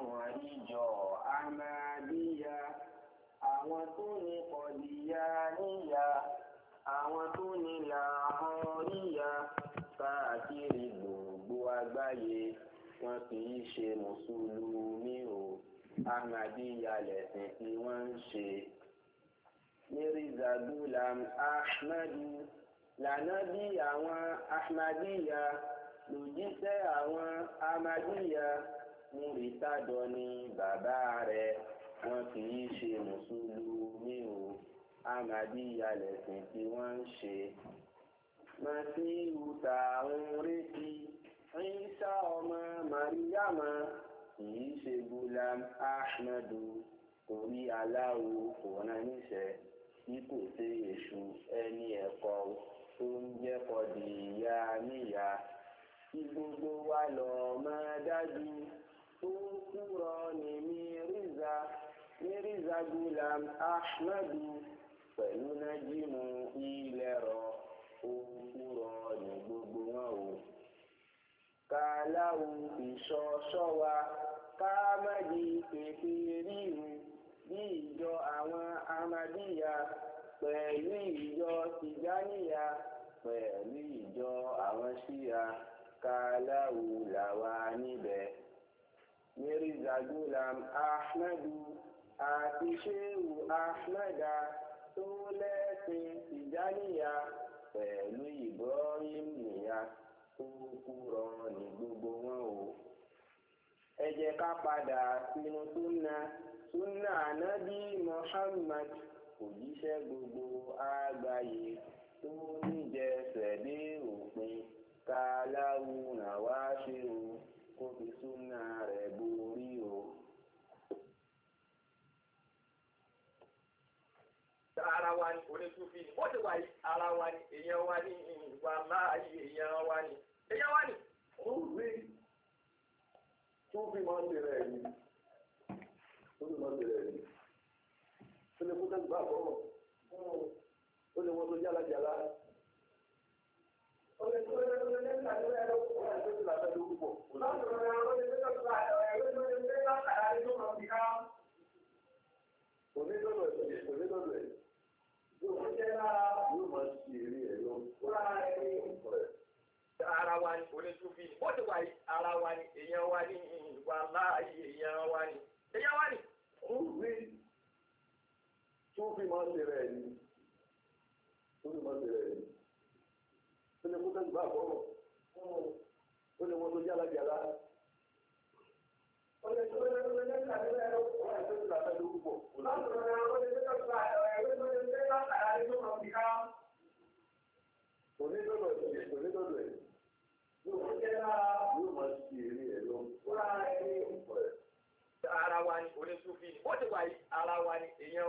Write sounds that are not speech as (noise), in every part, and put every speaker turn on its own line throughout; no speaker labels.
àwọn ìjọ Ahmadiyya àwọn tó ní Qadiyaniyya àwọn tó ní Lahoriyya káàkiri gbogbo àgbáyé wọn kì í ṣe mùsùlùmí o Ahmadiyya lẹ̀sìn tí wọ́n ń ṣe. Mirza Ghulam Ahmadu lànábì àwọn Ahmadiyya lòjíṣẹ́ àwọn Ahmadiyya ń rí tádọ ni bàbá rẹ̀ wọn kì í ṣe mùsùlùmí o amadiya lẹ̀sìn tí wọ́n ń ṣe. masihu tá à ń retí Ìsá ọmọ Màríyàmá kìí ṣe Gulam Ahmadu torí aláwo kò rán tí kò ṣe èṣù ẹni ẹ̀kọ́ tó ń jẹ́kọ̀ọ́ di ìyá níyà kí gbogbo wa lọ́ọ́ máa dájú Túkúrọ̀nì Mírízà Mírízà Gulam Ahmadu pẹ̀lú Nájímù Ilẹ̀rọ̀ Òkúrọ̀nì gbogbo wọn o. Kàláwù ìṣọṣọ́ wa káàmàdì pèpè ríru bí ìjọ àwọn Amadíyà pẹ̀lú ìjọ Tìjáníyà pẹ̀lú ìjọ àwọn Ṣíyà kàláwù làwa níbẹ̀. Mirza Gulam Ahmadu àti Ṣéhù Ahmada tó lẹ́sìn Tìjáníyà pẹ̀lú Ibrahim nìyà tó kúrọ ní gbogbo wọn o. Ẹ jẹ́ ká padà sínú súnà súnà ànábì Muhammad òjíṣẹ́ gbogbo àgbáyé tó níjẹsẹ̀ dé òpin ká láwùrán kó fi súnà rẹ̀ borí o. ara wa ni onísúfì ni wọ́n ti wà yìí ara wa ni èèyàn wa ni ìwà láàyè èèyàn wa ni èèyàn wa ni. ó rí súnfì máa ń bèrè ẹ̀yìn ó máa ń bèrè ẹ̀yìn ó lè kó tẹ́gbà bọ́ọ̀ ó lè wọ́n tó jálajàla. ó tó lè tó lè lẹ́gbàá lórí ẹ̀rọ púpọ̀. Onídọ́dọ̀ ẹ̀ onídọ́dọ̀ ẹ̀ yóò jẹ́ lára yóò máa ṣe eré ẹ̀ lọ. Ara wa ni onítúfi ni, ó ti wà yìí, ara wa ni, èèyàn wa ni, ìwà láàyè èèyàn wa máa ń ṣe Ó lè kó tẹ́jú bá àkọ́rọ̀ ó ní wọn tó jálá jálá. Ọ̀lẹ́ tó lẹ́nu ló ní ìlànà ẹ̀rọ wọ́n àti ìlànà ẹ̀rọ púpọ̀. Láti ọ̀rẹ́ ọ̀rẹ́ ọ̀rẹ́ tó lọ́sọ̀ àẹ̀rọ ẹ̀rọ tó lọ́sọ̀ ẹ̀rọ àti tó lọ́sọ̀ ìká. Onídọ̀dọ̀ ẹ̀ onídọ̀dọ̀ ẹ̀ yóò jẹ́ lára yóò máa ṣe eré ẹ̀ lọ. Wúrà ẹ̀ ara wa ni onísúfì ni bó ti wà yìí ara wa ni èèyàn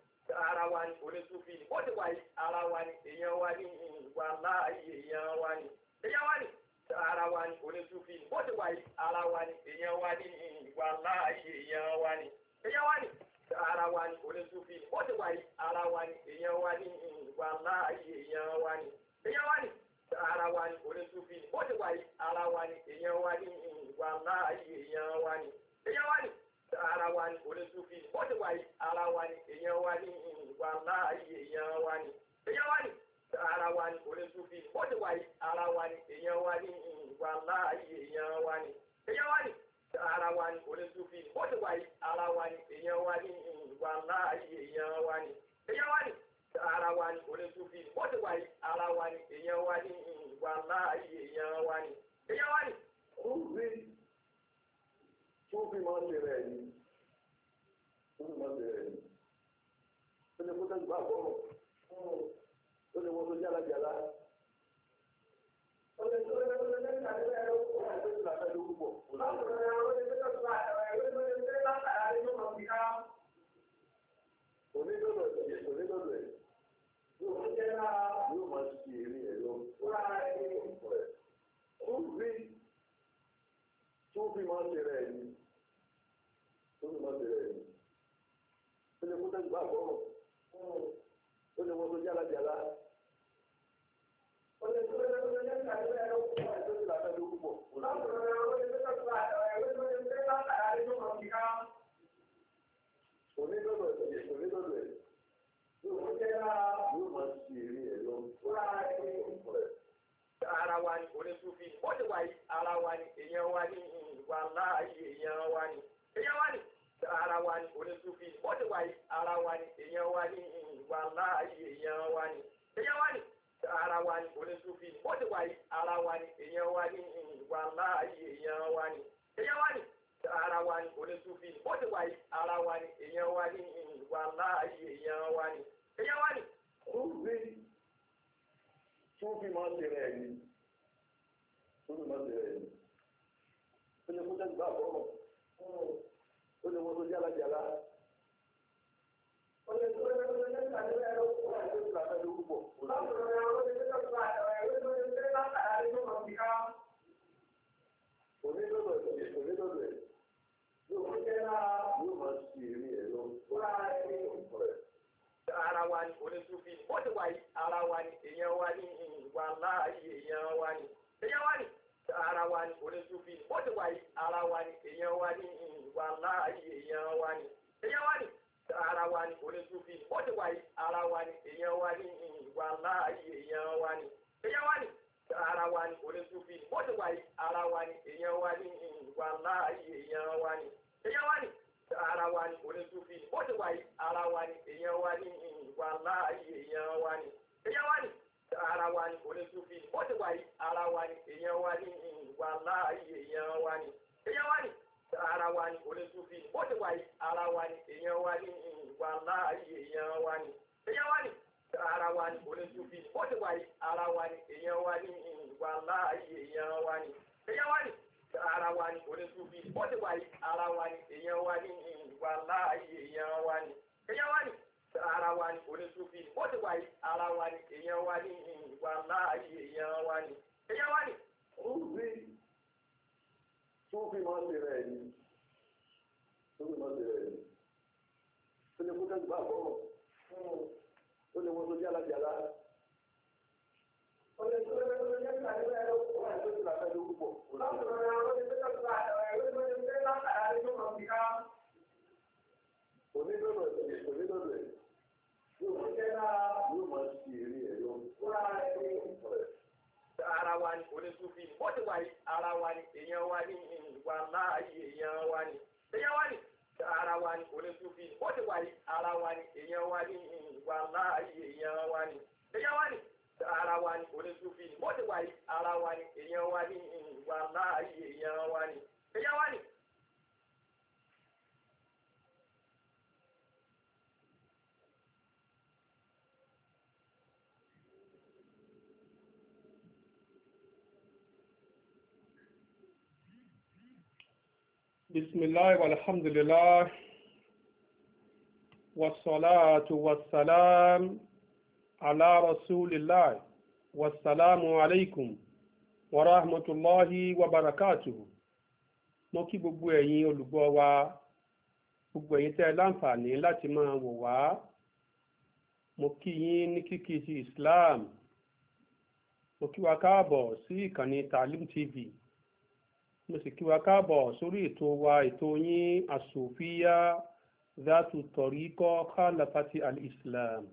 ara wa ni onísùfì ni wọ́n ti wà ara wa ni èèyàn wa ni ìwà láàyè èèyàn wa ni èèyàn wa ni ara wa ni onísùfì ni wọ́n ti wà ara wa ni èèyàn wa ni ìwà láàyè èèyàn wa ni èèyàn wa ni ara wa ni onísùfì ni wọ́n ti wà ara wa ni èèyàn wa ni ìwà láàyè èèyàn wa ni èèyàn wa ni ara wa ni onísùfì ni wọ́n ti wà ara wa ni èèyàn wa ni ìwà láàyè èèyàn wa ni èèyàn wa ni ara wa ni onísùfì ni bọ́ọ̀dì wa yìí ara wa ni èèyàn wa ni ìwà láàyè èèyàn wa ni èèyàn wa ni ara wa ni onísùfì ni bọ́ọ̀dì wa yìí ara wa ni èèyàn wa ni ìwà láàyè èèyàn wa ni èèyàn wa ni ara wa ni onísùfì ni bọ́ọ̀dì wa yìí ara wa ni èèyàn wa ni ìwà láàyè èèyàn wa ni èèyàn wa ni ara wa ni onísùfì ni bọ́ọ̀dì wa yìí ara wa ni èèyàn wa ni ìwà láàyè èèyàn wa ni èèyàn wa ni tó fi máa ṣe rẹ̀ yìí tó fi máa ṣe rẹ̀ yìí ó lè kó sẹ́yìn bá bọ̀ ó lè wọ́n tó jálajàlá ó lè tó lè tó lè ní ìtàgé rẹ̀ ó wà tó ti làbẹ́ ló púpọ̀. báwo ni àwọn ẹgbẹ́ tó ti làbẹ́ rẹ̀ ó lè tó lè látara rẹ̀ ló máa fi ká. onídọ̀dọ̀ ẹ̀ onídọ̀dọ̀ ẹ̀ yóò jẹ́ náà yóò máa ṣe eré ẹ̀ lọ. wúrà ẹ̀ ó fi tó fi máa ṣe rẹ̀ yìí. yorùbá àbọ̀rọ̀ ó ní wọn tó yára jàlá. Onídọ́dọ̀ ẹ̀ onídọ́dọ̀ ẹ̀ yóò máa ṣe eré ẹ̀ lọ ara wa ni onísùfì ó ní wàyí ara wa ni èèyàn wa ni wàláàyè èèyàn wa ni èèyàn wa ni ara wa ni onísùfì bọ́dì wa yìí ara wa ni èèyàn wa ni ìwà láàyè èèyàn wa ni èèyàn wa ni ara wa ni onísùfì bọ́dì wa yìí ara wa ni èèyàn wa ni ìwà láàyè èèyàn wa ni èèyàn wa ni ara wa ni onísùfì bọ́dì wa yìí ara wa ni èèyàn wa ni ìwà èèyàn wa ni èèyàn wa ni. Súfì Súfì máa ń ṣe rẹ̀ ni Súfì máa ń ṣe rẹ̀ ni lè kó tẹ́sí bá àbọ̀rọ̀ ó ní wọn tó jálajàlá ó lè tó lè tó lè ní ìgbàlódé ẹ̀rọ kó wà ní ìgbà pẹ̀lú púpọ̀. láti rẹ̀ ó lè tó lè tó àtàwọn ẹ̀rọ tó lè tẹ́lẹ̀ látara ẹ̀rọ tó fi ká. onídọ̀dọ̀ ẹ̀ onídọ̀dọ̀ ara wa ni ara wa ni èèyàn wa ni ìwà láàyè èèyàn wa ni èèyàn wa ni ara wa ni oníṣúfì ni bóde wà yìí ara wa ni èèyàn wa ni ìwà láàyè èèyàn wa ni èèyàn wa ni ara wa ni oníṣúfì ni bóde wà yìí ara wa ni èèyàn wa ni ìwà láàyè èèyàn wa ni èèyàn wa ni ara wa ni oníṣúfì ni bóde wà yìí ara wa ni èèyàn wa ni ìwà láàyè èèyàn wa ni èèyàn wa ni ara wa ni oníṣúfì ni bóde wà yìí ara wa ni èèyàn wa ni ìwà láàyè èèyàn wa ni èèyàn wa ni ara wa ni onísùfì ó ti wà yìí ara wa ni èèyàn wa ni ìwà láàyè èèyàn wa ni èèyàn wa ni ara wa ni onísùfì ó ti wà yìí ara wa ni èèyàn wa ni ìwà láàyè èèyàn wa ni èèyàn wa ni ara wa ni onísùfì ó ti wà yìí ara wa ni èèyàn wa ni ìwà láàyè èèyàn wa ni èèyàn wa ni ara wa ni onísùfì ó ti wà yìí ara wa ni èèyàn wa ni ìwà láàyè èèyàn wa ni èèyàn wa ni ara wa ni oníṣúfì ni bó ti wà yìí ara wa ni èèyàn wa ni ìwà láàyè èèyàn wa ni èèyàn wa ni. Súfì Súfì máa ń ṣe rẹ̀ ni Súfì máa ń ṣe rẹ̀ ni ó lè kó kẹ́kọ̀ọ́ bá bọ̀ ó lè wọ́n tó jẹ́ alájàlá. Olè tó lè tó lè jẹ́ ìgbàlódé ẹ̀rọ òkú àti òṣèlú àfẹ́lẹ́ òkú pọ̀. Báwo ni wọ́n á wọlé súnfì ó ti wà ara wa ni èèyàn wa ni ìwà láàyè èèyàn wa ni èèyàn wa ni ara wa ni onísúnfì ó ti wà ara wa ni èèyàn wa ni ìwà láàyè èèyàn wa ni èèyàn wa ni ara wa ni onísúnfì ó ti wà ara wa ni èèyàn wa ni ìwà láàyè èèyàn wa ni èèyàn wa ni.
بسم الله والحمد لله والصلاة والسلام على رسول الله والسلام عليكم ورحمة الله وبركاته mo kí gbogbo ẹ̀yin olùgbọ́ wa gbogbo ẹ̀yin tẹ́ ẹ láǹfààní láti máa wò wá mo kí yín ní kíkí ti Islam mo kí wa káàbọ̀ sí ìkànnì Taalim TV mo sì kí wa káàbọ̀ sórí ètò wa ètò yín asòfíà dátù tọ̀ríkọ́ khalafati al-islam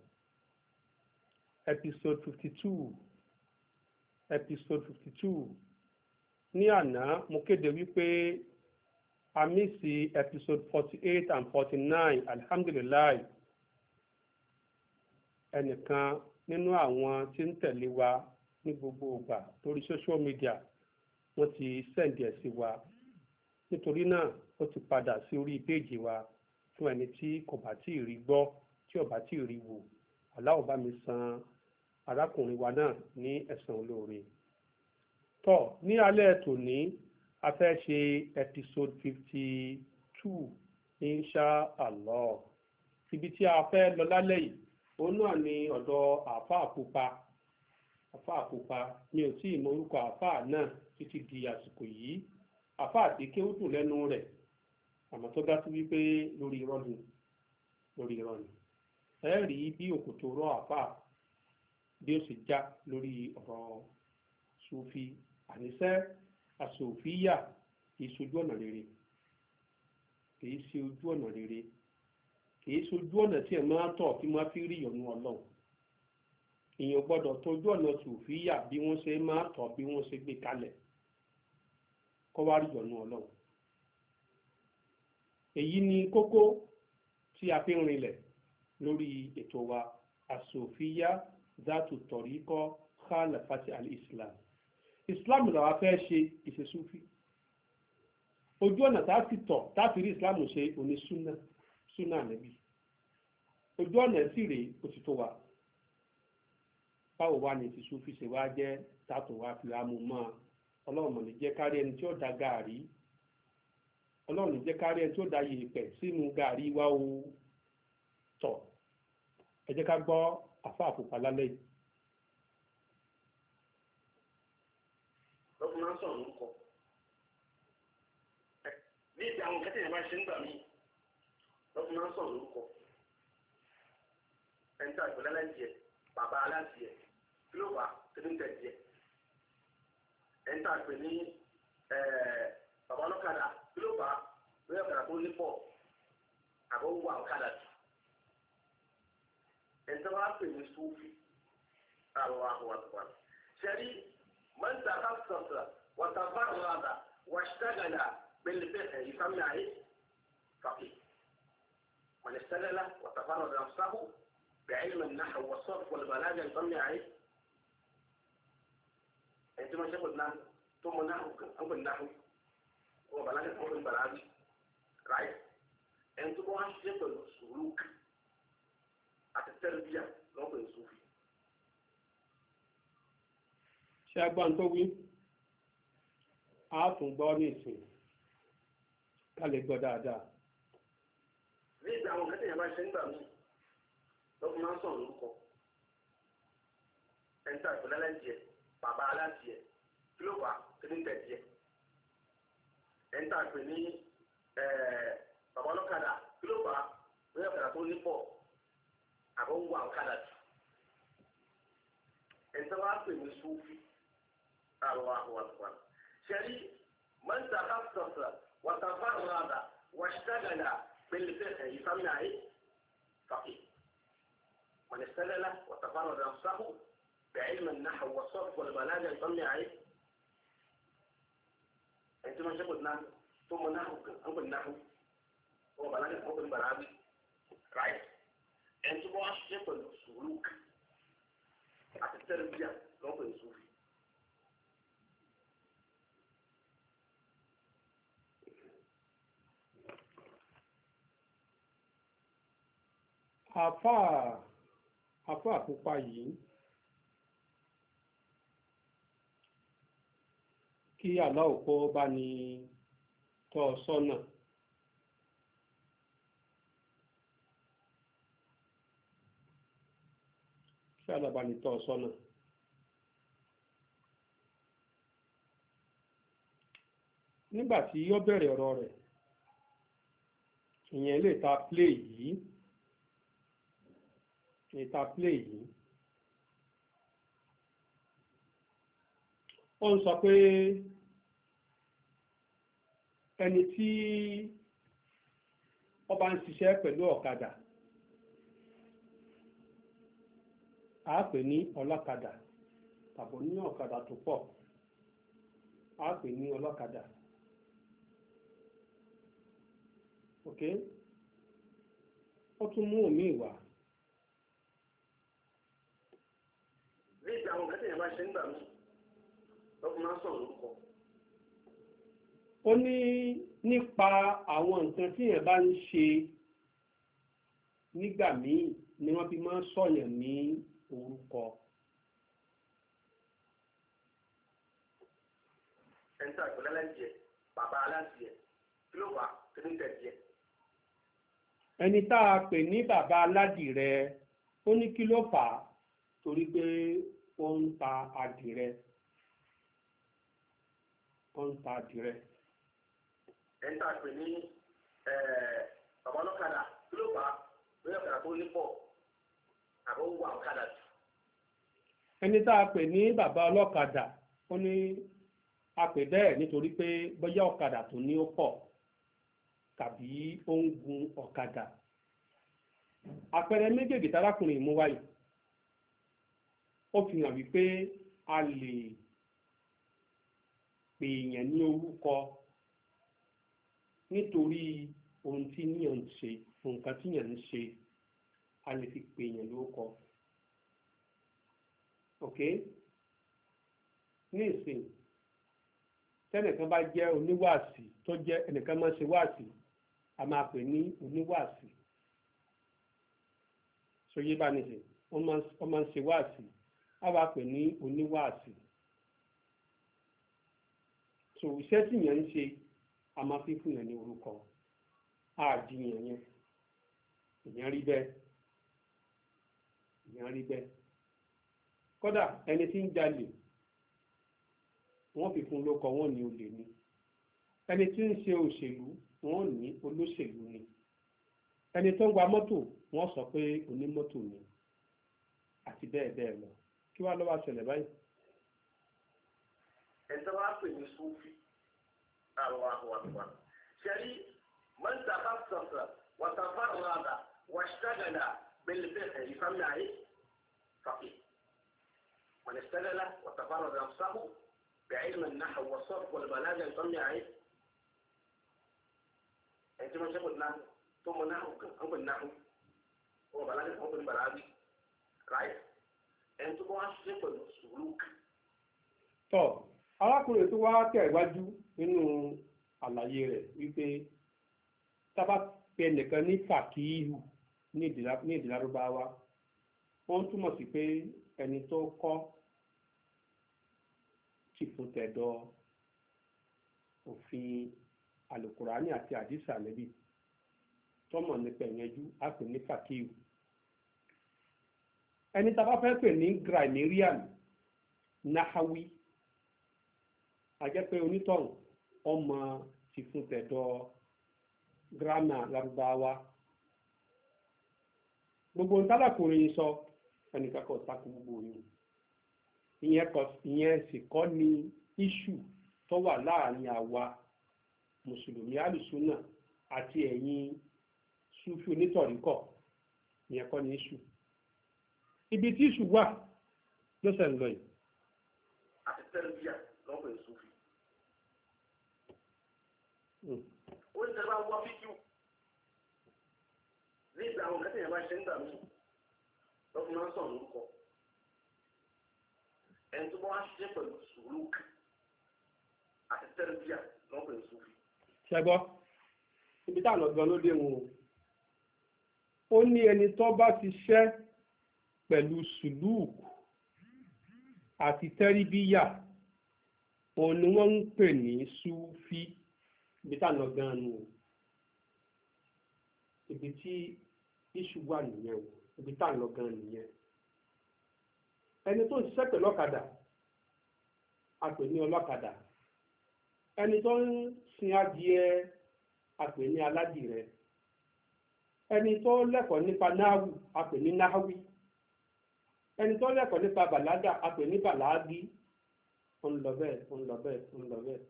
episode fifty two episode fifty two ní àná mo kéde wípé a mí sí episode forty eight and forty nine alihamdulilayi ẹnìkan nínú àwọn tí ń tẹ̀lé wa ní gbogbo ìgbà lórí social media wọ́n ti sẹ́ǹdì ẹ̀ sí wa nítorí náà ó ti padà sí orí péèjì wa fún ẹni tí kò bá tí ì rí gbọ́ tí ò bá tí ì rí wò aláwọ̀ bá mi san arákùnrin wa náà ní ẹ̀san olóore. tọ́ ní alẹ́ tòní a fẹ́ ṣe episode fifty two insha allah ibi tí a fẹ́ lọ lálẹ́ yìí òun náà ni ọ̀dọ̀ àáfàá pupa àáfàá pupa mi ò tí ì mọ orúkọ àáfàá náà títí di àsìkò yìí àfa àti kéwù dùn lẹ́nu rẹ̀ àmọ́ tó dá sí wípé lórí irọ́ ni lórí irọ́ ni ẹ rí bí òkòtò rọ̀ àfa bí ó sì já lórí ọ̀rọ̀ sùfì àníṣẹ́ àsòfíyà kì í sojú ọ̀nà rere kì í ṣe ọ̀nà rere kì í ọ̀nà tí ẹ̀ máa tọ̀ tí máa fi rí ìyọnu ọlọ́run èèyàn gbọ́dọ̀ tọ́jú ọ̀nà sùfíyà bí wọ́n ṣe máa tọ̀ bí wọ́n ṣe gbé kalẹ̀ kó wá rí ìyọ́nú ọlọ́run èyí ni kókó tí a fi ń rinlẹ̀ lórí ètò wa àsòfíyá dátù tọ̀ríkọ́ khalafati al-islam islam làwa fẹ́ ṣe ìṣesúfì ojú ọ̀nà tá a fi tọ̀ tá a fi rí islam ṣe òní súnà súnà nẹ́bí ojú ọ̀nà sì rèé òtítọ́ wa báwo wá ni ti ṣe wá jẹ́ tátò wá fi amú mọ́ ọ ọlọ́run mọ̀ ní jẹ́ kárí ẹni tí ó da gàárì ọlọ́run ní jẹ́ kárí ẹni tí ó da yèèpẹ̀ sínú gàárì wa o tọ̀ ẹ jẹ́ ká gbọ́ àfa àpòpá lálẹ́ yìí.
lọ́kùnrin máa ń sọ̀rọ̀ ń kọ ní ìdí àwọn kẹ́tẹ́ yẹn bá ṣe ń gbà mí lọ́kùnrin máa ń sọ̀rọ̀ ń kọ ẹni tí àgbẹ̀ lálẹ́ jẹ bàbá aláǹtì yẹ kí ló fà kí ló ń tẹ̀ jẹ. ń tà pé ní bàbá ọlọ́kadà kí ló fà á lórí ọ̀kadà tó lé pọ̀ àbọ̀ wà ọ̀kadà jù ẹni tó bá pè ní sófì àwọn àwọn àtùwà ṣẹ́rí mọ́ńtà kásọ̀tà wọ́tàbá rọ̀dà wàṣítàgàdà pẹ̀lẹ́pẹ̀ ìfàmì àyè fàkì من استدل وتفرد نفسه بعلم النحو والصرف والبلاغة يطلع عليه ẹni tí wọ́n ṣẹ́kọ̀ọ́ náà tó mọ náà kan ọgbẹ́ náà wọ́n bàlá ní ọdún bàlá rí ráì ẹni tó wọ́n ṣe pẹ̀lú sùúrùk àti tẹ́lifíà lọ́pọ̀ ìṣòfì.
ṣé agbọ́n tó wí a tún gbọ́ ní ìsìn ká lè gbọ́ dáadáa.
ní ìgbà àwọn kẹ́tẹ̀yìn máa ṣe nígbà míì lọ́kùnrin máa ń sọ̀rọ̀ lórúkọ ẹni tá àgbẹ̀lẹ́lẹ́ jẹ́ bàbá aláṣẹ kílófà kílíńtẹ̀ tiẹ̀ ẹ̀ ń tà pé ní bàbá ọlọ́kadà kílófà bóyá ọ̀kadà tó nípọ̀ àbọ̀ ń wà ọ̀kadà jù ẹ̀ ń tà wá pè ní sùúfì àwọn àwọn àwọn ṣẹ́rí mọ́ńtà kásọ̀sọ̀ wàtàfàràdà wàṣítàgàdà pẹ̀lú ìfàmìlà yìí fàkì mọ̀nìṣẹ́lẹ́lá بعلم النحو والصرف والبلاغة يصلي عليه عندما شافوا النحو ثم نحو أنقل النحو هو بلاغة أنقل البلاغة right عندما شافوا السلوك àti tẹ́lifíà
lọ́pọ̀ ìsúfì. àfáà àfáà pupa yìí kí aláwò kó bá ní tọ́ ọ sọ́nà. kí aláwò bá ní tọ́ ọ sọ́nà. nígbà tí ta play yìí ta play yìí ó ń sọ ẹni tí ọba ń ṣiṣẹ́ pẹ̀lú ọ̀kadà a pè ní ọlọ́kadà tàbí ní ọ̀kadà tó pọ̀ a pè ní ọlọ́kadà ok ó tún mú òmí ìwà. ní ìgbà àwọn kẹtìyàn bá
ṣe ń gbà mí lọ́kùnrin máa sọ̀rọ̀
ó ní nípa àwọn nǹkan tí èèyàn bá ń ṣe nígbà míì ni wọ́n fi máa ń sọ̀yàn ní orúkọ.
ẹ̀ńtà ìpínlẹ̀ lẹ́jẹ̀ bàbá aláǹtìyẹ kí ló fà á kí ló ń tẹ̀jẹ̀.
ẹni tá a pè ní bàbá aládìrẹ ó ní kí ló fà á torí pé ó ń ta adìrẹ ó ń ta adìrẹ. ẹ̀ńtà pè ní bàbá ọlọ́kadà kí ló bá lórí ọ̀kadà tó yípo àbọ̀ ń wà ọ̀kadà jù. ẹni tá a pè ní bàbá ọlọ́kadà ó ní a pè bẹ́ẹ̀ nítorí pé bóyá ọ̀kadà tó ní ó pọ̀ tàbí ó ń fi hàn wípé a lè ní orúkọ nítorí ohun tí yàn ń ṣe nǹkan tí yàn ń ṣe a lè fi pè yàn lórúkọ ok ní ìsìn tẹnìkan bá jẹ́ oníwàásì tó jẹ́ ẹnìkan máa ń ṣe wàásì a máa pè ní oníwàásì sọyé bá nìyẹn wọ́n máa ń ṣe wàásì a wá pè ní oníwàásì so iṣẹ́ tí yàn ń ṣe a máa fi fún yàn ní orúkọ àjiyàn yẹn èèyàn rí bẹ́ẹ̀ èèyàn rí bẹ́ẹ̀ kódà ẹni tí ń jalè wọ́n fi fún lóko wọ́n ní olè ni ẹni tí ń ṣe òṣèlú wọ́n ní olóṣèlú ni ẹni tó ń gba mọ́tò wọ́n sọ pé onímọ́tò ni àti bẹ́ẹ̀ bẹ́ẹ̀ lọ kí wàá lọ́wọ́ àṣẹlẹ̀ báyìí.
ẹ̀ ń pè ní sófin. الله أكبر شريف من تخصص وتفرغ واشتغل بالفقه يسمى ايه؟ فقيه من اشتغل وتفرغ نفسه بعلم النحو والصرف والبلاغه يسمى ايه؟ انت ما شافوا النحو ثم نحو هم النحو وبلاغه هم البلاغي رايت انتوا ما شافوا السلوك
طب arákùnrin tó wá tẹ̀wájú nínú àlàyé rẹ̀ wípé tábà pe ẹnìkan ní fàkíhù ní èdè lárúbáwá wọ́n túmọ̀ sí pé ẹni tó kọ́ tìfòtẹ̀dọ̀ òfin alukurani àti àdìsá lẹ́bí tọ́mọ̀ nípa ìyẹnjú á pè ní fàkíhù ẹni tá fẹ́ pè ní grammarian nahawi a jẹ́ pé onítọ̀hún ọmọ fífún tẹ̀dọ̀ gírámà lárúbáwá gbogbo ntálàkùnrin sọ ẹnìkan kò takò gbogbo yìí ìyẹn sì kọ́ ni iṣu tó wà láàrin àwa mùsùlùmí alùsùnà àti ẹ̀yin sufi onítọ̀ríkọ̀ ìyẹn kọ́ ni iṣu ibi tí iṣu wà ló sẹ̀ ń lọ yìí.
àti tẹ́lẹ̀ bíyà. tẹ́ bá wọ́ fíjù nígbà àwọn kẹ́tẹ̀ yẹn bá ṣe ń gbà mí lọ́kùn máa ń sọ̀rọ̀ lórúkọ ẹni tó bá wá ṣiṣẹ́ pẹ̀lú sùúrù àti tẹ́lifíà lọ́pọ̀ èso.
ṣẹgbọ́ ibi táwọn ọ̀gbọ́n ló dé wọn o ó ní ẹni tó bá ti ṣẹ́ pẹ̀lú sùlúùkù àti tẹ́ríbíyà òun ni wọ́n ń pè ní súfí ibi tá à ń lọ gan-an nù o ibi tí iṣu wà nìyẹn o ibi tá à ń lọ gan-an nìyẹn ẹni tó ń ṣiṣẹ́ pẹ̀lú ọ̀kadà a pè ní ọlọ́kadà ẹni tó ń sin adìẹ a pè ní aládìrẹ ẹni tó lẹ́kọ̀ọ́ nípa náhù a pè ní náhùí ẹni tó lẹ́kọ̀ọ́ nípa bàlágà a pè ní bàlágì ó ń lọ bẹ́ẹ̀ ó ń lọ bẹ́ẹ̀ ó ń lọ bẹ́ẹ̀.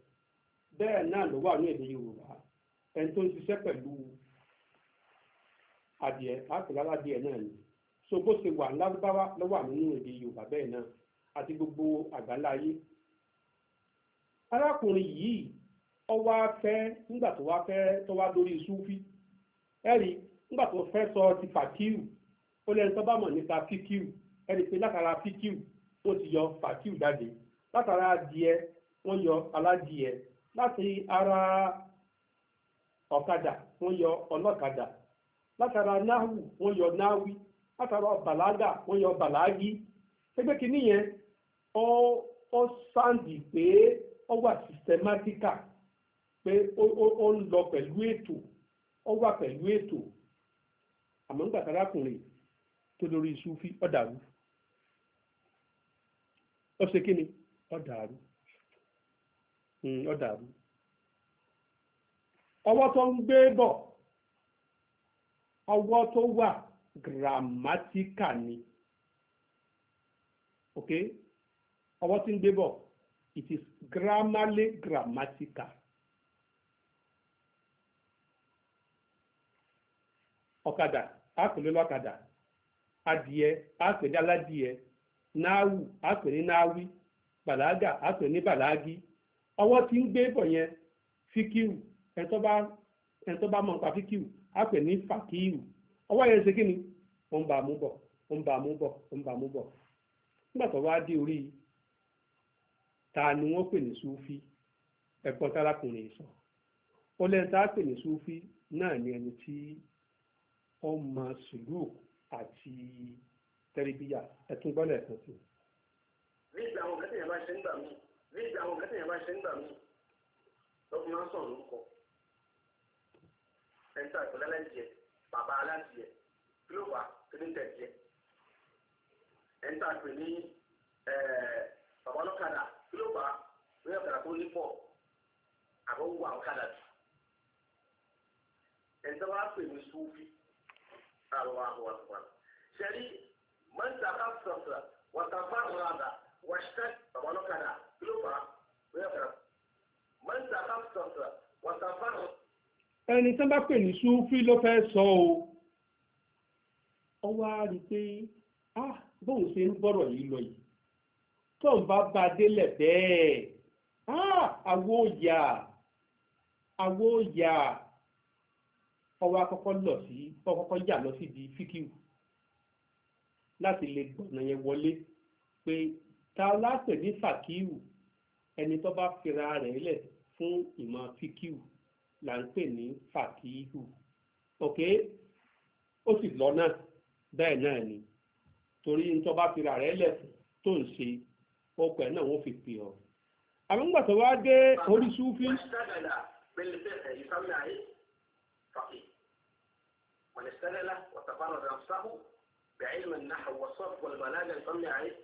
bẹ́ẹ̀ náà ló wà ní èdè yorùbá ẹni tó ń ṣiṣẹ́ pẹ̀lú adìẹ àpèlára adìẹ náà ni so bó ṣe wà lárúbáwá ló wà nínú èdè yorùbá bẹ́ẹ̀ náà àti gbogbo àgbáláyé arákùnrin yìí ó wá fẹ́ nígbà tó wá fẹ́ tó wá dórí ẹ̀rí sọ ti fàkíù ó tó bá mọ̀ nípa fíkíù ẹ̀rí pé yọ fàkíù jáde látara adìẹ wọ́n yọ láti ara ọ̀kadà wọ́n yọ ọlọ́kadà látara náhù wọ́n yọ náwí látara bàlágà wọ́n yọ bàlágí ẹgbẹ́ kìíní yẹn ó ó sáǹdì pé ó wà sísẹmátíkà pé ó ń lọ pẹ̀lú ètò ó wà pẹ̀lú ètò àmọ́ ń gbàtàrà kùnrin tó lórí sufi ó ọ hm, dàrú ọwọ́ tó ń gbé bọ̀ ọwọ́ ni ok ọwọ́ tí ń gbé bọ̀ it is grammarly grammatical ọ̀kadà àpèlé lọ́kadà adìẹ àpèlé aládìẹ náàwù àpèlé náàwí bàlágà àpèlé ọwọ́ tí ń gbé bọ̀ yẹn fíkìú ẹni tó bá mọ̀ nípa fíkìú á pè ní fàkìú ọwọ́ yẹn ṣe kí ni ó ń bá a mú bọ̀ ó ń bá a mú bọ̀ ó ń bá a mú bọ̀ nígbà tó wá dé orí ta ni wọ́n pè ní súfí ẹ̀gbọ́n tálákùnrin sọ ó lẹ́yìn tá a pè ní súfí náà ni ẹni tí ó mọ sùúrù àti tẹríbíyà ẹ̀túngbọ́n lẹ́ẹ̀kan sí.
nígbà àwọn kẹ́tẹ̀yìn bá ṣe ń gbà mí bí ìgbà àwọn kẹtẹ yẹn bá ṣe ń gbà mí lọ́kùn máa ń sọ̀rọ̀ ń kọ ẹ̀ńtà ìpínlẹ̀ aláìjẹ bàbá aláìjẹ kí ló fà kíní tẹ̀jẹ ẹ̀ńtà pè ní bàbá ọlọ́kadà kí ló fà lórí ọ̀kadà tó ní pọ̀ àbọ̀ wù àwọn kadà tù ẹ̀ńtà wà pè ní sùfì àwọn àwọn àwọn ṣẹlí mọ́ńtà sọ̀tà wọ́tà fáwọn àgbà wọ́ṣẹ́ bàbá ọlọ́kadà kí ló fà á bóyá fà á mọ́ńtà bá sọ̀tà wọ́tà bá rọ̀.
ẹni tí wọ́n bá pè ní súfì ló fẹ́ sọ o ọ wá rí i pé ah bóun ṣe ń bọ̀rọ̀ yìí lọ yìí tóun bá bá a délẹ̀ bẹ́ẹ̀ ah àwo yà àwo yà ọwọ́ akọ́kọ́ lọ sí ọkọ́kọ́ yà lọ sí di fíkìú láti lè gbọ̀nà yẹn wọlé pé ta lápè ní fàkíwù ẹni tó bá fira rẹ̀ lẹ̀ fún ìmọ̀ fíkíwù là ń pè ní fàkíhù ok ó sì lọ́nà bẹ́ẹ̀ náà ni torí ní tó bá fira rẹ̀ lẹ̀ tó ń ṣe ọkọ̀ ẹ̀ náà wọ́n fi pè ọ́ àwọn ń gbàtọ̀ wá dé orí súfí
من استغل وتفرد نفسه بعلم النحو والصرف والبلاغه يسمي عليه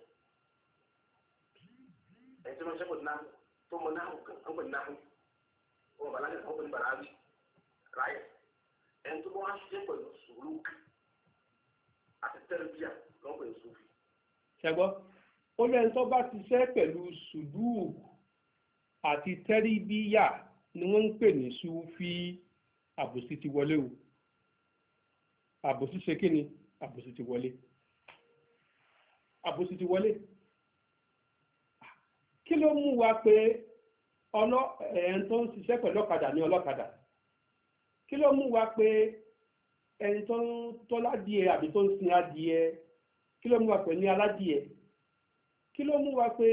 ẹni tó ń ṣẹ́kù náà tó mọ náà kan ń pè náà wọn bàlá ní ọkùnrin bàrà wí ráyè ẹni tó wọn á ṣe pẹ̀lú sùúrù àti tẹ́lifíà ló ń pè ní sùúrù.
ṣẹgbọ́n ó lẹ́ni tó bá ti ṣe pẹ̀lú sùúrù àti tẹ́lifíà ni wọ́n ń pè ní sùúfì àbòsí ti wọlé o àbòsí ṣe kí ni àbòsí ti wọlé àbòsí ti wọlé kí ló mú wa pé ọlọ ẹ̀ẹ́n tó ń ṣiṣẹ́ pẹ̀lú ọ̀kadà ní ọlọ́kadà kí ló mú wa pé ẹni tó ń tọ́ládìẹ àbí tó ń sin adìẹ kí ló mú wa pé ní aládìẹ kí ló mú wa pé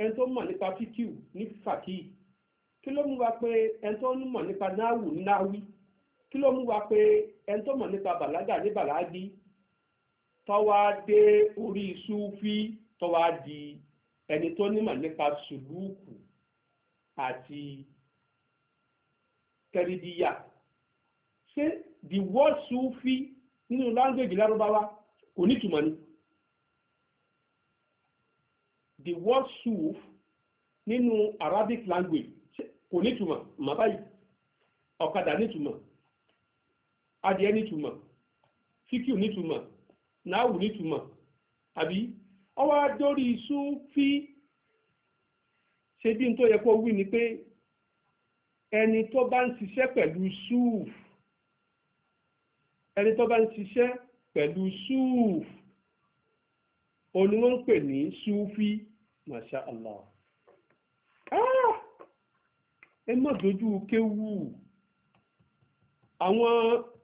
ẹni tó mọ̀ nípa fíkìú ní fàkì kí ló mú wa pé ẹni tó mọ̀ nípa náwù náwí kí ló mú wa pé ẹni tó mọ̀ nípa bàlágà ní bàlágì tọ́wá dé orí sùfí tọ́wá di ẹni tó nímọ̀ nípa sùlúùkù àti tẹ́rídíyà ṣé the word sufi nínú language lárúbáwá kò nítumọ̀ ni the word suf nínú arabic language kò nítumọ̀ mọ̀ báyìí ọ̀kadà nítumọ̀ adìẹ nítumọ̀ fíkìú nítumọ̀ náàwù nítumọ̀ àbí ọwọ́ adórí iṣu fi ṣe bí n tó yẹ kó wí ni pé ẹni tó bá ń ṣiṣẹ́ pẹ̀lú ṣúùf ẹni tó bá ń ṣiṣẹ́ pẹ̀lú ṣúùf òun ni wọ́n ń pè ní ṣúùfì masha allah ah! ẹ má dojú kéwù àwọn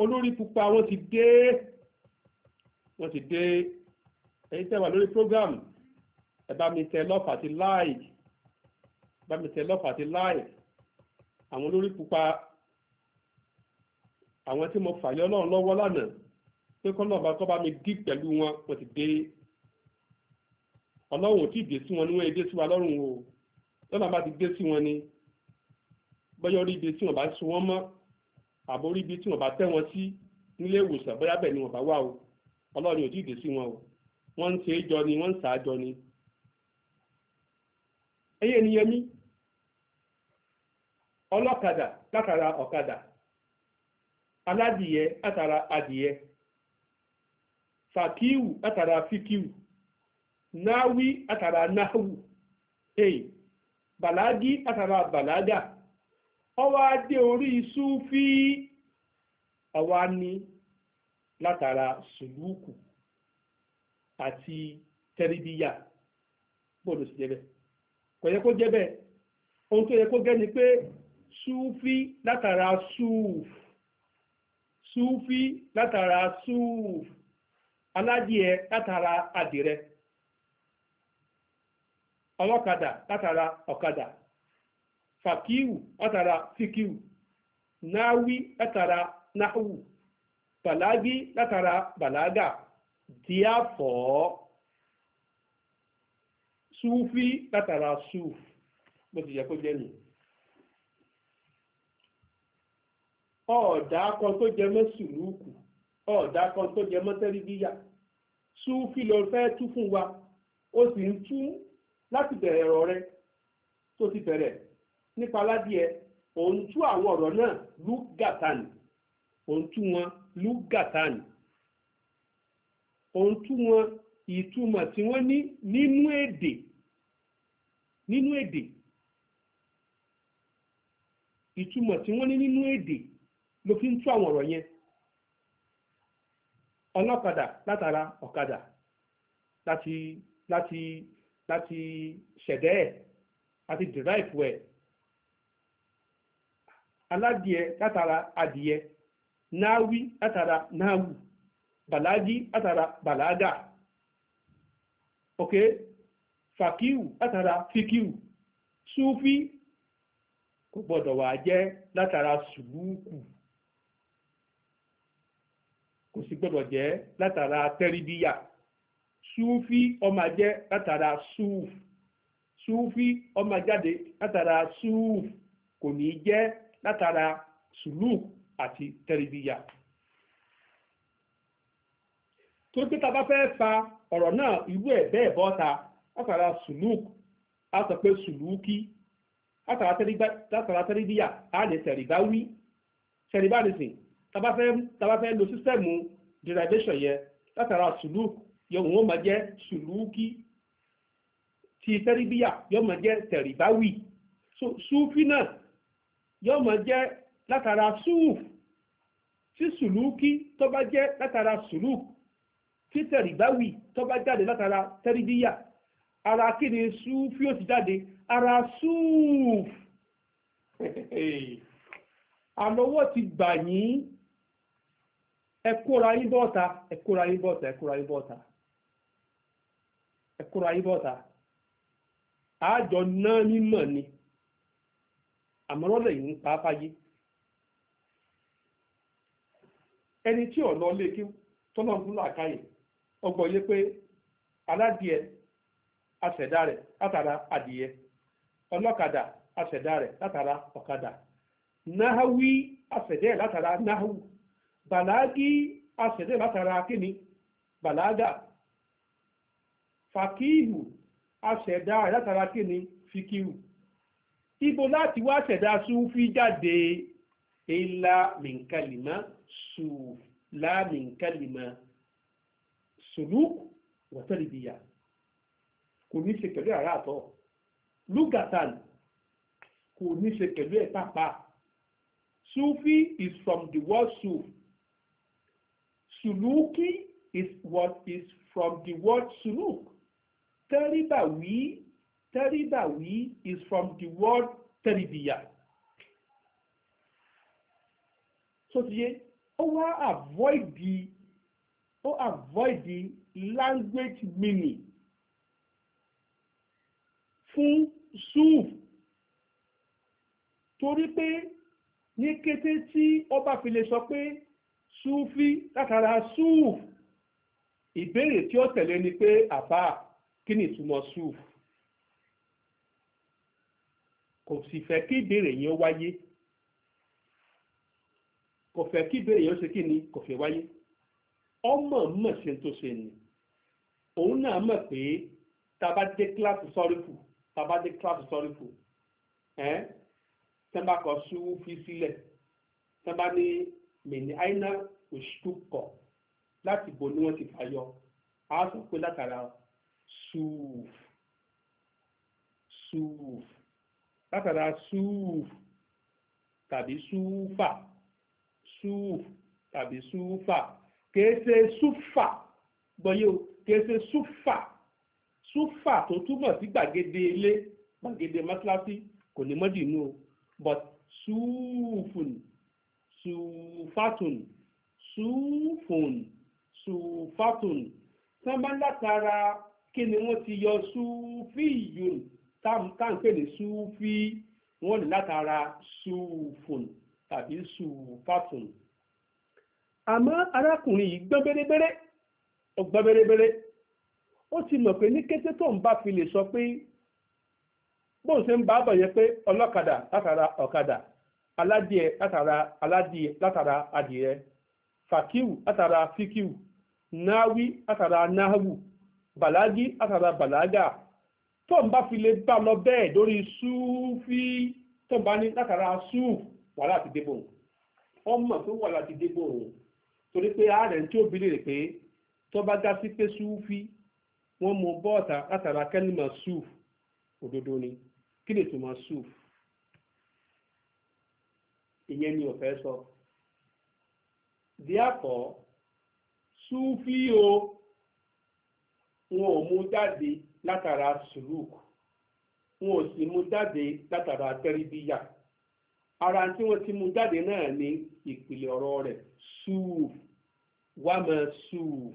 olórí pupa wọ́n ti dé wọ́n ti dé ẹ̀yin tẹ́ wà lórí program ẹ bá mi tẹ lọ́ọ̀fù àti like bá mi tẹ lọ́ọ̀fù àti like àwọn olórí pupa àwọn tí mo fàyọ́ náà lọ́wọ́ lánàá pé kọ́nà ọba kọ́ bá mi dí pẹ̀lú wọn mo ti dé ọlọ́run ò tí ì dé sí wọn ni wọ́n èdè sí wa lọ́rùn o lọ́nà bá ti dé sí wọn ni bóyá orí ibi tí wọ́n bá so wọ́n mọ́ àbórí ibi tí wọ́n bá tẹ́ wọn sí nílé ìwòsàn bóyá bẹ́ẹ̀ ni wọ́n bá wà o ọlọ́run ò tí ì dé sí wọn o. wọ́n ń ṣe é jọ ni wọ́n ń ṣàájọ ni ẹyẹ ènìyàn mi ọlọ́kadà látara ọ̀kadà aládìyẹ látara adìyẹ fàkíwù látara fíkíwù náwí látara náwù èyí bàlágí látara bàlágà ọwọ́ adé orí súfí ọwọ́ ní látara sùlúùkù. àti tẹríbíyà gbọ́dọ̀ ya jẹ́ bẹ́ẹ̀ kò yẹ kó jẹ́ bẹ́ẹ̀ ohun tó yẹ kó gẹ́ ni pé súfí látara súf súfí látara súf aládìẹ látara àdìrẹ ọlọ́kadà látara ọ̀kadà fàkíwù látara fíkíwù náwí látara bàlágí látara therefore sufi látara suf bó ti yẹ kó jẹ́ nù ọ̀dà kan tó jẹ mọ́ sùlùkù ọ̀dà kan tó jẹ mọ́ tẹ́rìbíyà sufi ló fẹ́ tú fún wa ó sì ń tú láti bẹ̀rẹ̀ ọ̀rọ̀ rẹ tó ti bẹ̀rẹ̀ nípa aládìẹ òun tú àwọn ọ̀rọ̀ náà lúgàtàn òun tú wọn lúgàtàn ohun tí wọ́n ìtumọ̀ tí wọ́n ní nínú èdè nínú èdè ìtumọ̀ tí wọ́n ní nínú èdè ló fi ń tú àwọn ọ̀rọ̀ yẹn ọlọ́kadà látara ọ̀kadà láti láti láti ṣẹ̀dẹ́ ẹ̀ láti dìráìfù ẹ̀ aládìẹ látara adìẹ náà wí látara náà wù. balagi atara balaga ok fakiu atara fikiu sufi kò gbọdọ̀ wà jẹ́ látara sùlúùkù kò sì gbọdọ̀ jẹ́ látara tẹ́ríbíyà sufi ọmọ jẹ́ látara suf sufi ọmọ jáde látara suf kò ní jẹ́ látara sùlúùkù àti tẹ́ríbíyà tó pé tá a bá fẹ́ fa ọ̀rọ̀ náà irú ẹ̀ bẹ́ẹ̀ bọ́ta látara sùlúùkù á sọ pé sùlúùkì látara tẹ́ríbíyà á lè tẹ̀ríbá wí tẹ̀ríbá nìsín tá a bá fẹ́ lo sísẹ́mù derivation yẹn látara sùlúùkù yóò wọ́n máa jẹ́ sùlúùkì ti tẹ́ríbíyà yóò máa jẹ́ tẹ̀ríbá wí so súfì náà yóò máa jẹ́ látara súùfù tí sùlúùkì tó bá jẹ́ látara sùlúùkù tí tẹ̀rìbáwì tó bá jáde látara tẹ́rìbíyà ara kí ni súfì ó ti jáde ara súf (laughs) àlọ́wọ́ ti gbà yín ẹ̀kúra yín bọ́ta ẹ̀kúra yín bọ́ta ẹ̀kúra yín bọ́ta àjọ náà ni àmọ́rọ́lẹ̀ yìí ń pa fáyé ẹni tí ọ̀nà kí ó yé pé aládìẹ aṣẹ̀dá rẹ̀ látara adìẹ ọlọ́kadà aṣẹ̀dá rẹ̀ látara ọ̀kadà náháwí aṣẹ̀dá rẹ̀ látara náháwù bàlágí aṣẹ̀dá rẹ̀ látara kíni bàlágà fàkíhù aṣẹ̀dá rẹ̀ látara kíni fíkíhù ibo láti wá ṣẹ̀dá súnfí jáde ilá mìǹkàlìmọ́ sùn láàmìǹkàlìmọ́ sùlúk wọ́tẹ́lìbìyà kò ní ṣe pẹ̀lú àrà àtọ́ lugatan kò ní ṣe pẹ̀lú ẹ̀ pàpà sufi is from the word suf suluki is what is from the word suluk tẹ́ríbàwí tẹ́ríbàwí is from the word tẹ́ríbìyà. so ti yé ó wá avoid the ó avoid the language meaning fún suf torí pé ní kété tí ọba fi lè sọ pé sufi látara suf ìbéèrè tí ó tẹ̀lé ni pé àbá kí ni ìtumọ̀ suf kò sì fẹ́ kí ìbéèrè yẹn wáyé kò fẹ́ kí ìbéèrè yẹn ó ṣe kí ni kò fẹ́ wáyé ọmọ mọ̀ sí tó ṣe ni òun náà mọ̀ pé tàbá dé kíláàsì sọ́rífù tàbá dé kíláàsì sọ́rífù ẹ́ tẹ́nbà kọ ṣúwú fi sílẹ̀ tẹ́nbà ní mẹ̀ní àìná òṣù kọ̀ láti bo ni wọ́n ti fàyọ a sọ pé látara ṣúùf ṣúùf látara ṣúùf tàbí ṣúùfà ṣúùf tàbí ṣúùfà kìí ṣe súfà gbọ́yé o kìí ṣe súfà súfà tó túmọ̀ sí gbàgede ilé gbàgede mọ́tíláṣí kò ní mọ́dìínú o but súùfùn súùfàtùn súùfùn súùfàtùn tán bá látara kí ni wọ́n ti yọ súùfì yùn ní súùfì wọ́n ní látara súùfùn tàbí súùfàtùn. àmọ́ arákùnrin yìí gbọ́n bẹ́rẹ́bẹ́rẹ́ ó gbọ́n bẹ́rẹ́bẹ́rẹ́ ó ti mọ̀ pé ní kété tó ń bá fi lè sọ pé bó ṣe ń bá bọ̀ yẹ pé ọlọ́kadà látara ọ̀kadà aládìẹ látara aládìẹ látara adìẹ fàkíù látara fíkíù náwí látara náhàwù bàlágí látara bàlágà tó ń fi lè bá lọ bẹ́ẹ̀ lórí tó ń bá torí pé ààrẹ tí ó bílẹ̀ pé tó bá gá sí pé súfì wọ́n mú bọ́ọ̀tà látara kẹ́límà súf òdodo ni kí lè tó máa súf ìyẹn ni ò fẹ́ sọ. díàpọ̀ súfì o wọn ò mú jáde látara sùlùkù wọn ò sì mú jáde látara tẹ́ríbíyà ara tí wọ́n ti mú jáde náà ni ìpìlẹ̀ ọ̀rọ̀ rẹ̀ suuf wàmọ̀ suuf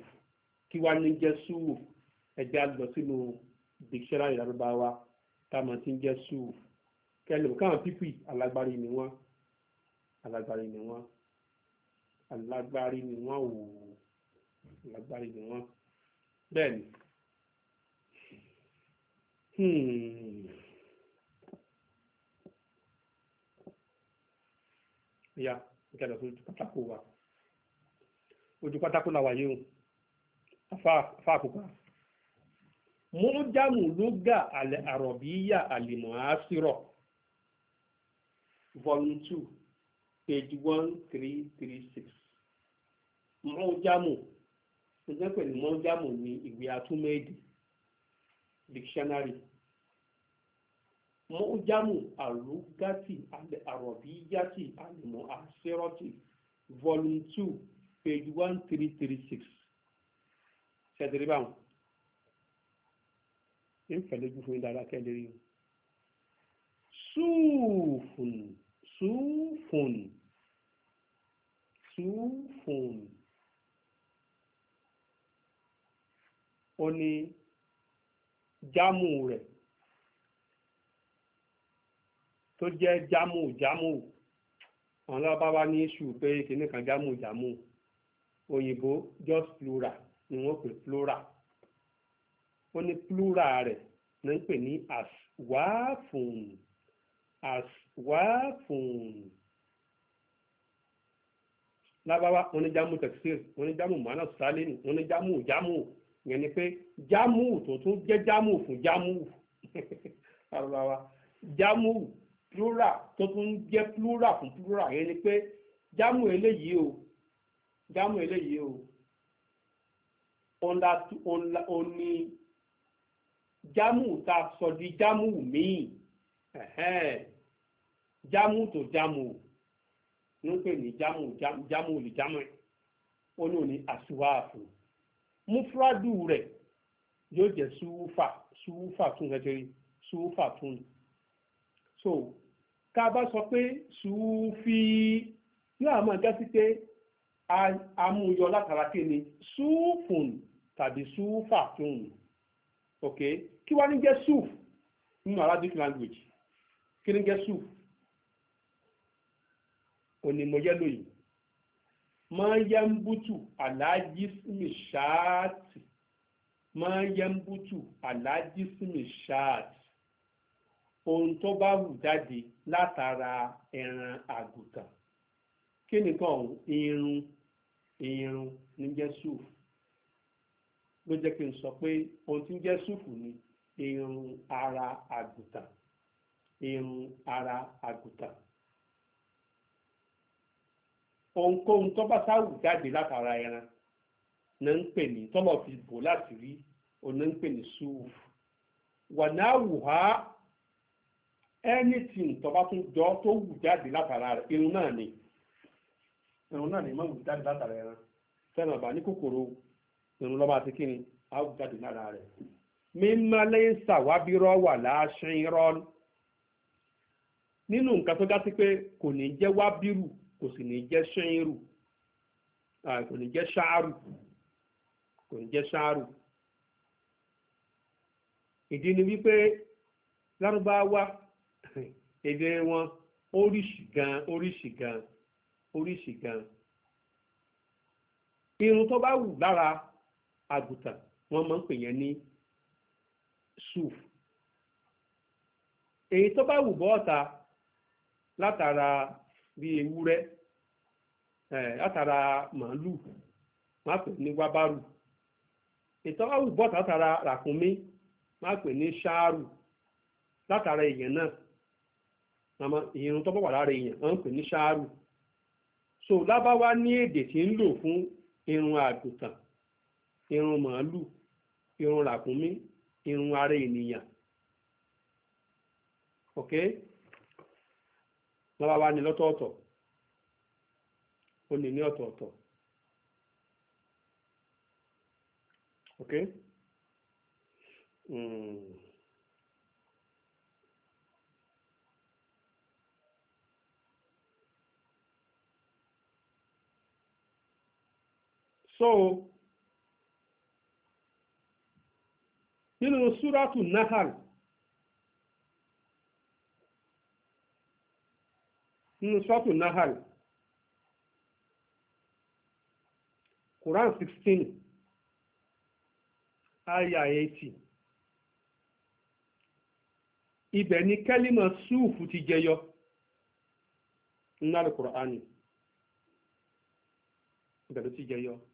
kí wàá ní jẹ́ suuf ẹ̀jẹ̀ àgbọ̀ sínú dictionary Lárúbáwá táwọn ti ń jẹ́ suuf kẹlẹ̀ káwọn pípì alágbárí ni wọ́n alágbárí ni wọ́n alágbárí ni wọ́n ò alágbárí ni wọ́n bẹ́ẹ̀ ni. Hmm. Yeah kí a lọ sójú pátákó wa ojú pátákó la wà yìí o afa àkókò mọ́jàmù lóga àlẹ́ àrọ̀bíyà àlìmọ̀ àásírọ̀ volume two page one three three six mọ́jàmù ẹgbẹ́ pẹ̀lú mọ́jàmù ní ìwé atúmọ̀ èdè dictionary mọ́jámù àrùgátì àlẹ́ àrọ̀bíyátì àlùmọ́ àṣírọ́tì volume two page one three three six ṣẹ̀dẹ̀rì báwọn ní fẹ̀lẹ́jú fún ìdára kẹ́lẹ́ rí sùúfùn sùúfùn sùúfùn ó ní jámù rẹ̀ tó jẹ́ jámù jámù àwọn lọ́ba wa ní iṣu pé kìíní kan jámù jámù òyìnbó just plural ni wọ́n pè plural ó ní plural rẹ̀ ní ń pè ní aswafun aswafun lábáwá oníjàmù tẹ̀síìl oníjàmù mọ́nà sálẹ́nì oníjàmù jámù yẹn ni pé jámù tó tún jẹ́ jámù fún jámù (laughs) lábáwá jámù plural tó tún jẹ́ plural fún plural yẹn ni pé jámù eléyìí o jámù eléyìí o òun ni jámù tá a sọ di jámù míì jámù tó jámù ló ń pè ní jámù jámù olùjámù ó ní òní àsùwáàfù múfúrádù rẹ̀ yóò jẹ́ súwúfà súwúfà tún gẹ́gẹ́ rí tún so tá a bá sọ pé sùúfì yóò àmọ́ ẹ̀gá sí pé amúyọ látara kí ni sùúfùn tàbí sùúfàtún ok kí wá ní jẹ́ sùúf nínú Arabic language kí ní jẹ́ sùúf onímọ̀yẹ́lò yìí máa yẹ ń bútù alájísímì ṣáàtì máa yẹ ń bútù alájísímì ṣáàtì ohun tó bá hù jáde látara ẹran àgùntàn kí nìkan ọ̀hún irun irun ní jẹ́ súùfù ló jẹ́ kí n sọ pé ohun tí ń jẹ́ ni irun ara àgùntàn irun ara àgùntàn ohunkóhun tó bá sáwù jáde látara ẹran ní ń pè ní tọ́lọ̀ fi bò láti rí òun ní ń pè ní súùfù wà náà wù á anything tó bá tún jọ tó wù jáde látara rẹ̀ irun náà ni irun náà ni má wù jáde látara ẹran fẹ́ràn àbá ní kòkòrò irun lọ́ba àti kíni á wù jáde lára rẹ̀ mímọ́ lẹ́yìn sàwábírọ́ wà láṣẹ́ nínú nǹkan tó dá sí pé kò ní jẹ́ wábírù kò sì ní jẹ́ ṣẹ́yìnrù kò ní jẹ́ ṣáàrù kò èdè wọn oríṣi gan oríṣi gan oríṣi gan irun tó bá wù lára àgùntàn wọ́n máa ń pè yẹn ní suf èyí tó bá wù bọ́ ọ̀tá látara bí ewúrẹ́ látara màálù máa pè ní wábàrù ìtọ́wá wù látara ràkúnmí máa pè ní ṣáàrù látara èèyàn náà àmọ́ irun tó wà lára èèyàn à ń pè so lábáwá ní èdè tí ń lò fún irun àgùntàn irun màálù irun ràkúnmí irun ara ènìyàn ok lábáwá ní lọ́tọ̀ọ̀tọ̀ ó ní ní ọ̀tọ̀ọ̀tọ̀ ok. Mm. so nínú súrátù nahal nínú súrátù nahal Quran sixteen ibẹ̀ ni súùfù ti jẹyọ nínú Al-Qur'ani ibẹ̀ ló ti jẹyọ.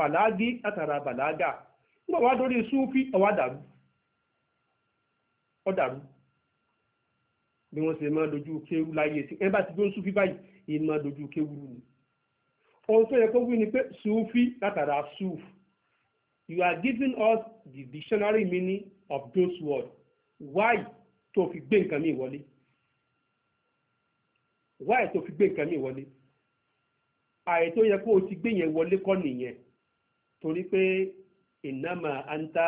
bàlágí látara bàlágà nígbà wá dórí súfí ọwá dàrú ọ̀dàrú bí wọ́n ṣe máa dojú kéwú láyé sí ẹ̀bá ti gbóhùn súfí báyìí ìyẹn dojú kéwú ni ohun tó yẹ kó wí ni pé súfí látara súf you are giving us the dictionary meaning of those words why tó fi gbé nǹkan mi wọlé why tó fi gbé nǹkan mi wọlé àyè yẹ kó o ti gbé yẹn wọlé kọ́ nìyẹn torí pé ìnáma anta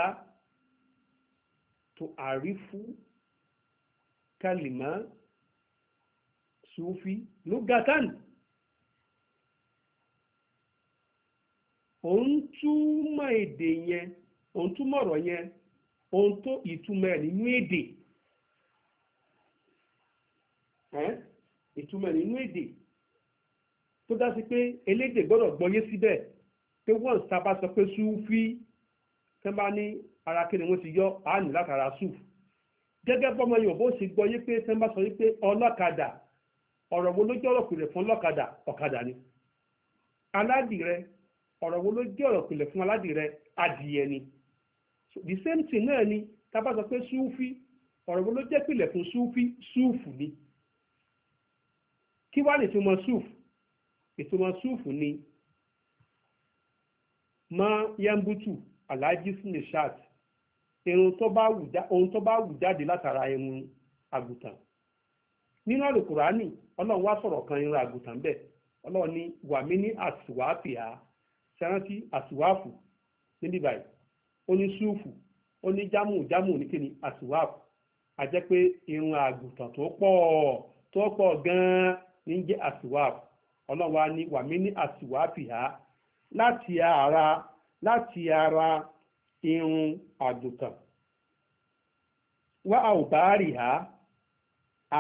tó àrífù kalima sufi lugatan òun túmọ̀ èdè yẹn òun túmọ̀ ọ̀rọ̀ yẹn ohun tó ìtumọ̀ ẹ̀ nínú èdè ìtumọ̀ ẹ̀ nínú èdè tó dá sí pé elédè gbọ́dọ̀ gbọ́yé síbẹ̀ pé wọ́n sábà sọ pé súfì tí wọ́n bá ní ara kí ni wọ́n ti yọ àánú látara súf gẹ́gẹ́ bọ́mọ yorùbá ó sì gbọ́ yí pé tí wọ́n bá sọ yí pé ọlọ́kadà ọ̀rọ̀ wo ló jẹ́ ọ̀rọ̀ pìlẹ̀ fún ọlọ́kadà ọ̀kadà ni aládìrẹ ọ̀rọ̀ wo ló jẹ́ ọ̀rọ̀ pìlẹ̀ fún aládìrẹ adìyẹ ni so the same thing náà ni tá bá sọ pé súfì ọ̀rọ̀ wo ló jẹ́ pìlẹ̀ fún súfì súfù ni kí wá ní ìtumọ̀ súfù ma yambutu alhaji sinishat irun tó bá wù ohun tó bá wù jáde látara irun àgùntàn nínú kan irun àgùntàn bẹ́ẹ̀ ọlọ́run ní wàmí ní sẹ́rántí àsùwáàfù níbí báyìí ó ní súùfù ó ní jámù jámù ní a pé irun àgùntàn tó pọ̀ tó pọ̀ gan-an ní jẹ́ àsùwáàfù ọlọ́run wá ní láti ara láti ara irun àgùntàn wá àwòbárì ha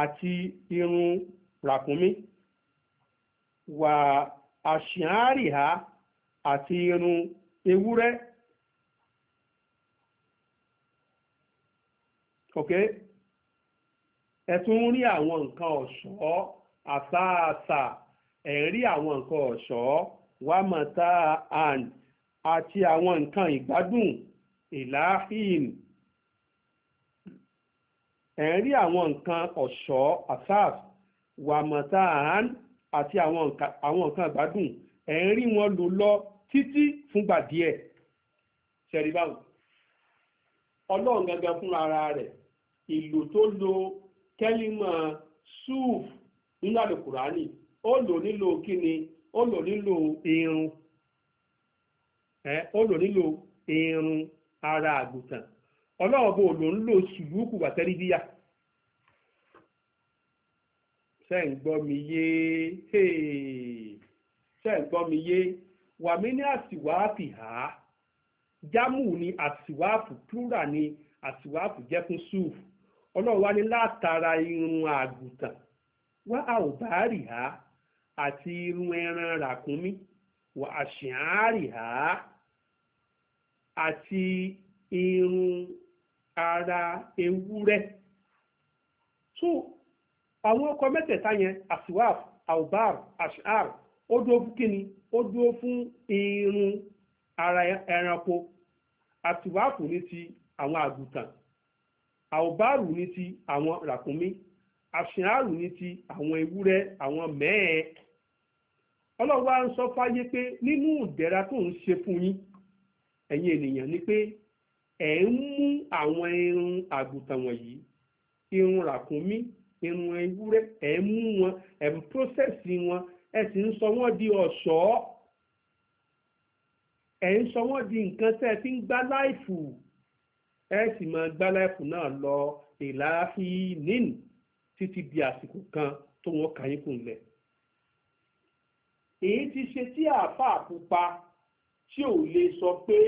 àti irun ràkúnmí wà àṣìárì ha àti irun ewúrẹ́ ok ẹ tún rí àwọn nǹkan ọ̀ṣọ́ àsáàsà ẹ̀ rí àwọn nǹkan ọ̀ṣọ́ wàmọ̀tá àn àti àwọn nǹkan ìgbádùn ìlàhìn ẹ̀ ń rí àwọn nǹkan ọ̀ṣọ́ asaf wàmọ̀tá àn àti àwọn nǹkan ìgbádùn ẹ̀ ń rí wọn lò lọ títí fúngbà díẹ̀ ṣẹ̀rí báwọn ọlọ́run gangan fúnra ara rẹ̀ ìlò tó lo kẹ́límọ̀ súùf nínú àlùkùránì ó lò nílò kí ni o lò nílò irun ẹ ó irun ara àgùntàn ọlọ́run bò ló ń lò sùlùkù àtẹ́ríbíyà ṣe ń gbọ́ mi yé ṣe ha jamu ni àsìwáàfù tura ni àsìwáàfù jẹ́ fún súùfù ọlọ́run wá ní látara irun àgùntàn wá àwòbárì baari ha. àti irú ẹran ràkúnmí wà àṣìárì ha àti irun ara ewúrẹ́ so àwọn ọkọ̀ mẹ́tẹ̀ẹ̀ta yẹn asiwaf albar ashar ó dúró fún kíni ó dúró fún irun ara ẹranko asiwafu ní ti àwọn àgùntàn albaru ní ti àwọn ràkúnmí ashar ní ti àwọn ewúrẹ́ àwọn mẹ́ẹ̀ẹ́ ọlọ́run wá ń sọ fáyé pé nínú ìdẹ̀ra tó ń ṣe fún yín ẹ̀yin ènìyàn ni pé ẹ̀ ń mú àwọn irun àgùntàn wọ̀nyí irun ràkúnmí irun ewúrẹ́ ẹ̀ ń mú wọn ẹ̀ ń pọ́sẹ̀sì wọn ẹ̀ sì ń sọ wọ́n di ọ̀ṣọ́ ẹ̀ ń sọ wọ́n di nǹkan tẹ́ ẹ fi ń gbá láìfù ẹ sì máa gbá láìfù náà lọ ìlàáfíì nínú títí di àsìkò kan tó wọ́n kà yín kùn lẹ̀ èyí ti ṣe tí àáfà pupa tí ò lè sọ pé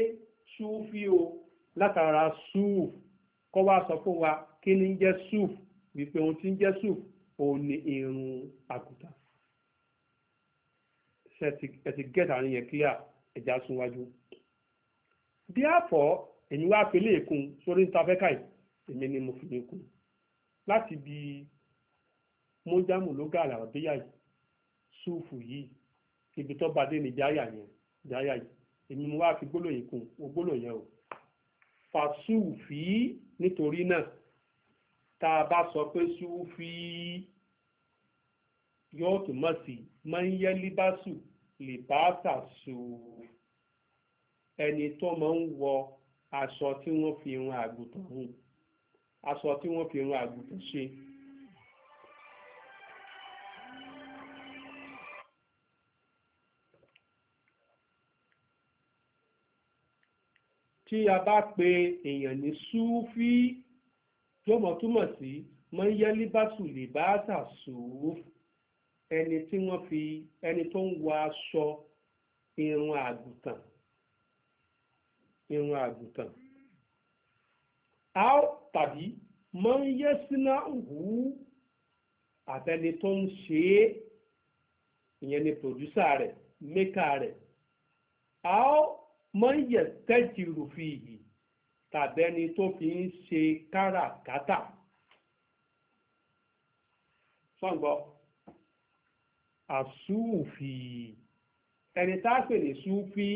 ṣúfí o látara ṣúf kọ́ wá sọ fún wa kí ni ń jẹ́ ṣúf wípé ohun tí ń jẹ́ ṣúf òun ni irun àgùntàn ẹ ti gẹ́t àárín yẹn clear ẹ̀já súnwájú. therefore èmi wá pélé èkún sórí níta fẹ́ káyìí èmi ni mo fi ní kún láti bí mọ́jámù ló gà àlàbíyà yìí ṣúfù yìí ibi tó bá dé ní jáyà yẹn jáyà yìí èmi mo wá fi gbólóyìn kún o gbólóyìn yẹn o fàṣùfì nítorí náà tá a bá sọ pé ṣùfì yóò túmọ̀ sí máa ń yẹ líbásù lìbáàtà ṣùù ẹni tó máa ń wọ aṣọ tí wọ́n fi irun àgùntàn hùn aṣọ tí wọ́n fi irun àgùntàn ṣe. tí a bá pe èèyàn ní súfí yóò mọ̀ túmọ̀ sí mọ́yẹ́líbásù lè bá àṣà sùúf ẹni tí wọ́n fi ẹni tó ń wọ aṣọ irun àgùntàn irun àgùntàn a tàbí mọ́yẹ́sínà hù àtẹni tó ń ṣe é ìyẹn ni pòdúsà rẹ̀ mẹ́kà rẹ̀ a ó mọ́yẹ̀ tẹ́jìrò fi yìí tàbẹ́ni tó fi ń ṣe káràkátà sọ́ngbọ́ àsúùfì ẹni tá a pè ní súfì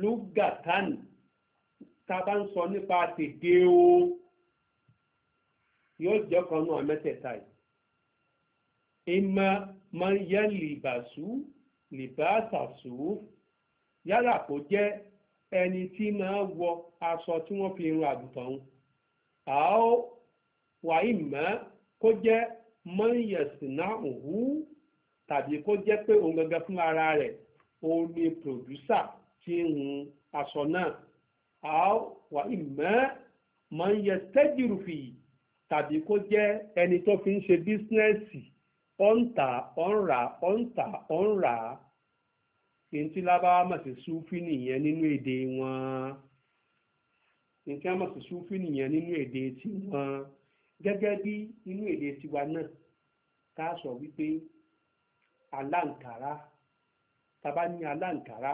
lúgàtánì tá a bá ń sọ nípa tèdè o yóò jẹ́ kan náà mẹ́tẹ̀ẹ̀ta yìí ìmọ̀ mọ̀yẹ́ lìbàṣú lìbàṣàṣú. yálà kó jẹ́ ẹni tí máa wọ aṣọ tí wọ́n fi irun àgùntàn ń àó wàyí mọ́ kó jẹ́ mọ́nyẹ̀sìnà òwú tàbí kó jẹ́ pé òun gangan fún ara rẹ̀ òun ni pòdúsà tí ń hun aṣọ náà àó wàyí mọ́ mọ́nyẹ̀sẹ́jìrù fìyì tàbí kó jẹ́ ẹni tó fi ń ṣe bísínẹ́sì ọ̀ǹtà ọ̀ǹrà ọ̀ǹtà ọ̀ǹrà. ntí lábáwá mọ̀ sí súfì nìyẹn nínú èdè wọn ntí wọ́n mọ̀ sí súfì nìyẹn nínú èdè tiwọn gẹ́gẹ́ bí nínú èdè tiwa náà tá a sọ wípé aláǹkárá tàbá ní aláǹkárá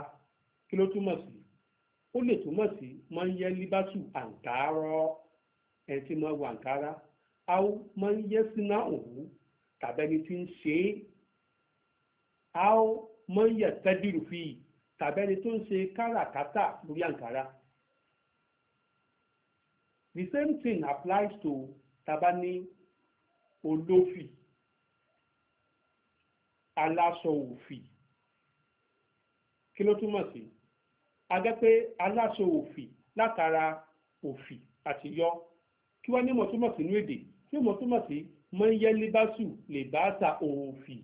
kí ló túmọ̀ sí ó lè túmọ̀ sí máa ń yẹ líbátù àǹkárọ́ ẹ̀ tí máa wọ àǹkárá a máa ń yẹ sínú òwú tàbẹ́ni tí ń ṣe é a ó mọ́yà tẹ́dìrù fi tàbẹ́ni tó ń ṣe káràkátà lórí àǹkárá. the same thing applies to tabani ní olófì aláṣọ òfì kí ló túmọ̀ sí agẹ́ pé aláṣọ òfì látara òfì àti yọ kí wọ́n ní mọ̀ túmọ̀ sí nínú èdè tí mọ̀ mọ̀ ń yẹ líbásù lè bá ta òfì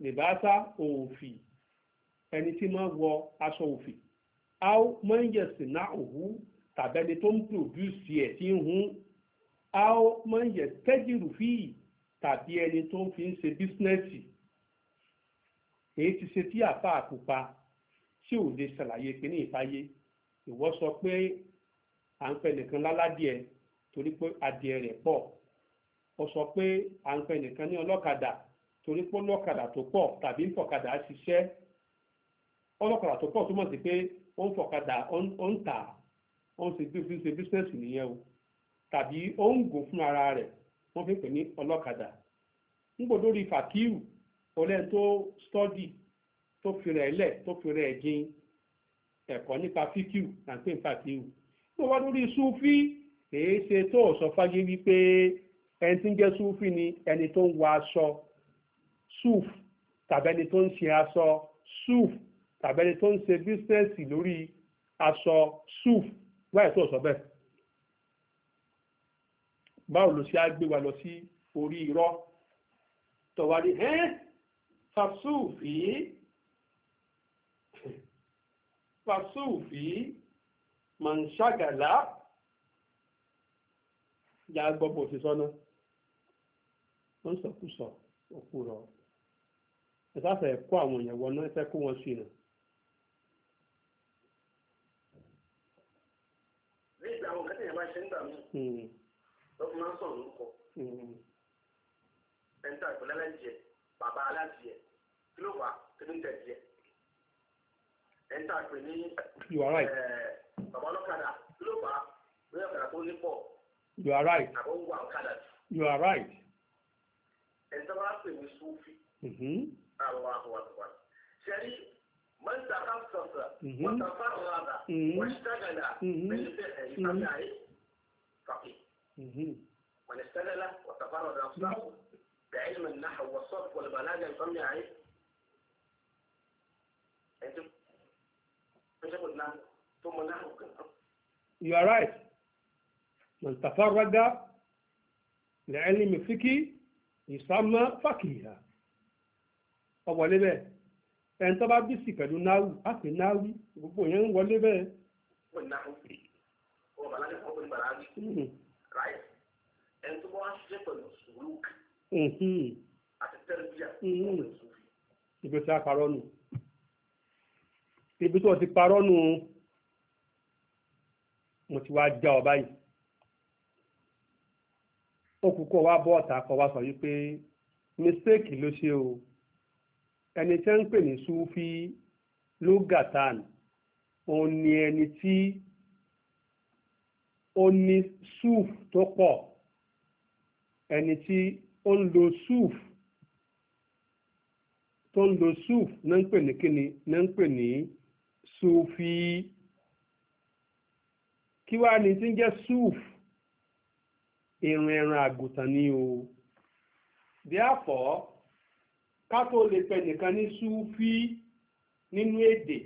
nìbáṣá òfì ẹni tí máa wọ aṣọ òfì áó mọ́nyẹ̀sì náà òhú tàbẹ́ni tó ń pòdúsì ẹ̀ tí ń hun áó mọ́nyẹ̀sì tẹ́jìrù fíì tàbí ẹni tó ń fi ń ṣe bísínẹ́sì èyí ti ṣe tí àfa àpupa tí ò lè ṣàlàyé pé ní ìfàyè ìwọ sọ pé à ń fẹ́ nìkan láládìẹ torí pé adìẹ rẹ̀ pọ̀ ó sọ pé à ń fẹ́ nìkan ní ọlọ́kadà torí pé lọ́kadà tó pọ̀ tàbí ń fọ̀kadà ṣiṣẹ́ ọlọ́kadà tó pọ̀ mọ̀ sí pé ó ń fọ̀kadà ó ń tà ó ń ṣe ṣe bísíǹsì nìyẹn o tàbí ó ń gò fún ara rẹ̀ wọ́n fi pè ní ọlọ́kadà ń gbọ́dọ̀ rí fàkíù ọlẹ́ tó stọ́dì tó fi rẹ̀ lẹ̀ tó fi rẹ̀ jin ẹ̀kọ́ nípa fíkíù náà pé fàkíù tó wá lórí súfí èé ṣe tó sọ fáyé wípé ẹni tí ń jẹ́ súfí ni ẹni tó ń wọ aṣọ suf tàbẹ́ni tó ń ṣe aṣọ suf tàbẹ́ni tó ń ṣe bísínẹ́sì lórí aṣọ suf wáyé tó sọ bẹ́ẹ̀ báwo ló ṣe á gbé wa lọ sí orí irọ́ tọ̀wárí ẹ́ fàṣùfì fàṣùfì mọ̀nṣàgàlá yàgbọ́ bó ti sọ́nà wọ́n sọkúsọ òkúrọ̀ ẹ sáfẹ́ kó àwọn èèyàn wọná ẹ fẹ́ kó wọn sí nà.
ní ìgbà àwọn kẹ́tẹ̀ yẹn bá ṣe ń gbà mí hmm. lọ́kùnrin máa ń sọ̀rọ̀ lórúkọ ẹ̀ńtà ìpínlẹ̀ aláìjẹ bàbá aláìjẹ kí ló fà kí ló ń tẹ̀ díẹ̀ ẹ̀ńtà pè ní eh, bàbá ọlọ́kadà kí ló fà lórí ọ̀kadà tó ní pọ̀ you are right àbọ̀ ń wà ọ̀kadà you ẹ̀ńtà bá pè ní sófì. Mm-hmm. الله أكبر شريف من تخصص وتفرد واشتغل بالفعل فقيه من اشتغل وتفرد نفسه بعلم النحو والصرف والبلاغة يسمي عليه أنتم ثم
You are right. من تفرد لعلم الفقه يسمى فقيها ọ̀wọ́lé bẹ́ẹ̀ ẹni tó bá bísí pẹ̀lú náwù á pè náwì gbogbo yẹn ń wọlé bẹ́ẹ̀.
Hmm. ẹni tó bá wá ṣiṣẹ́ pẹ̀lú
sùúrùk hmm. àti tẹ́lifíà hmm. ibi tí a parọ́ nù ibi tí wọ́n ti parọ́ nù mo ti wá já ọ báyìí ó kú kó wá bọ́ ọ̀tà kó wá sọ yìí pé mistake ló ṣe o ẹni tí ń pè ní sufi lugatan òun ni ẹni tí ó ní suf tó pọ̀ ẹni tí ó ń lo suf tó ń lo suf ní ń pè ní kíni ní ń pè ní sufi kí wá ni tí ń jẹ́ suf ìrìn ẹran àgùntàn ni o therefore ká tó lè pè nìkan ní súfí nínú èdè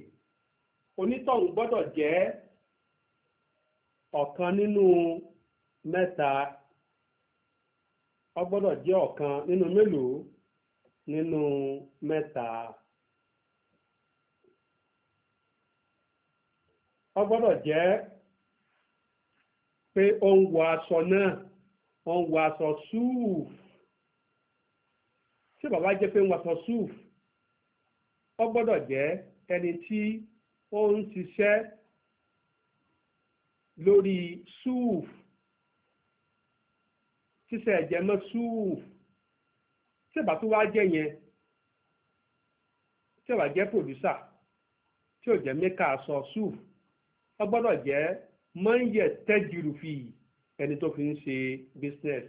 onítọ̀hún gbọ́dọ̀ jẹ́ ọ̀kan nínú mẹ́ta ó gbọ́dọ̀ jẹ́ ọ̀kan nínú mélòó nínú mẹ́ta. ó gbọ́dọ̀ jẹ́ pé ó ń wọ aṣọ náà ó ń wọ aṣọ súùfù. tí bàbá jẹ́ pé ń wàṣọ sùf ó gbọ́dọ̀ jẹ́ ẹni tí ó ń ṣiṣẹ́ lórí sùf ṣíṣe ẹ̀jẹ̀ mọ́ sùf tí bàbá tó wá jẹ́ yẹn tí bàbá jẹ́ pòdùsà tí ò jẹ́ mẹ́ka sọ sùf ó gbọ́dọ̀ jẹ́ mọ́ńyẹ̀ tẹ́jìrù fi ẹni tó fi ń ṣe business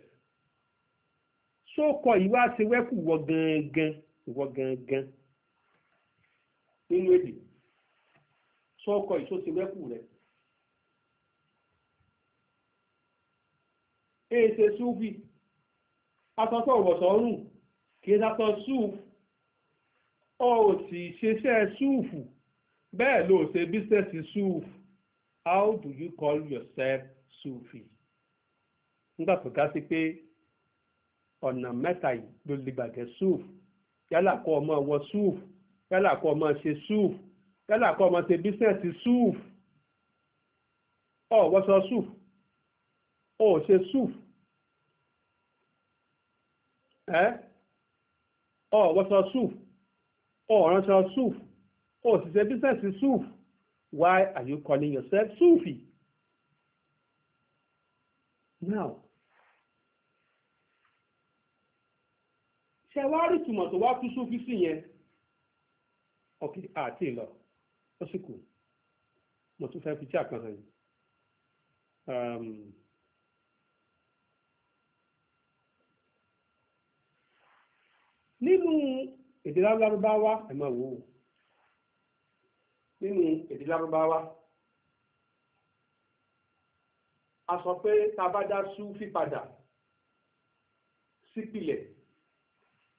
sókọ yìí wá ṣe wẹ́kù wọ gangan wọ gangan nínú èdè sókọ yìí tó ṣe wẹ́kù rẹ̀. èsè súfì asọ́tọ̀ ọ̀wọ̀sọ̀ ọ̀rùn kì í sasọ súf ọ ò sì ṣeṣẹ́ súfù bẹ́ẹ̀ ló ṣe bísẹ̀sì súf how do you call yourself súfì nígbà tó ká sí pé ọ̀nà mẹ́ta ló lè gbàgẹ́ súùf yálà kọ́ ọmọ wọ súùf yálà kọ́ ọmọ ṣe súùf yálà kọ́ ọmọ ṣe bísíǹsì súùf ọ̀ wọ́sọ súùf ọ̀ ṣe súùf ẹ́ ọ̀ wọ́sọ súùf ọ̀ ọ̀ sì ṣe bísíǹsì súùf why are you calling yourself súùfì now. ṣe wá rí ìtumọ̀ tó wá tún sófin sí yẹn ọkì àti ìlọ ó sì kù mo tún fẹ́ fi tí àkànṣe yìí. Um, nínú èdè lárúbáwá ẹ máa wò ó nínú èdè lárúbáwá a sọ pé tá a bá dá sú fípadà sípìlẹ̀. Si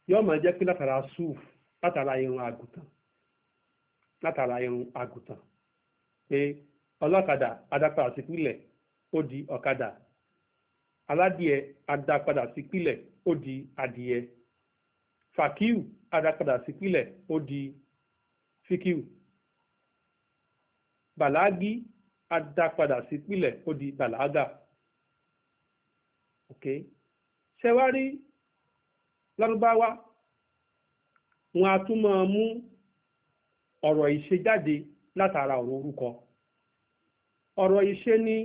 yóò máa jẹ́ pé látara sùf látara irun àgùntàn látara irun àgùntàn pé ọlọ́kadà adápadà sí pìlẹ̀ ó di ọ̀kadà aládìẹ adápadà sí pìlẹ̀ ó di adìẹ fàkíù adápadà sí pìlẹ̀ ó di fíkíù bàlágí adápadà sí pìlẹ̀ ó di bàlágà ok ṣẹwárí lárúbáwá wọn a tún máa mú ọ̀rọ̀ ìṣe jáde látara ọ̀rọ̀ orúkọ ọ̀rọ̀ ìṣe ní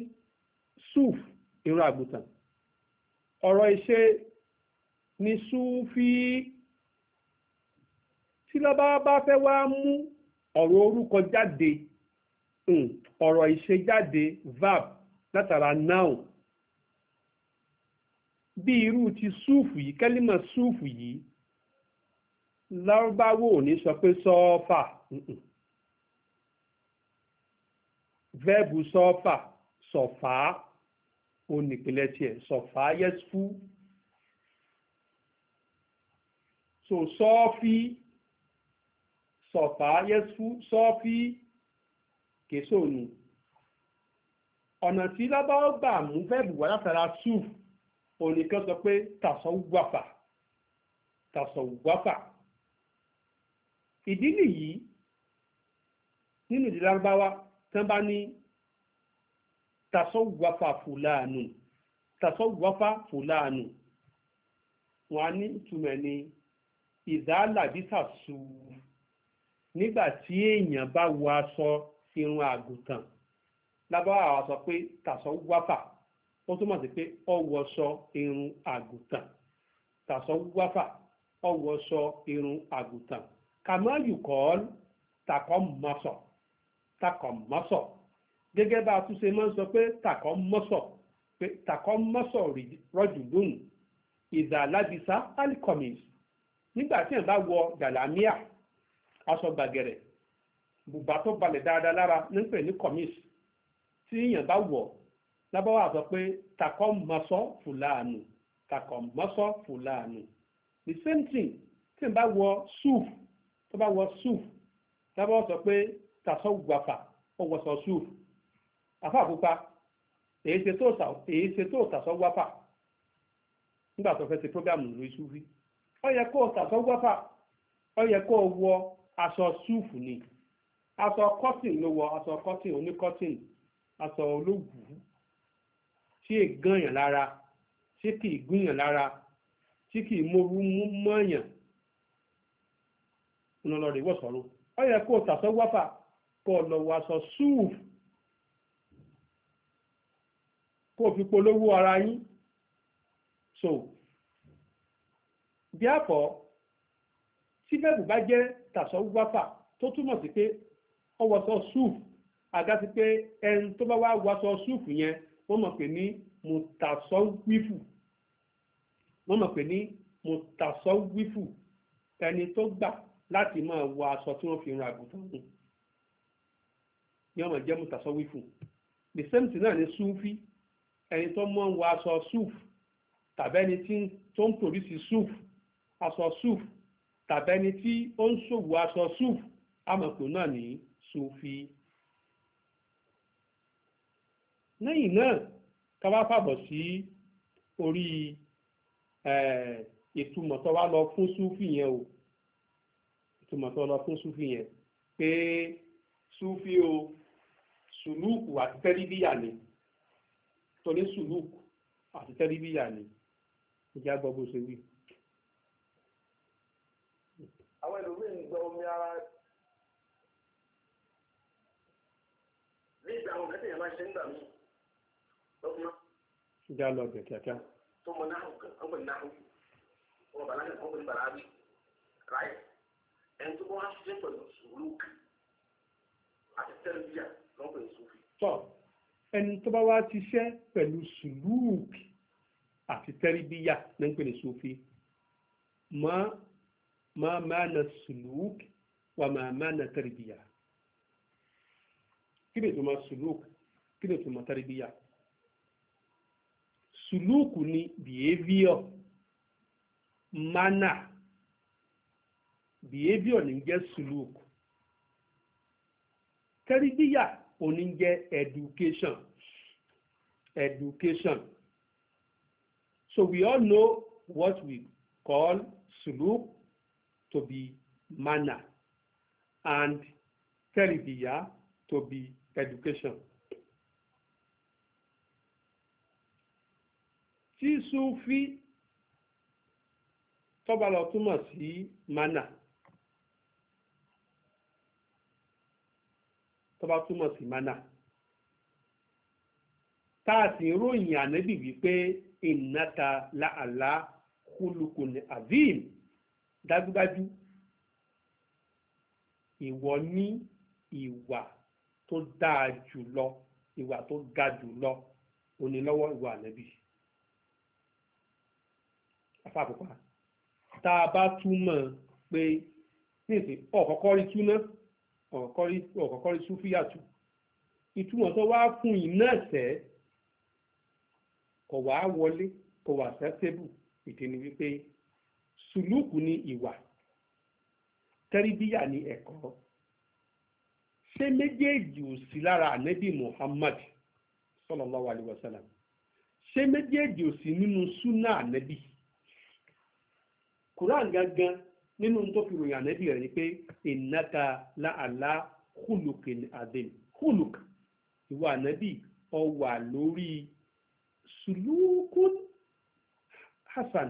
suf irun àgùntàn ọ̀rọ̀ ìṣe ní sufi tí lọ́ba bá fẹ́ wá mú ọ̀rọ̀ orúkọ jáde ọ̀rọ̀ ìṣe jáde verb látara noun bí irú ti súùfù yìí kẹ́límọ̀ súùfù yìí lárúbáwò ò ní sọ pé sọ́ọ́fà vẹ́ẹ̀bù sọ́ọ́fà sọ̀fà ó nìpínlẹ̀ tiẹ̀ sọ̀fà yẹ́sùfù so sọ́ọ́fì sọ̀fà yẹ́sùfù sọ́ọ́fì kèsò ni ọ̀nà tí lábáwọ́ gbà mú vẹ́ẹ̀bù wà látara súùfù onìkan sọ pé tàṣọwáfà tàṣọwáfà ìdí nìyí nínú ìdílé arúgbáwá tí wọ́n bá ní tàṣọwáfà fúlàánù tàṣọwáfà fúlàánù wọn á ní ìtumọ̀ ní ìdálàbísà sùúrù nígbà tí èèyàn bá wọ aṣọ irun àgùntàn lábáwá àwa sọ pé tàṣọwáfà ó túmọ̀ sí pé ọwọ́sọ irun àgùntàn tàṣọ wáfà ọwọ́sọ irun àgùntàn kàmáyù kọ́ọ́l tàkọ́ mọ́sọ̀ tàkọ́ mọ́sọ̀ gẹ́gẹ́ bá a tún ṣe máa ń sọ pé tàkọ́ mọ́sọ̀ pé tàkọ́ mọ́sọ̀ rọ́jù lóhùn ìdá alábìsá alikọ́mìs nígbà tí èèyàn bá wọ gàlámíà aṣọ gbàgẹ̀rẹ̀ bùbá tó balẹ̀ dáadáa lára ní ní kọ́mìs tí èèyàn bá wọ̀ lábáwá sọ pé takọ mọ́sọ́ fúlàánù takọ mọ́sọ́ fúlàánù the same thing tí n bá wọ sùf tó bá wọ sùf lábáwá sọ pé tasọ́ gbàfà ó wọṣọ sùf àfa àpupa èyí ṣe tó tasọ́ gbàfà nígbà tó fẹ́ ṣe prógámù lórí sùfì ó yẹ kó tasọ́ gbàfà ó yẹ kó wọ aṣọ sùf ni aṣọ kọ́tìn ló wọ aṣọ kọ́tìn oníkọ́tìn aṣọ olóògùn tí è gànyàn lára tí kì í gúnyàn lára tí kì í mórú mọ́yàn ń lọ rèé wọ̀sọ̀rọ̀ ó yẹ kó o tàṣọ wáfà kó o lọ wàṣọ súùf kó o fi polówó ara yín so therefore tí bẹ́ẹ̀ bù bá jẹ́ tàṣọ wáfà tó túmọ̀ sí pé ó wọṣọ súùf àgá sí pé ẹni tó bá wá wọṣọ súùf yẹn wọ́n mọ̀ pé ní mutasọ́wífù wọ́n mọ̀ pé ní mutasọ́wífù ẹni tó gbà láti máa wọ aṣọ tí wọ́n fi ran àgùntàn hù ni wọ́n mọ̀ jẹ́ mutasọ́wífù the same thing náà ni súfì ẹni tó mọ̀ ń wọ aṣọ súfù tàbí ẹni tí tó ń pòlísì súfù aṣọ súfù tàbí ẹni tí ó ń ṣòwò aṣọ súfù àmọ̀pọ̀ náà ní súfì lẹ́yìn náà ká wá fàbọ̀ sí orí ìtumọ̀ tó wá lọ fún súfì yẹn o ìtumọ̀ tó lọ fún súfì yẹn pé súfì o sùlúùkù àti tẹ́líbíyà ni torí sùlúùkù àti tẹ́líbíyà ni ìjà gbọ́ bó ṣe wí.
àwọn ẹlòmíín gbọ́ omi ara nígbà àwọn kẹ́tẹ̀yàn máa ṣe ń gbà mí
já lọ bẹ̀ kíákíá.
tó mọ náà ó mọ náà ó mọ bàlágà ó mọ bàlágà bí ráì ẹni tó
bọ́ wá ṣiṣẹ́ pẹ̀lú sùúrù àti tẹ́lifíà lọ́pọ̀ ìṣòfin. tọ́ ẹni tó bá wá ṣiṣẹ́ pẹ̀lú sùúrù àti tẹ́lifíà ló ń pè ní sùúfì mọ́ mọ́ máa na sùúrù wà máa máa na tẹ́lifíà kí ni ìtumọ̀ sùúrù kí ni ìtumọ̀ tẹ́lifíà sùlúùkù ni behavior manner behavior ní jẹ́ sùlúùkù tẹ́rìbíyà òní jẹ́ education education so we all know what we call suluk to be manner and tẹ́rìbíyà to be education. tí sufi tọ́ba lọ túmọ̀ sí mana tọ́ba túmọ̀ sí mana tá a sì ń ròyìn ànábì wípé ìnáta làálà kúlùkùn azim dájúdájú ìwọ ní ìwà tó dáa jùlọ ìwà tó ga jùlọ onílọ́wọ́ ìwà ànábì àfàpùpà tá a bá túmọ̀ pé nísìn ọ̀kọ̀kọ́ rí túná ọ̀kọ̀kọ́ rí súfíyàtù ìtumọ̀ tó wá fún yìí náà sẹ́ kò wá wọlé kò wá sẹ́tẹ́bù ìdí ni wípé sùlùkù ni ìwà tẹ́ríbíyà ni ẹ̀kọ́ ṣé méjèèjì ò sí lára ànábì Muhammad sallallahu alaihi ṣé méjèèjì ò sí nínú súnà ànábì. Quran gangan nínú tó fi ròyìn ànẹ́bí rẹ̀ ni pé ìnáka láàlá hùlùkì àdìm hùlùk ìwà ànẹ́bí ó wà lórí sùlùkùn hasan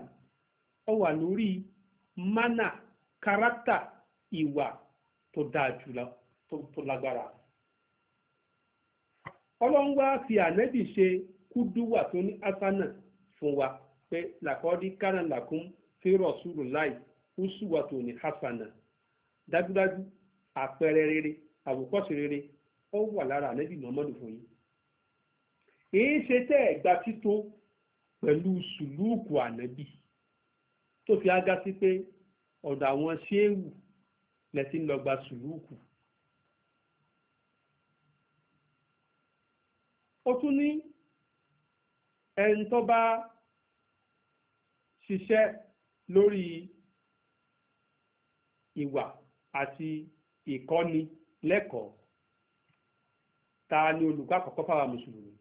ó wà lórí mana karakta ìwà tó dáa jùlọ tó lágbára ọlọ́run wá fi ànẹ́bí ṣe kúdúwà tó ní asana fún wa pé làkọ́dí kánà làkún fi Rasulullahi uswatun hasana dájúdájú àpẹẹrẹ rere àwòkọ́ṣe rere ó wà lára ànábì Muhammadu fún yín èyí ṣe tẹ́ ẹ̀ gba tító pẹ̀lú sùlúùkù ànábì tó fi ága sí pé ọ̀dọ̀ àwọn ṣéèwù lẹ́tí ń sùlúùkù. ó tún ní ẹni tó bá ṣiṣẹ́ lórí ìwà àti ìkọ́ni lẹ́kọ̀ọ́ ta ni olùkọ́ àkọ́kọ́ fáwa mùsùlùmí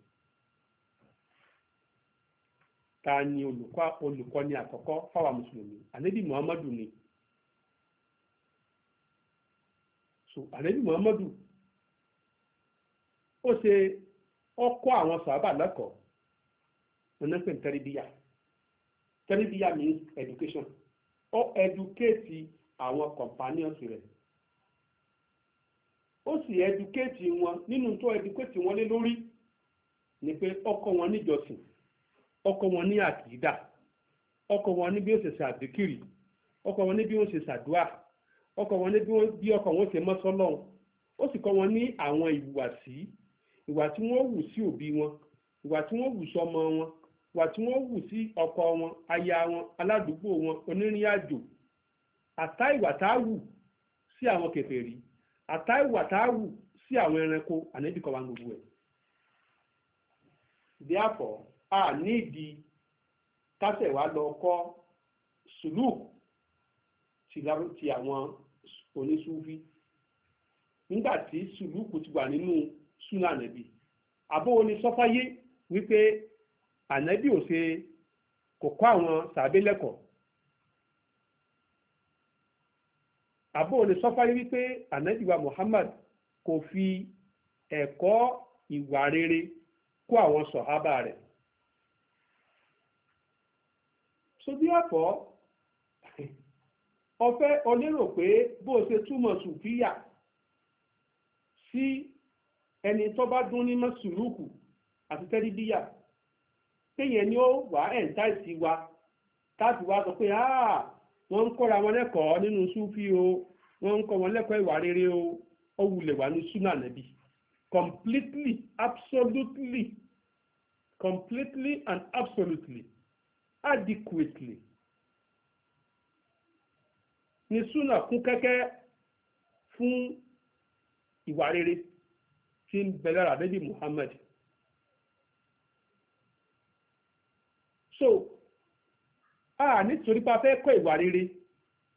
ta ni olùkọ́ olùkọ́ni àkọ́kọ́ fáwa mùsùlùmí ànábì muhammadu ni so ànábì muhammadu ó ṣe ọkọ àwọn sàábà lẹ́kọ̀ọ́ ọ̀nà pẹ̀ntẹ́rì bíyà tẹ́lifíyà means education ó educate àwọn companions rẹ̀ ó sì educate wọn nínú tó educate wọn lé lórí ni pé ọkọ wọn níjọsìn ọkọ wọn ní àkìdá ọkọ wọn ní bí ó ṣe ṣàdìkìrì ọkọ wọn ní bí ó ṣe ṣàdúà ọkọ wọn ní bí ọkọ wọn ṣe mọ́sọ́lọ́hún ó sì kọ́ wọn ní àwọn ìhùwàsí ìwà tí wọ́n wù sí òbí wọn ìwà tí wọ́n wù sọ́mọ wọn wà tí wọ́n wù sí ọkọ wọn aya wọn aládùúgbò wọn onírìn àjò àtá ìwà tá a wù sí àwọn kèfèrí àtá ìwà sí àwọn ẹranko ànẹ́bìkọ́ wa gbogbo ẹ̀. therefore a ní ìdí kásẹ̀ wa lọ kọ́ sùlúù ti àwọn oníṣúfí nígbà tí sùlúù kò ti wà nínú súnà nẹ́bì àbó oní sọ́fáyé wípé ànábì ò ṣe kò kọ́ àwọn sàbẹ lẹ́kọ̀ọ́ àbò ní sọfárí wípé ànábì wa Muhammad kò fi ẹ̀kọ́ ìwà rere kọ́ àwọn sọhábà rẹ̀ sobi ọfọ ọfẹ onírò pé bó o ṣe túmọ̀ sùfíyà sí ẹni tó bá dún ní mọ́sùlùkù àti tẹ́lifíyà kéèyàn ni ó wà ẹ̀ǹtáìsì wa láti wá sọ pé wọ́n ń kọ́ra wọn lẹ́kọ̀ọ́ nínú súfì o wọ́n ń kọ́ wọn lẹ́kọ̀ọ́ ìwà rere o ó wulẹ̀ wà ní súnà nẹ́bí completely absolutely completely and absolutely adequately nisuna súnà kún kẹ́kẹ́ fún ìwà rere tí ń bẹ lára Muhammad so a nítorí pé a fẹ́ kọ́ ìwà rere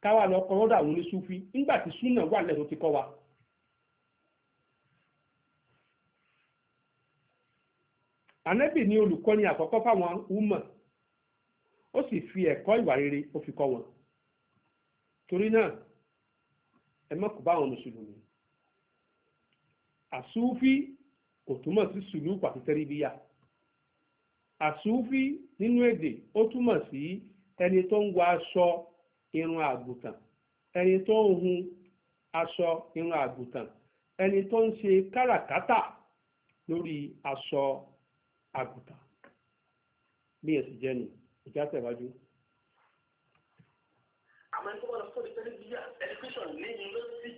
káwa lọ kọ́ lọ́dọ̀ àwọn oníṣúfí nígbà tí súnà wà lẹ́nu ti kọ́ wa. ni olùkọ́ni àkọ́kọ́ fáwọn ó fi ẹ̀kọ́ ìwà rere ó fi kọ́ wọn torí náà ẹ má bá àwọn mùsùlùmí àsúfí nínú èdè ó túmọ̀ sí ẹni tó ń wọ aṣọ irun àgùntàn ẹni tó ń hun aṣọ irun àgùntàn ẹni tó ń ṣe káràkátà lórí aṣọ àgùntàn bí èsì jẹ́ ni ìjà tẹ̀wájú.
àmọ́ ẹni tó wà lọ sọ́ọ́ di tẹ́lifíyà education ní yunifásitì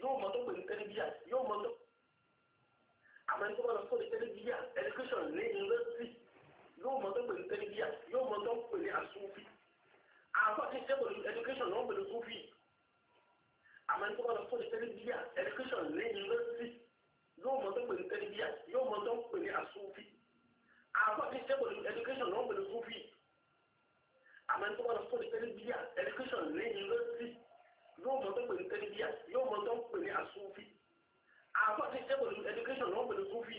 yóò mọ tó pè ní tẹ́lifíyà yóò mọ tó àmọ́ ẹni tó wà lọ sọ́ọ́ di tẹ́lifíyà education ní yunifásitì yóò mọ tó pè ní tẹ́lifíà yóò mọ tó pè ní àsúfì àwọn tí ṣe pẹ̀lú education náà pẹ̀lú súfì àmọ́ ẹni tó bá lọ fún tẹ́lifíà education ní yunifásitì yóò mọ tó pè ní tẹ́lifíà yóò mọ tó pè ní àsúfì àwọn tí ṣe pẹ̀lú education náà pẹ̀lú súfì àmọ́ ẹni tó bá lọ fún tẹ́lifíà education ní yunifásitì yóò mọ tó pè ní tẹ́lifíà yóò mọ tó pè ní àsúfì àwọn tí ṣe pẹ̀lú education náà pẹ̀lú súfì.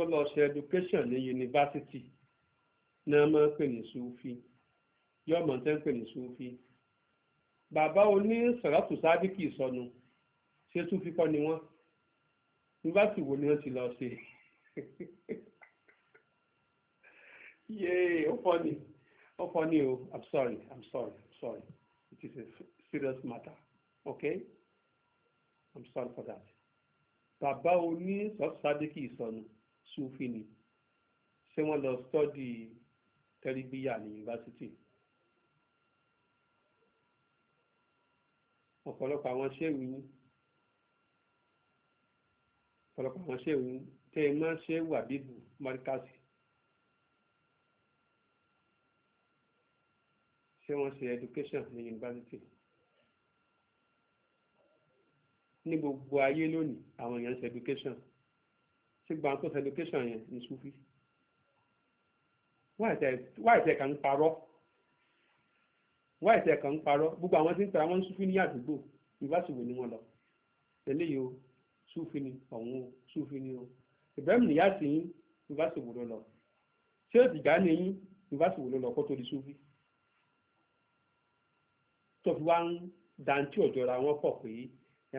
tó lọ ṣe education ní yunifásitì náà máa ń pè ní sufi yóò mọ̀ tẹ́ ń pè ní sufi bàbá oní sọ̀rọ̀tù sádìkì sọnù ṣé sufi kọ́ ni wọ́n yunifásitì wo ni wọ́n ti lọ ṣe (laughs) yéé ó fọ́ ni ó fọ́ ni o i'm sorry i'm sorry i'm sorry it is a serious matter okay i'm sorry for that bàbá oní sọ̀rọ̀tù sádìkì sọnù. So sufi ni ṣé wọ́n lọ stọ́dì tẹ́ríbíyà ní yunifásitì. ọ̀pọ̀lọpọ̀ àwọn ṣéwù ọ̀pọ̀lọpọ̀ àwọn ṣéwù tẹ́ ẹ máa ṣe wà bíbù mọ́ríkàsì ṣé wọ́n ṣe education ní yunifásitì. ní gbogbo ayé lónìí àwọn èèyàn ṣe education sí gbantos education yẹn ní sufi wáì tẹ̀ kàn ń parọ́ wáì tẹ̀ kàn ń parọ́ gbogbo àwọn tí ń tẹ̀ra wọn ń sufi ní àdúgbò ìbáṣùwò ni wọ́n lọ tẹ̀lé yìí o sufi ni ọ̀hún o sufi ni o Ibrahim nìyá sí yín ìbáṣùwò ló lọ ṣé òtìgá ni yín ìbáṣùwò ló lọ kó tó di sufi tó fi wá ń dantí ọ̀jọ̀ra wọn pọ̀ pé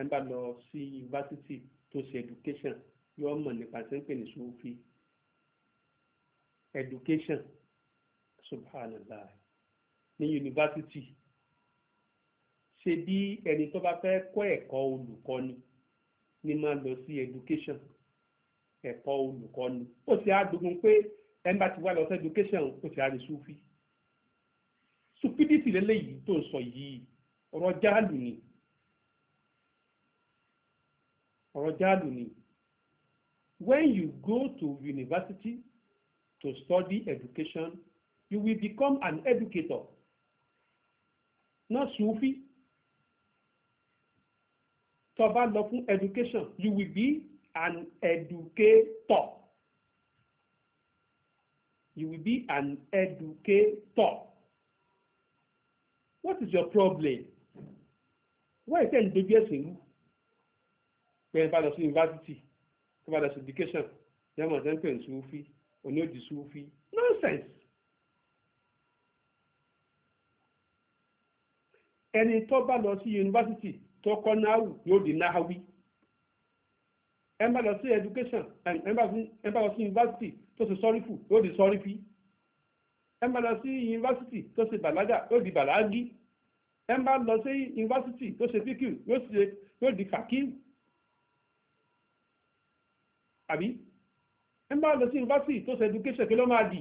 ẹ ń bá lọ sí yunifásitì tó ṣe education yóò mọ̀ nípa tí ń ní sufi education subhanallah ní yunifásitì ṣe bí ẹni tó bá fẹ́ kọ́ ẹ̀kọ́ olùkọ́ni ni máa lọ sí education ẹ̀kọ́ olùkọ́ni ó ti àdógún pé ẹni bá ti wá lọ sí education ó ti àrí sufi stupidity lélẹ́yìí tó ń sọ yìí ọ̀rọ̀ jáàlù ni ọ̀rọ̀ jáàlù ni. When you go to university to study education, you will become an educator, not Sufi. Tó bá lọ fún education, you will be an educator. You will be an educator. What is your problem? Why is it dojú ẹ̀sìn rú? Pẹ̀lú ìbálòpọ̀ sí yunifásitì tó bá da syndication yàmọ̀ tẹ́ ń pè ní sufi òní òdì sufi nonsense. ẹni tó bá lọ sí yunifásitì tó kọ́ náhù yóò di náhàwí ẹ bá lọ sí education ẹ bá lọ sí yunifásitì tó ṣe sọ́rífù yóò di sọ́rífì ẹ bá lọ sí yunifásitì tó ṣe bàlágà yóò di bàlágì ẹ bá lọ sí yunifásitì tó ṣe fíkìl yóò di fàkìl àbí ẹ máa lọ sí yunifásitì tó ṣe education kí ló máa di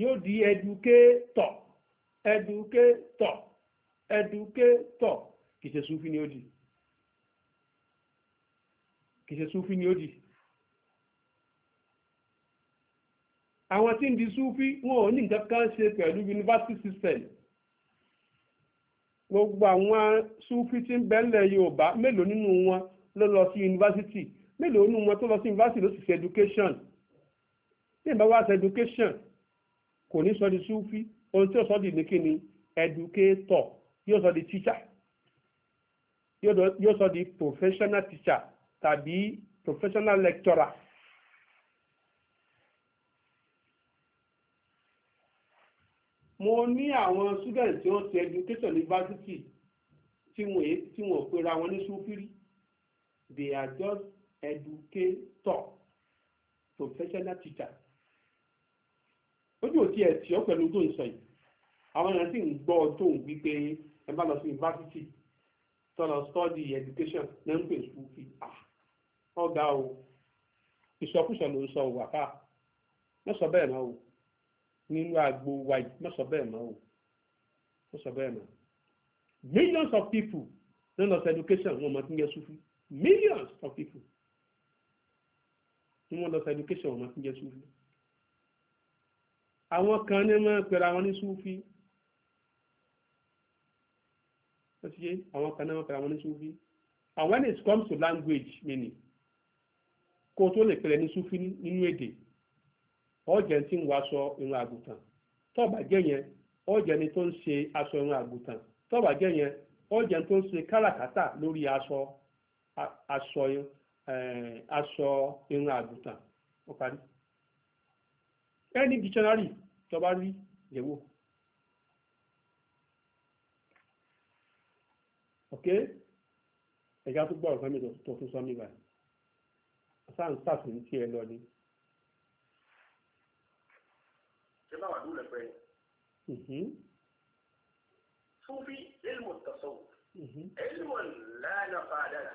yóò di educator educator educator kì í ṣe súnfì ni ó di kì í ṣe súnfì ni ó di. àwọn tí ń di súnfí wọn ò ní nǹkan kan ṣe pẹ̀lú university system gbogbo àwọn súnfí tí ń bẹ́lẹ̀ Yorùbá mélòó nínú wọn ló lọ sí university mélòó nínú wọn tó lọ sí yunifásitì ló sì ṣe education tí ìbá wá education kò ní sọ di súfí ohun tí ó sọ di ní kí ni educator yóò sọ di teacher yóò sọ di professional teacher tàbí professional lecturer. mo ní àwọn students tí wọ́n ti education university tí wọ́n pera wọn ní súfírí they are just educator professional teacher ojú òtí ẹ̀ tí ọ́ pẹ̀lú tó ń sọ yìí àwọn èèyàn sì ń gbọ́ tó ń wí pé ẹ bá lọ sí yunifásitì tó study education ní ń pè school fee ah ọ̀gá o ìsọkúsọ ló ń sọ òwò àká mọ́sọ bẹ́ẹ̀ náà o nínú agbo wa yìí mọ́sọ bẹ́ẹ̀ náà o mọ́sọ bẹ́ẹ̀ náà millions of people ló lọ sí education wọn mọ̀ tí ń yẹ sufi millions of people tí wọ́n lọ sí education ọmọ tí ń jẹ́ súfì àwọn kan ní wọ́n pẹ̀lú àwọn ní súfì ṣe àwọn kan náà pẹ̀lú àwọn ní súfì and when it comes to language meaning kó o tó lè pẹ̀lẹ́ ní súfì nínú èdè ọ̀jẹ̀ tí ń wọ aṣọ irun àgùntàn tọ́ọ̀bà jẹ́ yẹn ọ̀jẹ̀ ni tó ń ṣe aṣọ irun àgùntàn tọ́ọ̀bà jẹ́ yẹn ọ̀jẹ̀ tó ń ṣe káràkátà lórí aṣọ aṣọ Eh, aṣọ irun àgùntàn ó parí any dictionary tó bá rí lè wò ok ẹ̀yà tó gbọ́ ọ̀rọ̀ fẹ́mi tó tún sọ mí báyìí sáà ń sàfihàn tí ẹ lọ ni.
ṣé báwa dúró lẹ pẹ́ yìí. Mhm. Sufi ilmu tasawuf mhm. ilmu la nafa dara.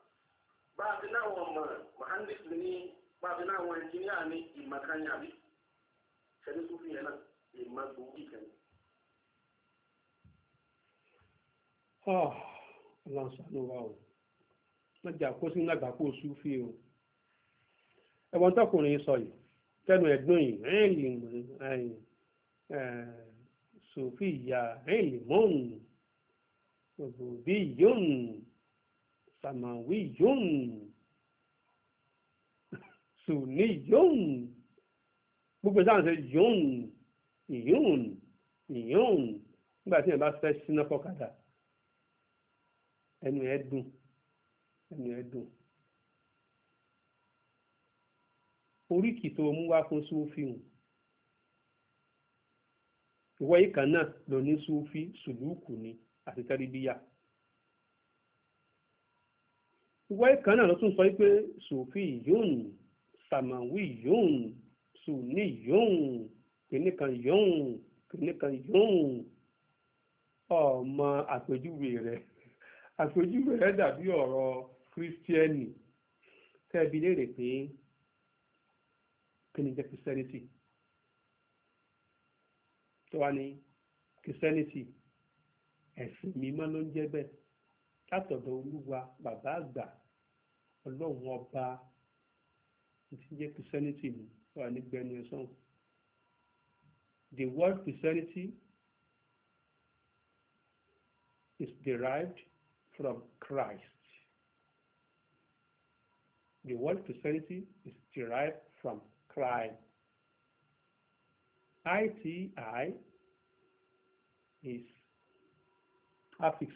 bá a fi náwọn ọmọ mohandes ní bá a fi náwọn ẹnjìníà ní ìmọ̀ kan ní àbí ṣẹlẹ̀ tó fi yẹn náà ìmọ̀ gbòógì kan.
ọlọ́run ṣàánú wa o wọ́n jà kó sínú àgbákò Súfì o ẹ̀wọ̀n tọkùnrin sọ yìí tẹnu ẹ̀gbọ́n yìí ẹ̀yìn ẹ̀yìn Súfì sàmàwí yóòn sùní yóòn gbogbo sáà ń ṣe yóòn yóòn yóòn nígbà tí yẹn bá fẹ́ síná fọ́kadà ẹnu ẹ dùn ẹnu ẹ dùn oríkì tó mú wá fún sófin ìwọ yìí kan náà lò ní sófin sùlùkù ni àti tẹ́rìbíyà wẹ́ẹ̀ kan náà ló tún sọ pé sùfì yóòn sàmàwí yóòn sùní yóòn kìnìkan yóòn kìnìkan yóòn ọmọ àpèjúwe rẹ àpèjúwe rẹ dàbí ọ̀rọ̀ kírísítíẹ́nì tẹ́ẹ̀bi léèrè pé kí ni jẹ́ christianity tó wá ní christianity ẹ̀sìn mímọ́ ló ń jẹ́ bẹ́ẹ̀ látọ̀dọ̀ olúwa bàbá àgbà ọlọ́run ọba ti christianity ni wà nígbẹ́ni ẹ̀sán the word christianity is derived from Christ the word christianity is derived from Christ iti is affix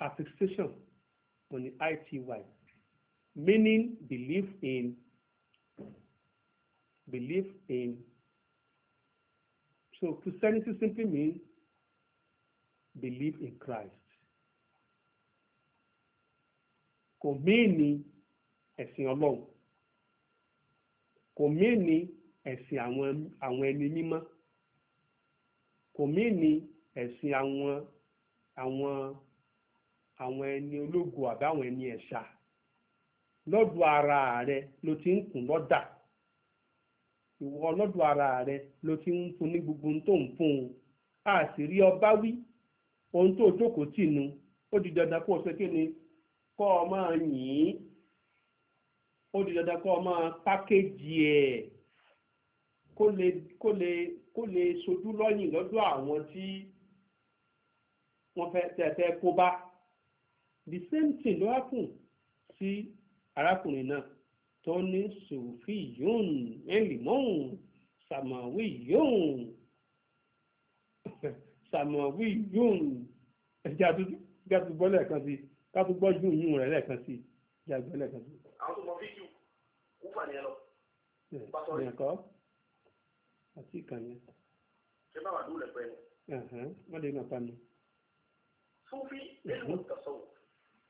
affixation on the ity meaning belief in belief in so christianity simply means belief in christ kò míìní ẹ̀sìn ọlọ́run kò míìní ẹ̀sìn àwọn ẹni mímọ́ kò míìní ẹ̀sìn àwọn àwọn àwọn ẹni ológo àbáwọn ẹni ẹ̀ṣà lọ́dọ̀ ara rẹ ló ti ń kùn lọ́dà ìwọ lọ́dọ̀ ara rẹ ló ti ń fún ní gbogbo tó ń fún un a sì rí ọba wí ohun tó jókòó tì nu ó di dandan kó o ṣe kí ni kọ́ ọ máa yìn ó di dandan kọ́ ọ máa pákéjì ẹ̀ kó lè kó lè kó lè sojú lọ́yìn lọ́dọ̀ àwọn tí wọ́n fẹ́ tẹ̀ fẹ́ kó bá the same thing ló happen sí arákùnrin náà tó ní sùfì yóò ẹlìmọ́hùn sàmọ̀wí yóò sàmọ̀wí yóò ẹ̀jẹ̀ àtúgbọ́ lẹ́ẹ̀kan sí kátúgbọ́ yóò yún rẹ̀ lẹ́ẹ̀kan sí ẹ̀jẹ̀ àgbẹ̀ lẹ́ẹ̀kan sí.
àwọn tó mọ fíjù kú fà nìyẹn lọ.
ìyẹn kọ́ àti ìkànnì.
ṣé bá wà dúró lẹ́pẹ́
ni. wọ́n lè nà pa mi. sófì ẹ̀rù
tàṣọ́wọ̀.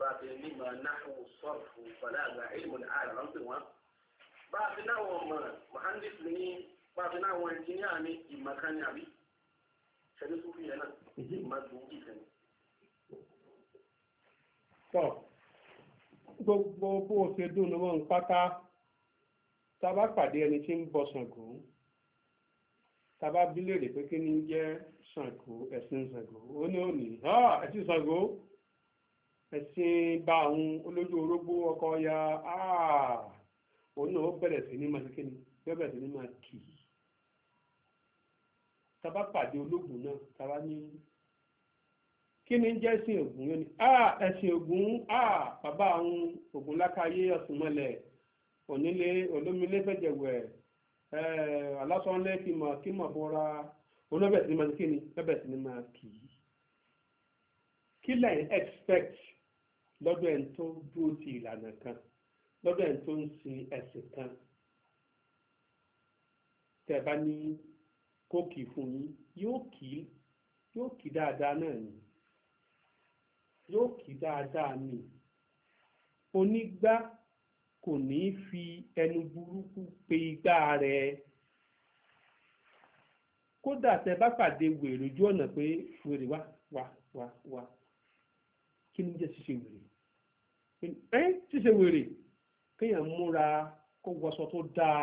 báàbí mímọ náhù sọ́ọ̀fù pẹ̀lú àgbà ìlú ààrẹ ló ń pè wọ́n. báàbí náwọn ọmọ mohandis ní báàbí náwọn ẹnjìníà ní ìmọ̀kánì àbí ṣẹlẹ sókè yẹn náà ìmọ̀ gbòógì sẹ́ni.
tọ́ gbogbo bó o ṣe dùn lọ́wọ́ ń pátá tá bá pàdé ẹni tí ń bọ Ṣàngó tá bá bí léèrè pé kí ni jẹ́ Ṣàngó ẹ̀sìn Ṣàngó ó ní òní ẹ̀sìn Ṣàngó. ẹ̀sìn bá àwọn olójú orógbó ọkọ ya ah, òun náà ó bẹ̀rẹ̀ sí ní máa ṣe bẹ̀rẹ̀ sí ní máa kì í tàbá pàdé ológun náà tàbá ní kí ni jẹ́ ẹ̀sìn ògùn yóò ní ah, ẹ̀sìn ògùn ah, bàbá àwọn ògùn lákàáyé ọ̀sùn mọ́lẹ̀ onílé olómilé fẹ̀jẹ̀wẹ̀ alásọ̀nlẹ̀ kìmọ̀ kìmọ̀ bọ́ra sí máa ṣe bẹ̀rẹ̀ sí ní máa kì í kí lẹ́yìn lọ́dọ̀ ẹni tó dúró ti ìlànà kan lọ́dọ̀ ẹni tó ń sin ẹ̀sìn kan tẹ́ bá ní kó kì í fún yín yóò kì dáadáa náà ni yóò kì dáadáa ni onígbá kò ní fi ẹnu burúkú pe igbá rẹ kódà tẹ bá pàdé wèrè ojú ọ̀nà pé wèrè wá wá wá ẹ ṣíṣe wèrè kéèyàn múra kó wọṣọ tó dáa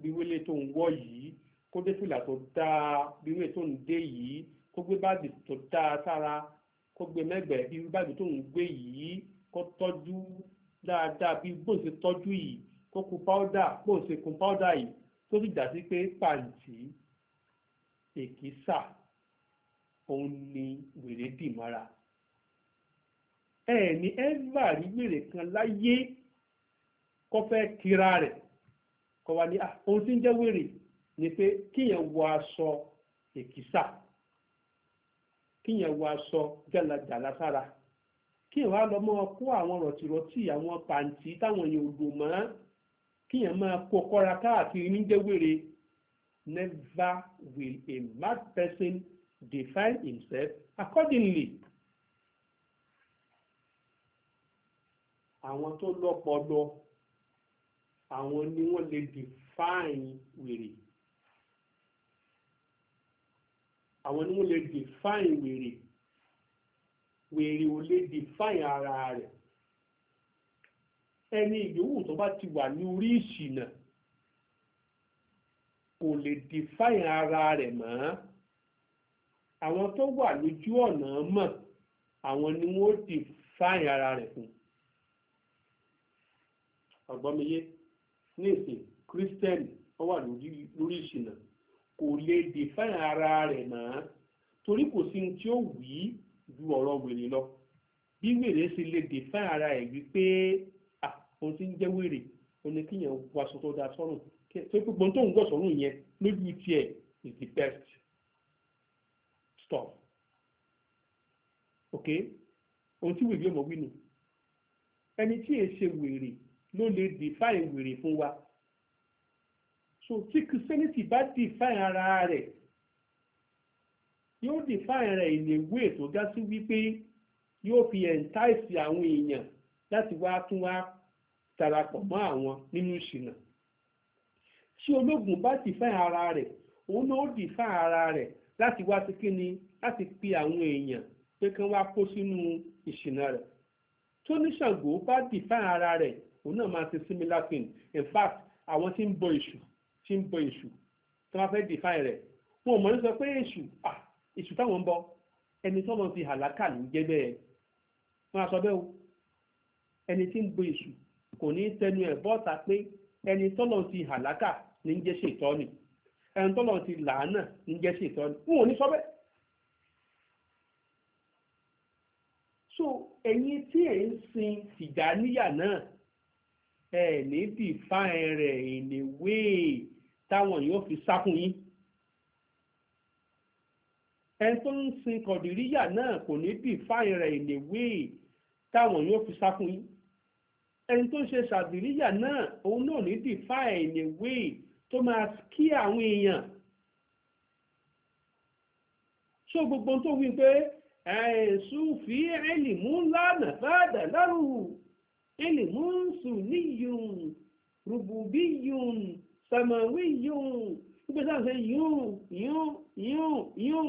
bí wélé tó ń wọ̀ yìí kó dé fìlà tó dáa bí wélé tó ń dé yìí kó gbé báàgì tó dáa sára kó gbé mẹ́gbẹ̀ẹ́ bí báàgì tó ń gbé yìí kó tọ́jú dáadáa bí bóun ṣe tọ́jú yìí kó kun pàódà bóun ṣe kun pàódà yìí tó sì dà sí pé pàǹtí èkìsà òun ni wèrè dì mọ́ra ẹ̀ẹ̀ni ẹ́fà rí wèrè kan láyé kó fẹ́ kira rẹ̀ kó wá ní ah, ohun tí ń jẹ́ wèrè ni pé kíyàn wọ aṣọ èkìsà kíyàn wọ aṣọ jàlàjàlà sára kíyàn wá lọ máa kó àwọn rọ̀tìrọ̀tì àwọn pàǹtí táwọn èèyàn ò lò mọ́ kíyàn máa kó kọ́ra káàkiri ní jẹ́ wèrè never will a mad person define himself accordingly. àwọn tó lọ́pọlọ àwọn ni wọ́n lè define wèrè àwọn ni wọ́n lè define wèrè wèrè ò lè define ara rẹ̀ ẹni ìyówù tó bá ti wà ní orí ìṣìnà kò lè define ara rẹ̀ mọ́ àwọn tó wà lójú ọ̀nà mọ̀ àwọn ni wọ́n define ara rẹ̀ fún àgbọ́miyé nísìn kírísítẹ́nì ó wà lórí ìṣìnà kò lè dè fẹ́ràn ara rẹ̀ mọ́ torí kò sí ní tí ó wí ju ọ̀rọ̀ wèrè lọ bí wèrè sì lè dè fẹ́ràn ara ẹ̀ wípé àwọn tí ń jẹ́ wèrè òní kíyàn wọ aṣọ tó dáa sọ́rùn tó pé tó ń gbọ́ sọ́rùn yẹn lójú tiẹ̀ is the best stuff ok ohun tí wèrè ọmọ wí nù ẹni tí èé ṣe wèrè ló lè define wèrè fún wa so tí christianity bá define ara rẹ̀ yóò define rẹ̀ in a way tó ga sí wípé yóò fi entice àwọn èèyàn láti wá tún wá darapọ̀ mọ́ àwọn nínú ìṣìnà tí ológun bá define ara rẹ̀ òun náà ó define ara rẹ̀ láti wá sí kí ni láti pe àwọn èèyàn pé kí wọ́n wá kó sínú ìṣìnà rẹ̀ tó ní Ṣàngó bá define ara rẹ̀ òun náà máa ṣe similar thing in fact àwọn tí ń bọ èṣù tí ń bọ èṣù tí wọ́n fẹ́ define rẹ̀ wọn ò mọ̀ ní sọ pé èṣù ah èṣù táwọn ń bọ ẹni tí wọ́n fi hàlákà ló ń jẹ́ bẹ́ẹ̀ wọ́n á sọ bẹ́ẹ̀ o ẹni tí ń bọ èṣù kò ní tẹnu ẹ̀ bọ́ta pé ẹni tọ́lọ̀ ti hàlákà ní ń jẹ́ ṣètọ́ni ẹni tọ́lọ̀ ti làánà ní ń jẹ́ ṣètọ́ni wọn ò ní sọ bẹ́ẹ̀. so ẹ̀yin tí ẹ̀ ń sin tìjà níyà náà ẹ ní define rẹ̀ in a way táwọn yóò fi sákùn yín ẹni tó ń sin kọ̀dìríyà náà kò ní define rẹ̀ in a way táwọn yóò fi sákùn yín ẹni tó ń ṣe ṣàdìríyà náà òun náà ní define in a way tó máa kí àwọn èèyàn so gbogbo tó wí pé ẹ̀ẹ́sùn fi ẹ̀ẹ́lì mú lánàá fáadà lárùú ẹlẹ́mọ́ọ̀sù níyùn rùbùbí yùn sàmàwí yùn gbogbo sáà ṣe yùn yùn yùn yùn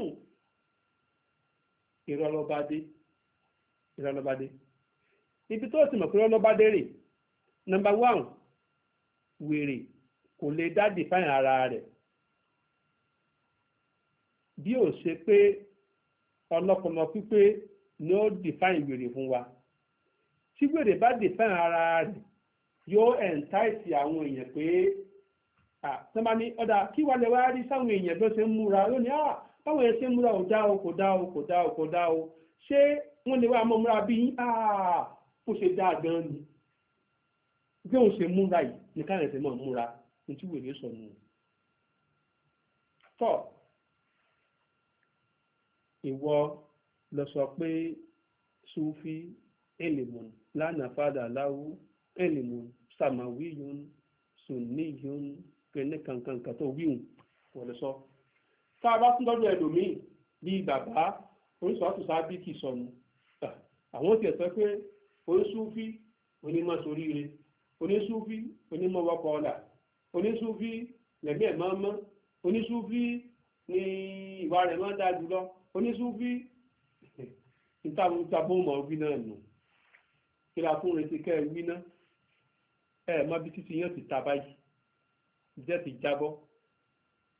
ìrọlọ́badé ìrọlọ́badé ibi tó ti mọ̀ pé ìrọlọ́badé rè nọ́mbà one wèrè kò lè dá define ara rẹ̀ bí ó ṣe pé ọlọ́pọlọ pípé ni ó define wèrè fún wa tí wèrè bá dè fẹ́ ara rẹ̀ yóò ẹ̀ǹtáìtì àwọn èèyàn pé tó bá ní ọ̀dà kí wàá lè wá rí sáwọn èèyàn tó ṣe ń múra ó ní báwọn yẹn ṣe ń múra ò dá o kò dá o kò dá o kò dá o ṣé wọ́n lè wá mọ́ múra bí ó ṣe dáa gan ni bí òun ṣe múra yìí ní káyọ̀ ṣe mọ̀ múra ní tí wèrè sọ nù. tọ́ ìwọ lọ sọ pé Súfí elimun lánàfàdà láwù elimun samawiyun sunniyun kẹ́ni kankankan tó wíwùn wọlé sọ. tá a bá tún lọ́dọ̀ ẹlòmíì bíi bàbá oríṣiríṣi àtúnṣe ábíkì sọnù àwọn ah, ti ẹ̀sọ́ e pé oníṣúfí onímọ̀ soríire oníṣúfí onímọ̀ wọ́pọ̀ ọ̀la oníṣúfí lẹ́mí ẹ̀ e máa mọ́ oníṣúfí ni ìwà rẹ̀ máa dáa jùlọ oníṣúfí (laughs) níta-mú-ta-bó-mọ̀-wí náà nù kí la tún retí kẹ́ ẹ wí ná ẹ mọ bí títí yóò ti ta báyìí jẹ́ ti jábọ́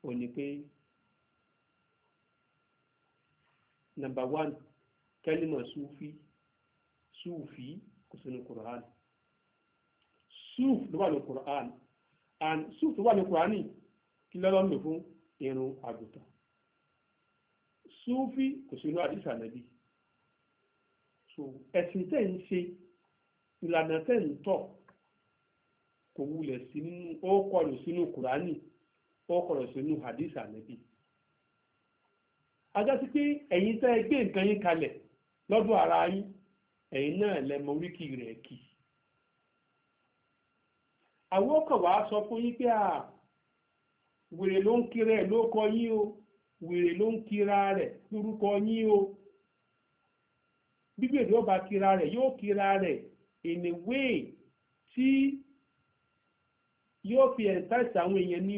ò ní pé nàmbà wán kẹ́límọ̀ súfì súfì kò sínú Qur'an súf ló wà ní Qur'an and súf tó wà ní Qur'an yìí kí lọ́lọ́ ń lò fún irun àgùntàn súfì kò sínú àdìsá nàbí so ẹ̀sìn tẹ̀ ń ṣe. ìlànà ntọ ń tọ̀ kò wulẹ̀ sí nínú ó kọlù sínú kùránì ó kọlù sínú hadith ànábì ajá sí pé ẹ̀yin tẹ́ ẹ gbé nǹkan yín kalẹ̀ lọ́dún ara yín ẹ̀yin náà lẹ́mọ oríkì rẹ̀ kì í àwọn sọ fún yín pé were wèrè ló ń kiri ẹ̀ ló kọ yín o wèrè ló ń kira rẹ̀ lórúkọ yín o bíbélì ọba kira rẹ̀ yóò kira rẹ̀ in a way tí yóò fi ẹ̀ńtáìsì àwọn èèyàn ní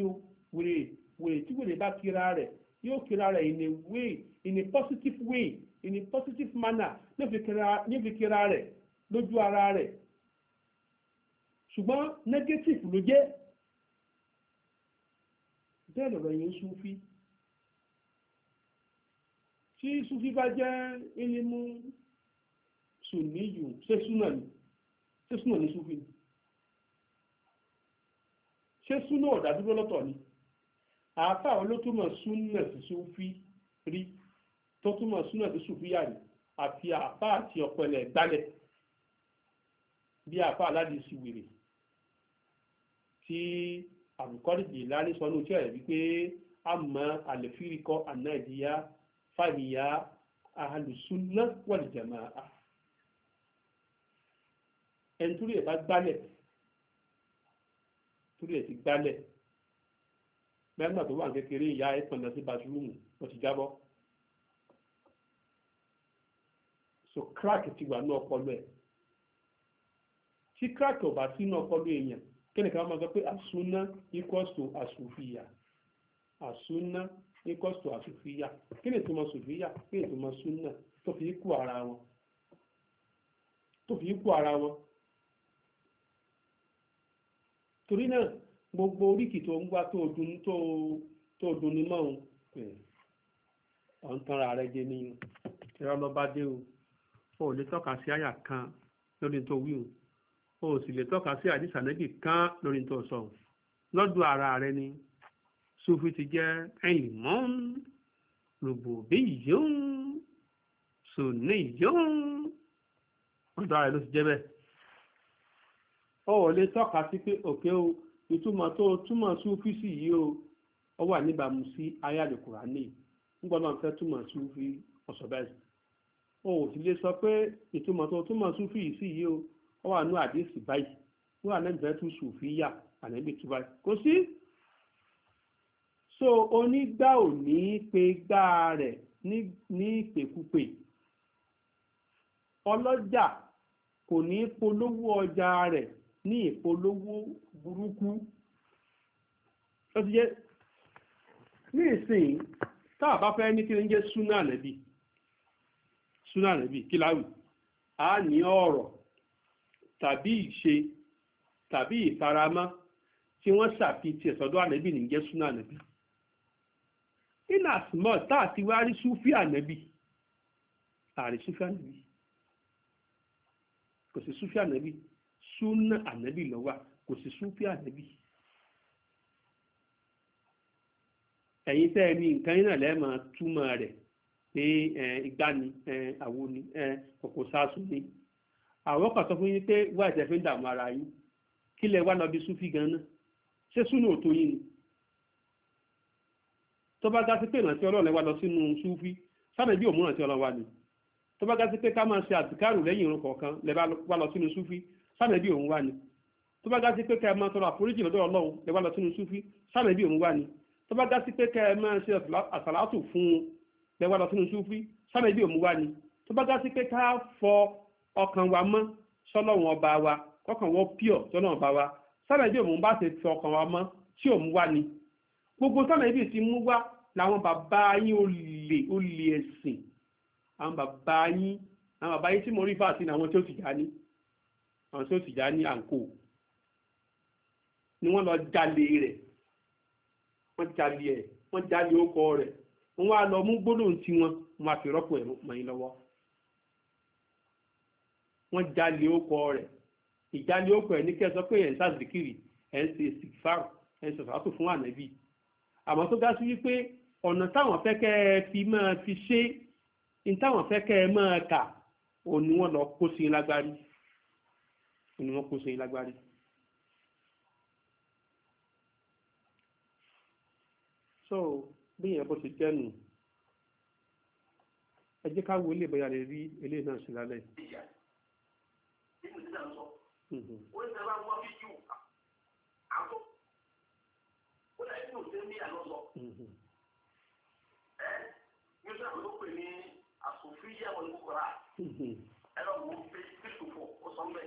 wèrè wèrè tí wèrè bá kíra rẹ̀ yóò kíra rẹ̀ in a way in a positive way in a positive manner ní fi kíra rẹ̀ lójú ara rẹ̀ ṣùgbọ́n negative ló jẹ́ bẹ́ẹ̀ lọ̀rọ̀ yẹn súnfí tí súnfí bá jẹ́ ilimu sùn níyù ṣé súnà ni ṣé súnà ní súnfì ni ṣé súnà ọ̀dàdúró lọ́tọ̀ ni àáfà olótúmọ̀ súnà sí súnfì rí tó túmọ̀ súnà sí súnfìyà rí àti àáfà àti ọ̀pẹlẹ̀ gbálẹ̀ bí àáfà aládìsí wèrè tí àbùkọ́rìdì lálẹ́ sọ ní ojú ẹ̀ wípé àmọ́ àlẹ́fíríkọ́ ànáìdíyá fàníyà ahàlùsúnà wal jama'a ẹni túrí ẹ̀ bá gbálẹ̀ túrí ẹ̀ ti gbálẹ̀ gbẹ́ngbà tó wà ní kékeré ìyá ẹ̀ pọ̀n lọ sí bàtúrúmù wọ́n ti jábọ́ so crack ti wà ní ọpọlọ ẹ̀ tí crack ò bá sí ní ọpọlọ èèyàn kẹ́nìkan máa sọ pé àsúná equals to àsùfìyà àsúná equals to àsùfìyà kí ni ìtumọ̀ sùfìyà kí ni ìtumọ̀ súnà tó fi kú ara wọn tó fi kú ara wọn torí náà gbogbo oríkì tó ń wá tó dunni mọ́ òun ọ̀ ń tanra rẹ jẹ nínú ìrọ̀ lọ́ba dé o ò lè tọ́ka sí àyà kan lórí tó wí o o sì lè tọ́ka sí àdìsànẹ́bì kan lórí tó sọ lọ́dọ̀ ara rẹ ni sufi ti jẹ́ ẹ̀yìn mọ́ lòbò bí yóò sùn ní yóò ọ̀dọ̀ ara rẹ ló ti jẹ́ bẹ́ẹ̀ ó ò lè tọ́ka sí pé òkè o ìtumọ̀ tó túmọ̀ súfísì yìí o ó wà níbàámu sí ayáàlì kùránì nígbà náà fẹ́ túmọ̀ súfí ọ̀sọ̀ báyìí o ò sì lè sọ pé ìtumọ̀ tó túmọ̀ súfí yìí sí yìí o ó wà nú àdéhùsì báyìí wọ́n àlẹ́bẹ̀ẹ́ tún súfí yà àlẹ́bẹ̀ tún báyìí kò sí. so onígbà ò ní pe gbá rẹ̀ ní ìpèkúpè ọlọ́jà kò ní polówó ọjà rẹ̀ ní ìpolówó burúkú ó ti jẹ́ ní ìsìn táà bá fẹ́ ní kí ní jẹ́ súnà lẹ́bí súnà lẹ́bí kí láwì a ní ọ̀rọ̀ tàbí ìṣe tàbí ìfaramọ́ tí wọ́n ṣàfihàn sọ́dọ̀ ànẹ́bì ní jẹ́ súnà lẹ́bí inasmọ́ táà ti wá rí súfì ànẹ́bì àrí súfì ànẹ́bì kò sí súfì ànẹ́bì súnà ànábì lọ́wà kò sí súnfì ànábì. ẹ̀yin tẹ́ ẹ ní nǹkan yín lẹ́ẹ̀mọ́ túmọ̀ rẹ̀ pé ìgbà ni àwo ni kòkò sáàsùn ni àwọn kan sọ fún yín pé wá ìjẹ́ fi ń dààmú ara yín kí lẹ wá lọ bí súnfì gan-an ṣé súnà ò tó yín ni tó bá dá sí pé ìrántí ọlọ́run lẹ wá lọ sínú súnfì sábẹ̀ bí òmùrántí ọlọ́run wá ni tó bá dá sí pé ká máa ṣe àtìkárù lẹ́yìn irun kọ̀ọ̀kan lẹ lọ sínú súnfì sànẹ́bí òun wà ní tó bá gá sí pé kẹ́ ẹ máa tọrọ àforíjì lọ́dọ̀ ọlọ́run ẹ wá lọ sínú súfí sànẹ́bí òun wà ní tó bá gá sí pé kẹ́ máa ṣe àsàlátù fún un ẹ wá lọ sínú súfí sànẹ́bí òun wà ní tó bá gá sí pé ká fọ ọkàn wa mọ́ sọ́lọ́run ọba wa kọ́kàn wọ́n pure sọ́lọ́run ọba wa sànẹ́bí òun bá ṣe fi ọkàn wa mọ́ tí òun wà ní gbogbo sànẹ́bí ti mú wá làwọn bàbá yín olè olè ẹ̀sìn àwọn bàbá yín àwọn bàbá yín tí mo rí fáàsì ní àwọn tí ó ti jà ní àwọn tó ti dá ní àǹkó ni wọ́n lọ jalè rẹ̀ wọ́n jalè ẹ̀ wọ́n jalè ọkọ rẹ̀ wọ́n wá lọ mú gbólóhùn tí wọ́n wọ́n á fi rọ́pò ẹ̀ mọ́yìn lọ́wọ́ wọ́n jalè ọkọ rẹ̀ ìjalè ọkọ ẹ̀ ní kẹ́ ẹ sọ pé ẹ̀ ń sàzìkìrì ẹ̀ ń ṣe sìkfàrù ẹ̀ ń sọ̀fàtò fún ànábì àmọ́ tó dá sí wípé ọ̀nà táwọn fẹ́ kẹ́ ẹ fi máa fi ṣe ní táwọn fẹ́ kẹ́ ẹ máa kà òun ni wọ́n lọ kó sí lágbárí ni wọ́n kó se lágbárí so bí ìyẹn bó ti jẹ́nu ẹ jẹ́ ká wo ilé ìbáyà lè rí ilé náà sí lálẹ́
Asòfin yà wọlé kókòrò à. Ẹ lọ wo pé Kristofor ó sọ ń bẹ̀.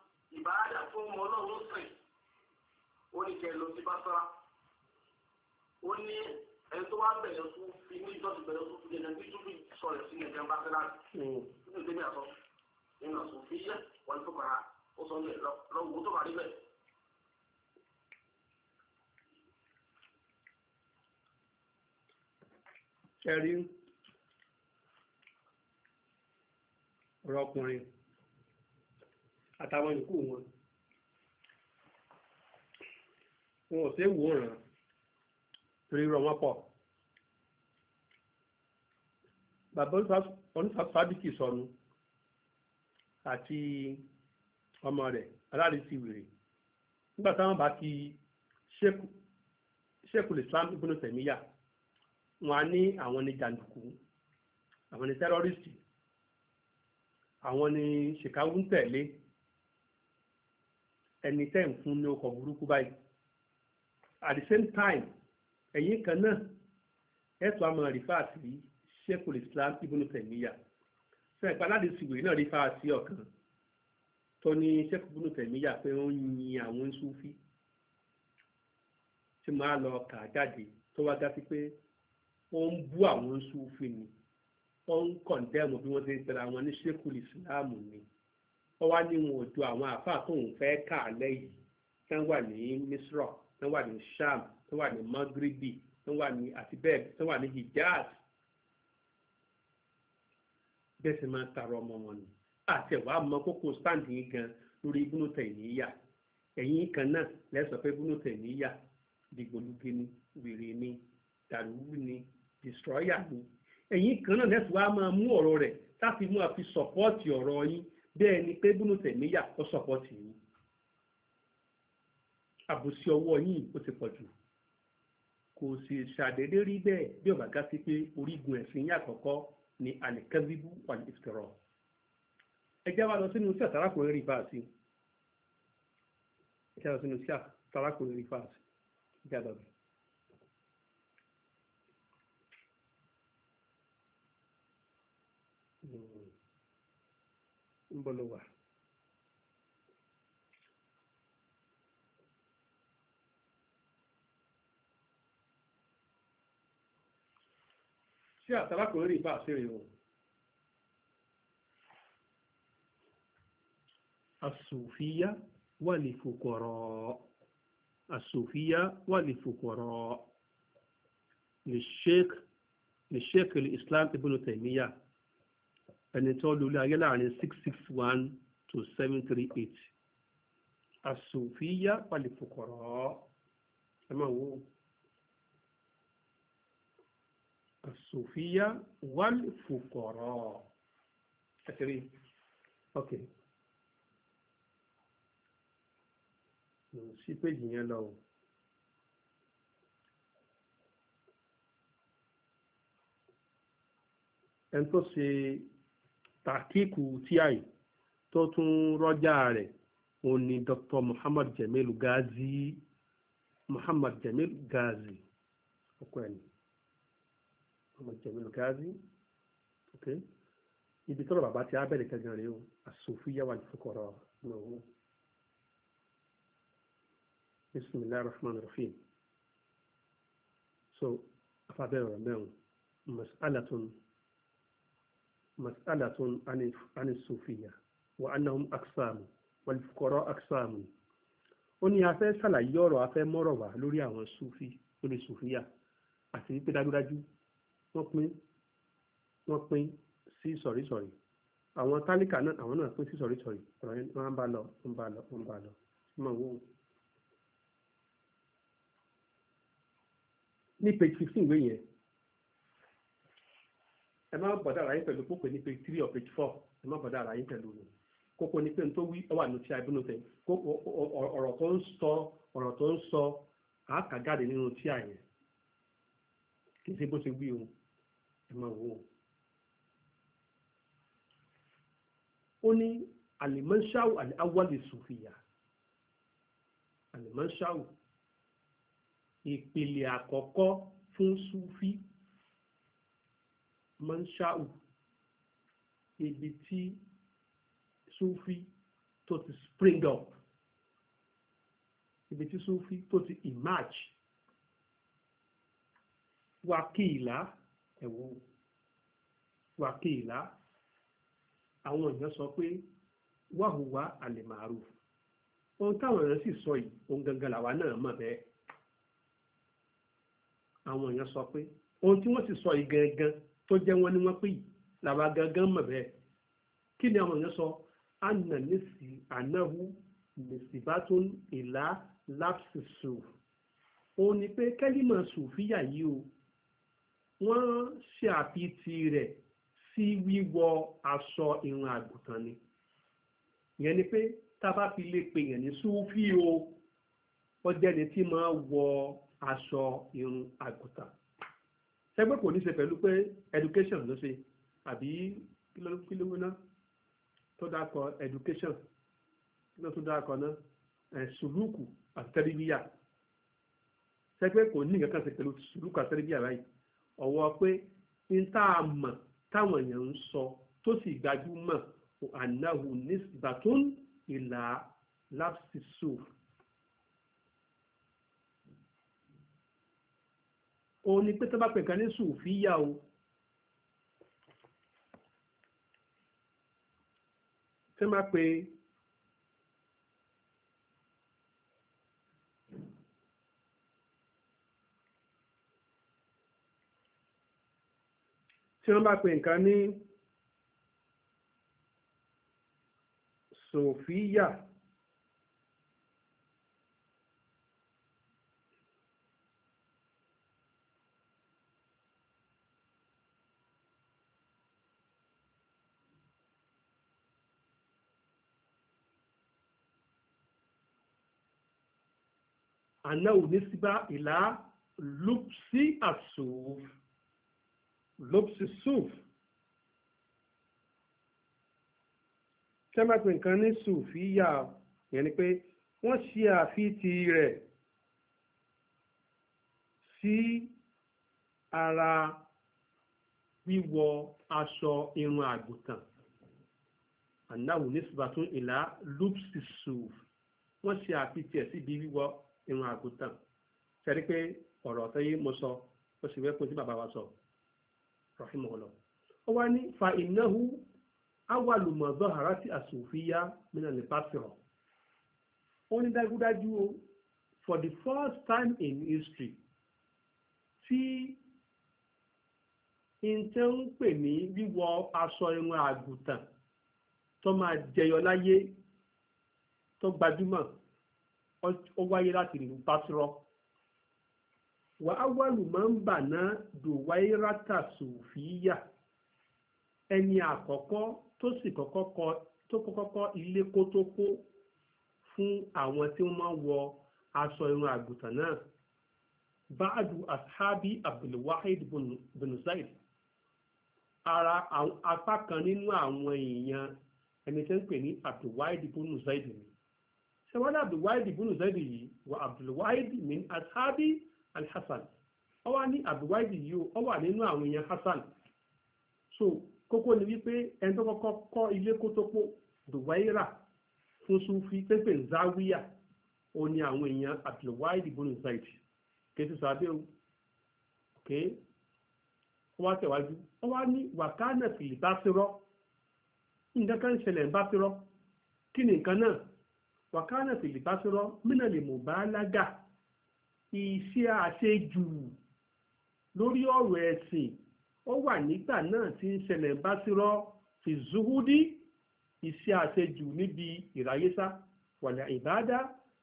ìbáradà fún ọmọ ọlọ́run sìn ó ní kẹ́ lọ sí bàtàrà ó ní ẹni tó wá bẹ̀rẹ̀ fún fi ní ìjọsìn bẹ̀rẹ̀ fún fìdí ẹni tó fi sọ̀rọ̀ sí ẹ̀jẹ̀ bá fẹ́lá nínú ìdílé àtọ́ nínú àtúnfò fi yẹ wọn tó kọ̀ra ó sọ ní lọ́wọ́ tó bá rí bẹ́ẹ̀.
ẹ̀rí ọ̀rọ̀ àtàwọn ìkú wọn wọn ò sí wòóràn torí rọ wọn pọ̀ bàbá onífàfàbíkì sọnù àti ọmọ rẹ̀ aláàrísí wèrè nígbà táwọn bá ti ṣékù Islam ibùdó tẹ̀míyà wọn á ní àwọn ní jàǹdùkú àwọn ní tẹ́rọ́rìsì àwọn ní ṣèkáwù ń tẹ̀lé ẹni tẹ́ ń ní ọkọ̀ burúkú báyìí at the same time ẹ̀yìn kan náà ẹ̀tọ́ àmọ́ rìfáàsì ṣẹ́kùl islam ibùnú tẹ̀míyà sẹ́yìn paládé ìsìwé náà rìfáàsì ọ̀kan tó ní ṣẹ́kùl ibùnú tẹ̀míyà pé ó ń yin àwọn sufi tí máa lọ kà jáde tó wá dá pé ó ń bú àwọn sufi ni ó ń kọ̀ǹdẹ́mù bí wọ́n ti ń tẹ̀ra wọn ní ṣẹ́kùl islam ni. ó wá ní wọn ò ju àwọn àáfàá fẹ́ kà wà ní misra tí wọ́n wà ní sham tí wọ́n wà ní magribi tí wọ́n wà ní àti tí wọ́n wà ní hijaz bẹ́ẹ̀ sì àti kókó stand yìí gan lórí ẹ̀yìn kan náà lẹ́sọ̀ pé ni ni dàrúwù ni ni ẹ̀yìn kan náà lẹ́sọ̀ wá máa mú ọ̀rọ̀ rẹ̀ láti mú àfi ọ̀rọ̀ bẹ́ẹ̀ ni pé búnú tẹ̀míyà ó sọ̀pọ̀tì yín àbùsí ọwọ́ yín ó ti pọ̀ jù kò sì ṣàdédé rí bẹ́ẹ̀ bí ọ̀gá gá sí pé orígun ẹ̀sìn yín àkọ́kọ́ ni alikazibu wal-iftira ẹ jẹ́ wá lọ sínú sí àtàràkùnrin rí fáàsì ẹ jẹ́ lọ sínú sí àtàràkùnrin rí fáàsì ẹ jẹ́ lọ bí. ń bọ̀ lọ wà. ṣé àtàlákùnrin rí ìbá àṣírí wọn. àsòfíyá wà lè fòkọ̀rọ̀ àsòfíyá wà lè fòkọ̀rọ̀ lè sheikh lè sheikh al-Islam ibn Taymiyyah. ẹni tó lulẹ̀ ayé láàrin six six one to seven three eight àsòfíyá palifukọ̀rọ̀ ẹ máa wò àsòfíyá wàlìfukọ̀rọ̀ ẹ ti rí ok sí péjì yẹn lọ o. ẹni tó ṣe tàkíkù tíáì tó tún rọ́jà rẹ̀ òun ni Dr. Muhammad Jamil Gazi Muhammad Jamil Gazi ọkọ ẹni Muhammad Jamil Gazi ok ibi tọ́lọ̀ bàbá ti abẹ́rẹ́ gangan rèé o àsòfíyà wà lùfọkọ̀rọ̀ lọ́wọ́ bisimilahi rahman rahim so afabẹ́ ọ̀rọ̀ mẹ́rin masalatun. مسألة عن عن الصوفية وأنهم أقسام والفقراء أقسام ó ní afẹ́ ṣàlàyé ọ̀rọ̀ afẹ́ mọ́rọ̀ wá lórí àwọn sufi lórí sufiya àti wípé dájúdájú wọ́n pín wọ́n pín sí sọ̀rísọ̀rí àwọn tálíkà náà àwọn náà pín sí sọ̀rísọ̀rí ọ̀rọ̀ yẹn wọ́n bá lọ wọ́n bá lọ wọ́n bá lọ mọ̀ wọ́n. ní page fifteen ìwé yẹn ẹ má bọ̀dá ara yín pẹ̀lú kókò ní page three or page four ẹ má bọ̀dá ara yín pẹ̀lú rẹ̀ kókò ní pé tó wí ọwà ní ti àìbínú tẹ ọ̀rọ̀ tó ń sọ ọ̀rọ̀ tó ń sọ àákàgáde nínú tí àyẹ̀ kì í ṣe bó ṣe wí o ẹ máa wò ó. ó ní àlìmọ́ṣáù àwọ̀lẹ̀ sùfìyà àlìmọ́ṣáù ìpìlẹ̀ àkọ́kọ́ fún sùfì. So mọ́ńṣáù ibi tí sufi tó ti spring up ibi tí sufi tó ti emerge wákìlá ẹ̀wọ̀ wákìlá àwọn èèyàn sọ pé wàhùwà àlèmàrú ohun táwọn èèyàn sì sọ yìí ohun gangan làwa náà mọ̀ bẹ́ẹ̀ àwọn èèyàn sọ pé ohun tí wọ́n sì sọ yìí gangan tó jẹ́ wọn ni wọ́n pè làwa gangan mọ̀ bẹ́ẹ̀ kí ni àwọn èèyàn sọ àna nìsí ànáhu nìsíbátún ìlà lápsìsù òun ni pé kẹ́límà sùfíyà yìí o wọ́n ṣe àfitì rẹ̀ sí wíwọ aṣọ ìrun àgùntàn ni ìyẹn ni pé tá fi lè pè yẹn ní sùfí o wọ́n jẹ́ni tí máa wọ aṣọ ìrun àgùntàn sẹ́gbẹ́ kò ní ṣe pẹ̀lú pé education ló ṣe àbí kí ló kí ló wíná tó dákọ education kí ló tó dákọ náà ẹ̀ sùlùkù àti tẹ́lifíyà sẹ́gbẹ́ kò ní nǹkan kan ṣe pẹ̀lú sùlùkù àti tẹ́lifíyà báyìí ọ̀wọ́ pé n tá a mọ̀ táwọn èèyàn ń sọ tó sì gbajúmọ̀ ànáhù nísìbàtún ìlà lápsìsù o ni pé tó bá pè kan ní sùfíyà o tó bá pè tí wọ́n bá pè nǹkan ní sùfíyà. So, anáwó nísìbá ìlà lópsí àsòf lópsí sòf tẹ́mẹ́pẹ̀ nǹkan ní sòfì yà yẹn ni pé wọ́n ṣe àfitì rẹ̀ sí ara wíwọ aṣọ irun àgùntàn anáwó nísìbá tún ìlà lópsí sòf wọ́n ṣe àfitì ẹ̀ síbi wíwọ irun àgùntàn sẹ́ni pé ọ̀rọ̀ tó yé mo sọ ó sì wẹ́pọ̀ tí bàbá wa sọ rahimahullah ó wá ní fa innahu awwalu mazaharati as-sufiyya min al ó ní dájúdájú o for the first time in history tí ìtẹ́ ń pè ní wíwọ aṣọ irun àgùntàn tó máa jẹyọ láyé tó gbajúmọ̀ ó wáyé láti ìlú Basrọ wà á wàlù máa ń bà ná dùwáírátà sòfíyà ẹni àkọ́kọ́ tó sì kọ́kọ́ kọ́ tó kọ́kọ́ kọ́ ilé fún àwọn tí wọ́n máa wọ aṣọ irun àgùntàn náà báàdù ashabi abdulwahid bin ara apá kan nínú àwọn èèyàn ẹni tí ń pè ní abdulwahid bin ni ṣe wọ́n ní abdulwaid ibùnú zaydi yìí wà abdulwaid min ashabi alhassan ó wà ní abdulwaid yìí ó wà nínú àwọn èèyàn hassan so kókó ni wípé ẹni tó kọ́kọ́ kọ́ ilé kótópó duwaira fún sufi pépè zawiya ó ní àwọn èèyàn abdulwaid ibùnú zaydi kéṣù sábẹ́ o ok ó wá tẹ̀wájú ó wá ní wàkánà fìlì bá ti rọ́ nǹkan kan ń ṣẹlẹ̀ bá ti rọ́ kí ni nǹkan náà wàkánà tìlì bá sọ̀rọ̀ mílẹ̀lì mùbálágà iṣẹ́ àṣejù lórí ọ̀rọ̀ ẹ̀sìn ó wà nígbà náà tí ń ṣẹlẹ̀ bá sọ̀rọ̀ fi zuhudi iṣẹ́ àṣejù níbi ìráyésá wàlẹ̀ ìbádá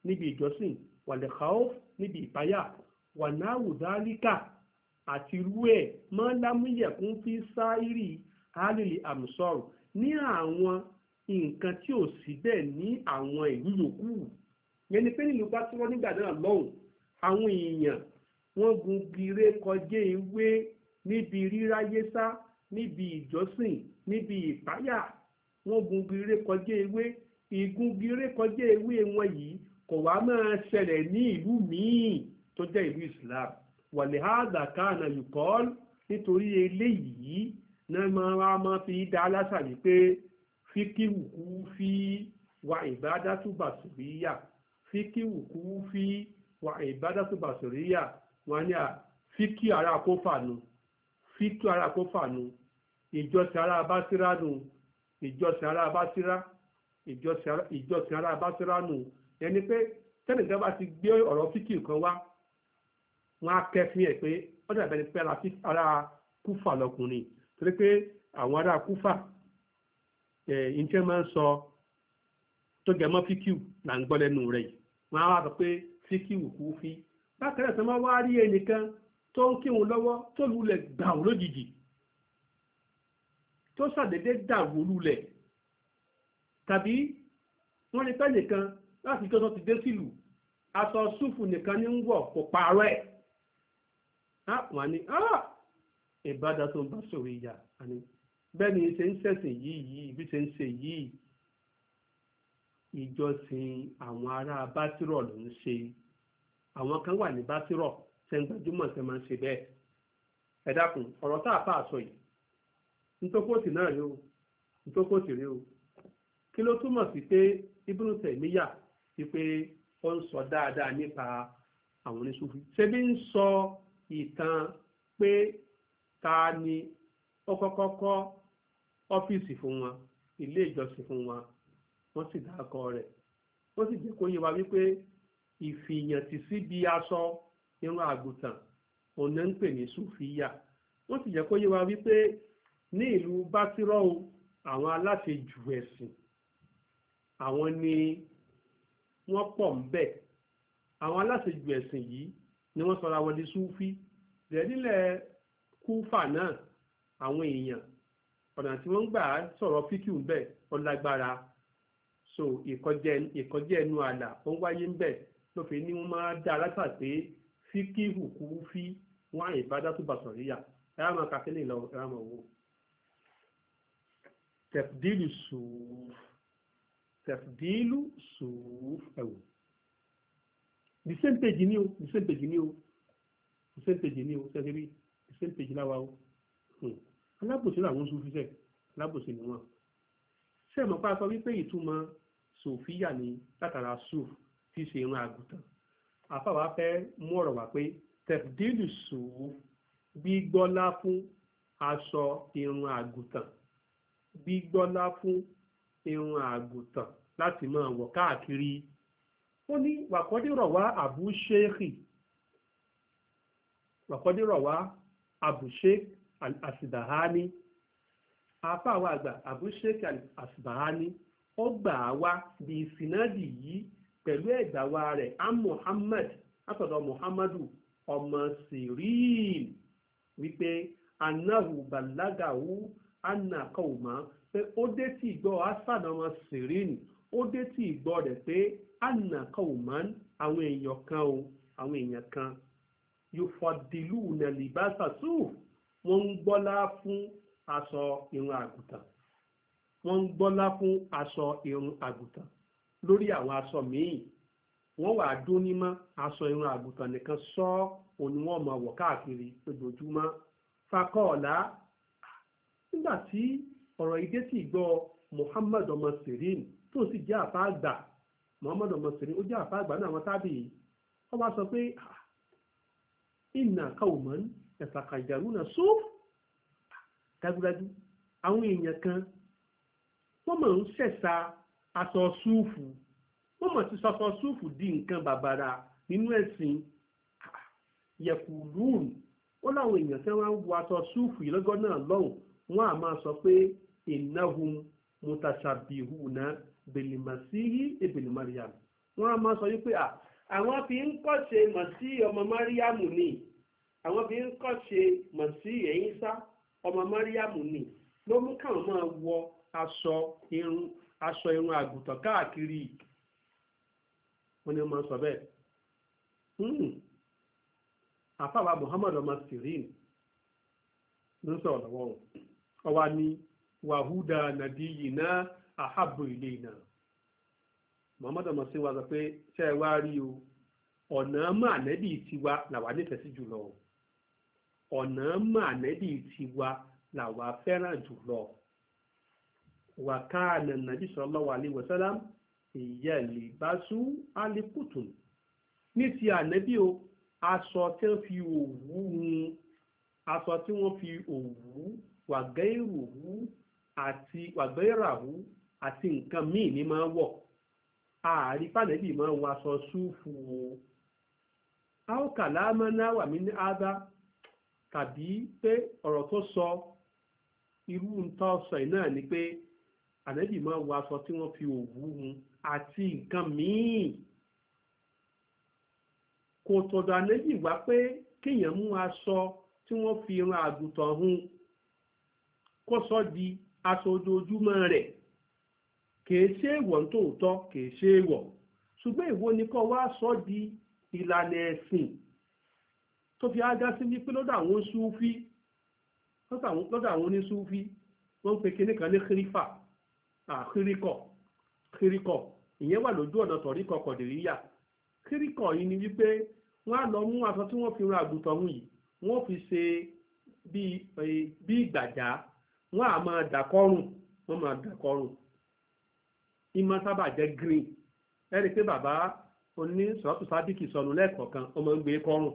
níbi ìjọsìn wàlẹ̀ khauf níbi ìpáyà wànáwù dálíkà àti irú ẹ̀ mọ́ lámúyẹ̀kún fi sáírì hálìlì àmùsọ̀rù ní àwọn nǹkan tí ò sí bẹ́ẹ̀ ní àwọn ìlú yòókù yẹn ni pé nílùú bá tí wọ́n nígbà náà lọ́hùn àwọn èèyàn wọ́n gun gire kọjá ewé níbi ríráyé sá níbi ìjọsìn níbi ìpáyà wọ́n gun gire kọjá ewé ìgun gire kọjá ewé wọn yìí kò wá máa ṣẹlẹ̀ ní ìlú míì tó jẹ́ ìlú Islam wàlẹ́hàdà kánà yìí kọ́ nítorí eléyìí náà máa fi dá aláṣà yìí pé fíkíwù kú fi wa ìbádátù bàṣùríyà fíkíwù kú fi wa ìbádátù bàṣùríyà wọn ni à fíkí ara kó fànù fíkí ara kó fànù ìjọsìn ara abásírá nù ìjọsìn ara abásírá ìjọsìn ara abásírá nù ẹni pé tẹ́nìkan bá ti gbé ọ̀rọ̀ fíkì kan wá wọ́n á kẹ́fín ẹ̀ pé ó dàbẹ̀ ni pé ara kúfà lọkùnrin torí pé àwọn ará kúfà ìtẹ́ eh, máa ń sọ tó jẹ mọ́ fíkìú là ń gbọ́ lẹ́nu rẹ̀ yìí wọ́n á wá sọ pé fíkìú kú fi bákan náà tó máa wá rí ẹnìkan tó ń kírun lọ́wọ́ tó lulẹ̀ gbàù lójijì tó ṣàdédé dàrú lulẹ̀ tàbí wọ́n ní pẹ́ nìkan láti tó tó ti dé sílùú aṣọ súfù nìkan ní ń wọ̀ kò pààrọ̀ ẹ̀ wọ́n á ní ìbádà tó ń bá sòrí ìyá àní bẹ́ẹ̀ni ṣe ń ṣẹ̀sìn yìí yìí bí ṣe ń ṣe yìí ìjọsìn àwọn ará bátírọ̀ ló ń ṣe àwọn kan wà ní bátírọ̀ ṣe ń gbajúmọ̀ ṣe máa ń ṣe bẹ́ẹ̀ ẹ dákun ọ̀rọ̀ tá a fà sọ yìí ntókòtì náà rí o ntókòtì rí o kí ló túmọ̀ sí pé ibùdó tẹ̀míyà ti pé ó ń sọ dáadáa nípa àwọn oníṣòfin ṣé bí ń sọ ìtàn pé ta ni ó kọ́kọ́ kọ́ ọ́fíìsì fún wọn ilé ìjọsìn fún wọn wọ́n sì dákọ rẹ̀ wọ́n sì jẹ́ kó yé wa wípé ìfìyàntì síbi aṣọ irun àgùntàn ọ̀nà ń pè ní sùfíyà wọ́n sì jẹ́ kó yé wa wípé ní ìlú bátírọ́ àwọn aláṣejù ẹ̀sìn àwọn ni wọ́n pọ̀ ń bẹ̀ àwọn aláṣejù ẹ̀sìn yìí ni wọ́n sọra wọn di súfí rẹ̀ nílẹ̀ kúfà náà àwọn èèyàn ọ̀nà tí wọ́n ń gbà sọ̀rọ̀ fíkì ń bẹ̀ ó lágbára so ìkọjẹ́ ẹnu àlà ó ń wáyé ń bẹ̀ ló fi ní wọ́n máa dá aláṣà pé fíkì hùkú fí wọ́n àyè bá dá tó bà sọ̀rọ̀ yíyà ẹ á máa kàkélé lọ ẹ á máa wò. tẹ̀fdílù sùúf tẹ̀fdílù sùúf ẹ̀wò the same page ni o the same page ni o the same page ni o ṣe ti rí the same page láwa o. Hmm alábòsí làwọn sùfísẹ̀ alábòsí ni wọ́n ṣe mọ̀ pa sọ wípé ìtumọ̀ sòfíà ni látara sùf tí ṣe irun àgùntàn àfàwà fẹ́ mú ọ̀rọ̀ wá pé tẹ̀fdílù sùúrù gbígbọ́lá fún aṣọ irun àgùntàn gbígbọ́lá fún irun àgùntàn láti máa wọ̀ káàkiri ó ní wàkọ́dérọ̀ wá àbúṣéèkì wàkọ́dérọ̀ wá àbúṣéèkì al-asibahani afáwa àgbà abúṣẹ́kì al-asibahani ó gbà á wá bí sinadi yìí pẹ̀lú ẹ̀gbàwa rẹ̀ am muhammad látọ̀dọ̀ muhammadu ọmọ sirin wípé anahu balagahu anakọ̀ọ̀mọ́ pé ó dé tí ìgbọ́ hasan ọmọ sirin ó dé tí ìgbọ́ rẹ̀ pé anakọ̀ọ̀mọ́ àwọn èèyàn kan o àwọn èèyàn kan yóò fọdìlú nàlìbáṣà sùúrù. wọ́n ń gbọ́lá fún aṣọ irun àgùntàn wọ́n ń gbọ́lá fún aṣọ irun àgùntàn lórí àwọn aṣọ míì wọ́n wà dún ní mọ́ aṣọ irun àgùntàn nìkan sọ òun ni wọ́n mọ̀ wọ̀ káàkiri lójoojúmọ́ fakọ́ọ̀lá nígbà tí ọ̀rọ̀ ìdé sì gbọ́ Muhammad ọmọ Sirin tó sì jẹ́ àfa àgbà Muhammad ọmọ Sirin ó jẹ́ àfa àgbà náà àwọn tábìlì wọ́n wá sọ pé ah, inna qawman. yàtàkàjàrú náà só dájúdájú àwọn èèyàn kan wọ́n mọ̀ ń ṣẹ̀ṣà aṣọ súùfù wọ́n mọ̀ ti sọsọ súùfù di nǹkan bàbàrà nínú ẹ̀sìn yẹ̀kùlùún ó láwọn èèyàn fẹ́ wọ́n wọ aṣọ súùfù ìlọ́gọ́ náà lọ́hùn wọ́n á máa sọ pé ìnáhùn mutashabihuna bèlìmàsíhì ebèlìmàríyàmù wọ́n á máa sọ wípé àwọn fi ń kọ́ṣe màsí ọmọ máríyàmù ni. àwọn bí ń kọ́ ṣe mọ̀sí ẹ̀yìn sá ọmọ mọ́ríyàmù ni ló mú káwọn máa wọ aṣọ irun aṣọ irun àgùntàn káàkiri wọn ni wọn sọ bẹ́ẹ̀ hmm. àfàwà Muhammad ọmọ sirin ló ń ọwa ni wàhúdà nàbíyì náà àhábò ilé náà ọmọ sọ pé ṣe é wá rí o ọ̀nà mọ́ ànẹ́bí tiwa ọ̀nà mọ̀ ànẹ́bì tiwa làwa fẹ́ràn jùlọ wàkàánà nàbí sallallahu alaihi wasallam ìyẹ̀lì bá sú alikutun ní ti ànẹ́bí o aṣọ tí wọ́n fi òwú hun aṣọ tí wọ́n fi òwú wàgẹ́rùwú àti wàgẹ́ràwú àti nǹkan míì ní máa wọ̀ ààrí fànẹ́bí máa wọ aṣọ súùfù o. àwòkàlà máa náwà mí ní ádá tàbí pé ọ̀rọ̀ tó sọ irú nǹkan sọ yìí náà ni pé ànábì máa wọ aṣọ tí wọ́n fi òwú hun àti nǹkan míì kò tọ̀dọ̀ ànábì wá pé kéèyàn mú aṣọ tí wọ́n fi ran àgùntàn hun kó sọ di aṣọ ojoojúmọ́ rẹ̀ kìí ṣe èèwọ̀ nítòótọ́ kìí ṣe èèwọ̀ ṣùgbọ́n ìwọ ni kó wá sọ di ìlànà ẹ̀sìn tó fi ájá sí wípé lọ́dọ̀ àwọn súfí lọ́dọ̀ àwọn onísúfí wọ́n ń pe kinní kan ní kírífà àkíríkọ̀ kíríkọ̀ ìyẹn wà lójú ọ̀nà tọ̀ríkọ̀ kọ̀dìríyà kíríkọ̀ yìí ni wípé wọ́n á lọ mú aṣọ tí wọ́n fi ra àgùntàn ọ̀hún yìí wọ́n fi ṣe bí ìgbàjá wọ́n á máa dàkọ́rùn wọ́n máa dàkọ́rùn ìmọ̀ sábà jẹ́ green ẹ̀rí pé bàbá oní sábìkì sọnù lẹ́ẹ̀kọ̀ọ̀kan ọmọ ń gbé kọ́rùn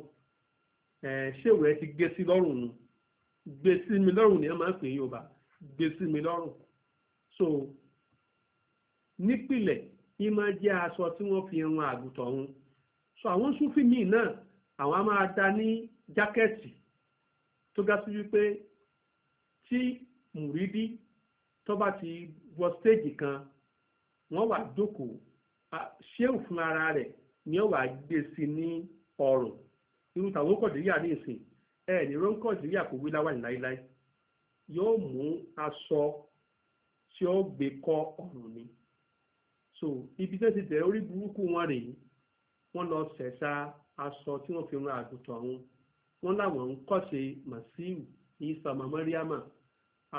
ṣéwèé ti gé sí lọ́rùn nu gbé sí mi lọ́rùn ni ẹ máa ń pè Yorùbá gbé sí mi lọ́rùn so nípìlẹ̀ yín máa jẹ́ aṣọ tí wọ́n fi ran àgùntàn hun so àwọn súnfì míì náà àwọn á máa da ní jákẹ́ẹ̀tì tó ga sí wípé tí mùrídí tó bá ti wọ stéèjì kan wọ́n wà jókòó ṣéwù fún ara rẹ̀ ni ó wà gbé sí ní ọrùn irú tàwọn kọ̀díríà ní ìsìn ẹ ní ró ń kò wí láwàní láíláí yóò mú aṣọ tí ó gbé kọ́ ọ̀run ni so ibi tẹ́ ti bẹ̀rẹ̀ orí burúkú wọn rèé wọ́n lọ ṣẹ̀ṣà aṣọ tí wọ́n fi ran àgùntàn ọ̀hún wọ́n láwọn ń kọ́ṣe masiu isa mamariama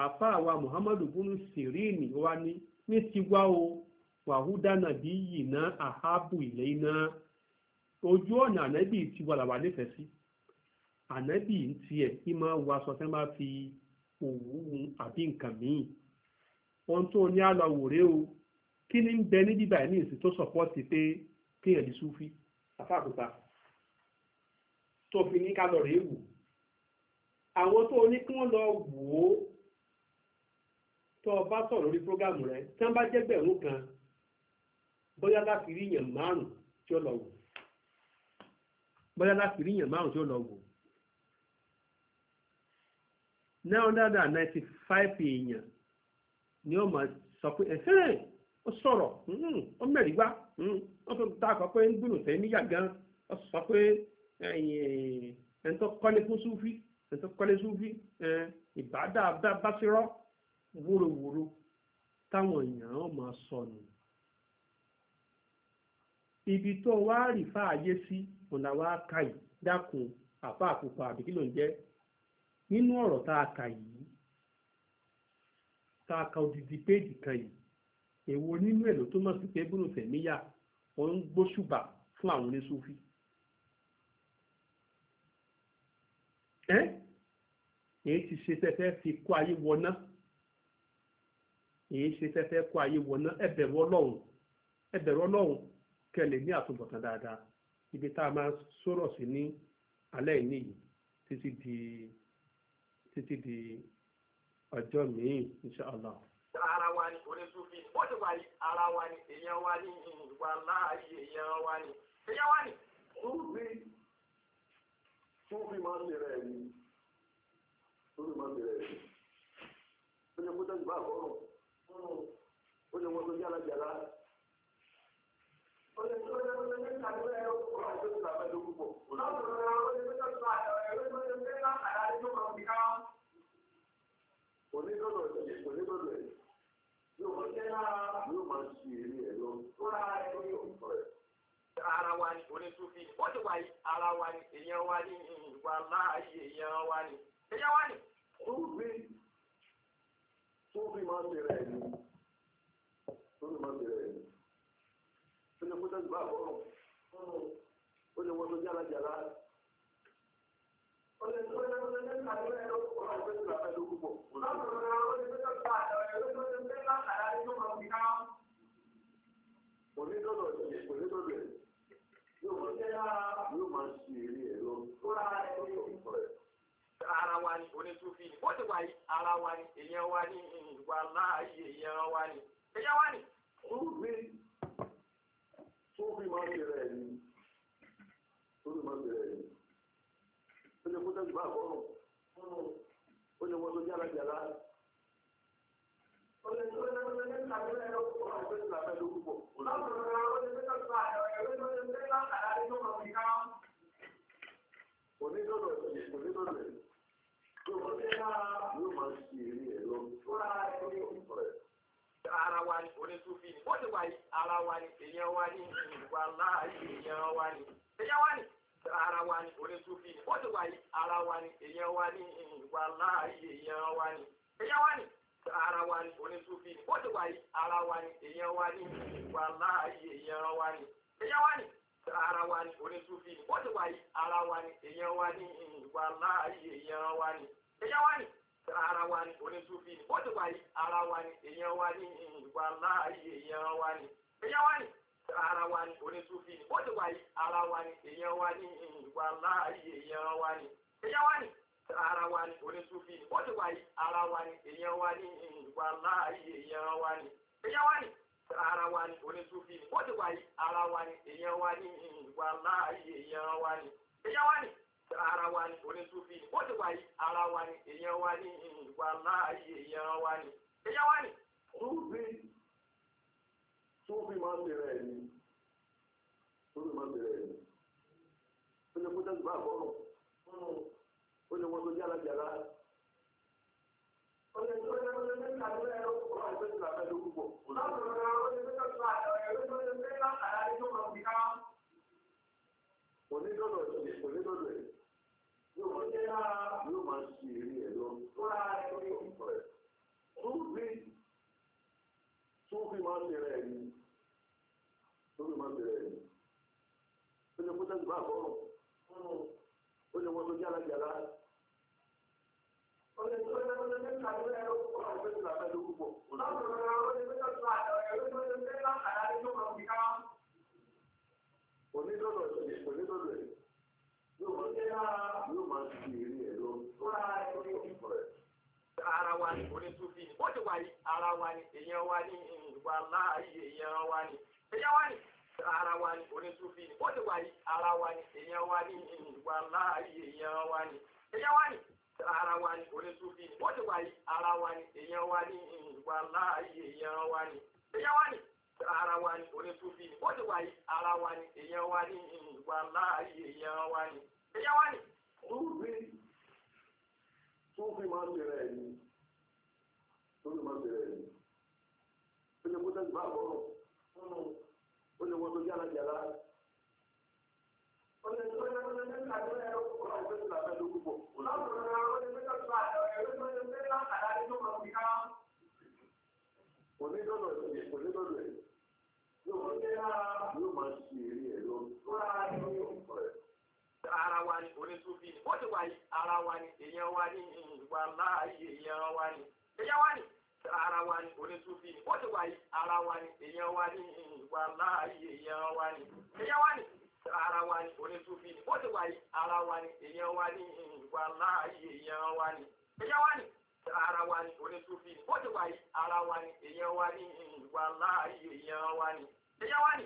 àfa àwa muhammadu bunu sirini wa ni ní tiwa o wàhúdà nàbí yìí ná àhábù ojú ọ̀nà ànábì ti wà làwà nífẹ̀ẹ́ sí ànábì ń tiẹ̀ kí máa wọ aṣọ tẹ́ máa fi òwú àbí nǹkan míì ohun tó ní àlọ́wò rèé o kí ni ń bẹ ní bíbá ẹ̀ ní ìsìn tó sọ̀pọ́ọ̀tì pé kéèyàn di súfí àfáàkùtà tó fi ní ká lọ rèé wò àwọn tó ní kí wọ́n lọ wò ó tó o bá sọ̀rọ̀ lórí prógámù rẹ tí wọ́n bá jẹ́gbẹ̀rún kan bóyá láti rí yẹn márùn-ún tí ó lọ wò bóyá láti rí èèyàn márùn tí ó lọ wò nine hundred and ninety five èèyàn ni ó máa sọ pé ẹ̀hẹ́n ó sọ̀rọ̀ hmm, ó mẹ́rin gbá hmm, wọ́n fi ta àkọ́ pé ń gbìnú tẹ́ níyà gan ó sọ pé ẹni tó kọ́lé fún súfì ẹni tó kọ́lé súfì ìbádà báṣírọ́ wúrowúro táwọn èèyàn ó máa sọnù ibi tó wá rí fáàyè sí. Si, òun wa ka kà yìí dákun àfa àpupa àbí kí ló ń jẹ́ nínú ọ̀rọ̀ tá a kà yìí tá a ka odidi péèjì kan yìí èwo nínú ẹ̀ ló tó mọ̀ sí pé bùnú fẹ̀míyà wọ́n ń gbóṣùbà fún àwọn oníṣòfì. èyí ti ṣe fẹ́fẹ́ fi kó ayé wọná èyí ṣe fẹ́fẹ́ ibi tá a máa sọ̀rọ̀ sí ní alẹ́ ìní yìí títí di títí di ọjọ́ míì inṣàlá.
ara wa ni onísùfì wọ́n ti wà ní ara wa ni èèyàn wa ní ìwà láàyè èèyàn wa ni èèyàn wa ni. sùfì sùfì máa ń lè rẹ̀ ni sùfì máa ń lè rẹ̀ ni ó ní kó tẹ́jú bá àkọ́rọ̀ ó ní wọ́n tó yálà ó ní kó tẹ́jú bá onídọ́dọ̀ ẹ̀ onídọ́dọ̀ ẹ̀ yóò máa ṣe yóò máa ṣe eré ẹ̀ lọ tó rà ẹ̀ tó yọ̀ ọ̀ rẹ̀. ara wa ni onítúfi wọ́n ti wà yí ara wa ni èèyàn wa ni ìwà láàyè èèyàn wa ni èèyàn wa ni. tóbi tóbi máa ń bẹ̀rẹ̀ ẹ̀ ni tóbi máa ń bẹ̀rẹ̀ ẹ̀ ni. sínú kó tẹ́sí bá a bọ̀ ọ́ ó wọ́n tó jára jàrá. ó lè tó lè tó lè ní àdúrà ẹ̀rọ ó lè ẹ̀rọ tó lè fẹ́ látara ara wa ni onítúfì ni wọ́n ti wà yìí ara wa ni èèyàn wa ni ìwà láàyè èèyàn wa ni èèyàn wa ni. tó fi tó fi máa ń ṣe rẹ̀ ni lórí máa bẹ̀rẹ̀ yìí ó lè kó tẹ́jú bá àkọ́nù ó lè wọ́n tó jára jàlá ó lè tó lè tó lè ká ní ẹ̀rọ púpọ̀ ó lè tó lè tó púpọ̀ ó lè tó lè tó lè tó lè tó lè tó lè látara ní tó máa fi ká onídọ̀dọ̀ yìí onídọ̀dọ̀ yìí tó wọ́n ti ká yóò máa ṣe eré ẹ̀ lọ ó ara wa ni onítúfin bó ti wà yìí ara wa ni èèyàn wa ni ìwà láàyè èèyàn wa ni èèyàn wá ní ara wa ni onísùfì ni ó ti wà yí ara wa ni èèyàn wá ní ìwà láàyè èèyàn wá ní èèyàn wá ní ara wa ni onísùfì ni ó ti wà yí ara wa ni èèyàn wá ní ìwà láàyè èèyàn wá ní èèyàn wá ní ara wa ni onísùfì ni ó ti wà yí ara wa ni èèyàn wá ní ìwà láàyè èèyàn wá ní èèyàn wá ní ara wa ni onísùfì ni ó ti wà yí ara wa ni èèyàn wá ní ìwà láàyè èèyàn wá ní èèyàn wá ní ara wa ni onísúfì ni ó lè wà yí ara wa ni èèyàn wa ni ìwà láàyè èèyàn wa ni èèyàn wa ni ara wa ni onísúfì ni ó lè wà yí ara wa ni èèyàn wa ni ìwà láàyè èèyàn wa ni èèyàn wa ni ara wa ni onísúfì ni ó lè wà yí ara wa ni èèyàn wa ni ìwà láàyè èèyàn wa ni èèyàn wa ni ara wa ni onísúfì ni ó lè wà yí ara wa ni èèyàn wa ni ìwà láàyè èèyàn wa ni èèyàn wa ni tó fi máa ń bẹ̀rẹ̀ ẹ̀yìn tó fi máa ń bẹ̀rẹ̀ ẹ̀yìn ó lè kó tẹ́sí bá àbọ̀rùn ó lè wọ́n tó jára jára ó lè tó lè tó lè ká ló ẹ̀rọ kó wà lóṣù làbẹ́ ló púpọ̀. láti ọ̀rọ̀ ó lè tó tó àjọ ẹ̀rọ tó lè fẹ́ látara ní tó máa ń fi ká. onídọ̀dọ̀ ẹ̀ onídọ̀dọ̀ ẹ̀ yóò máa ṣe eré ẹ̀ máa kọ́rọ̀ ó lè wọ́n tó jára jàrá. Ọ̀sẹ̀ tó yẹ kó lè ká ìwé ẹ̀rọ púpọ̀ àti ìlà pẹ̀lú púpọ̀. Láti ọ̀rọ̀ ẹ̀rọ lè fẹ́ tọ́jú àtọ̀ ẹ̀rọ tó lè fẹ́ látàrá ní tó máa fi ká. Onídọ̀dọ̀ ẹ̀ onídọ̀dọ̀ ẹ̀ yóò máa ṣe yóò máa ṣe ìrírí ẹ̀ lọ. Ara wa ni onítúfì ni, wọ́n ti wà yí ara wa ni, èèyàn wa ni, ìwà láàyè èèyàn wa ni, èèyàn wa ni ara wa ni onísúfì ni wọ́n ti wà yí ara wa ni èèyàn wa ni ìwà láàyè èèyàn wa ni èèyàn wa ni ara wa ni onísúfì ni wọ́n ti wà yí ara wa ni èèyàn wa ni ìwà láàyè èèyàn wa ni èèyàn wa ni ara wa ni onísúfì ni wọ́n ti wà yí ara wa ni èèyàn wa ni ìwà láàyè èèyàn wa ni èèyàn wa ni. Súfì máa ń bẹ̀rẹ̀ ẹ̀yìn. Súfì máa ń bẹ̀rẹ̀ ẹ̀yìn. Ó yẹ kó tẹ́sí bá a bọ̀ ọ́ ó wọ́n tó yára yàrá. ó tó yára tó lè ká tó yára ó kọ́ àwọn ìgbésùn àbẹ́ máa fi ká. ẹ̀ onídọ́dọ̀ ẹ̀ yóò yóò máa ẹ̀ Ara wa ni onítúbí ni, wọ́n ti wà ara wa ni, èèyàn wa ni, ìwà láàyè èèyàn wa ni, èèyàn wa ni ara wa ni onítúfì ni wọ́n ti wà yí ara wa ni èèyàn wa ni ìwà láàyè èèyàn wa ni èèyàn wa ni ara wa ni onítúfì ni wọ́n ti wà yí ara wa ni èèyàn wa ni ìwà láàyè èèyàn wa ni èèyàn wa ni ara wa ni onítúfì ni wọ́n ti wà yí ara wa ni èèyàn wa ni ìwà láàyè èèyàn wa ni èèyàn wa ni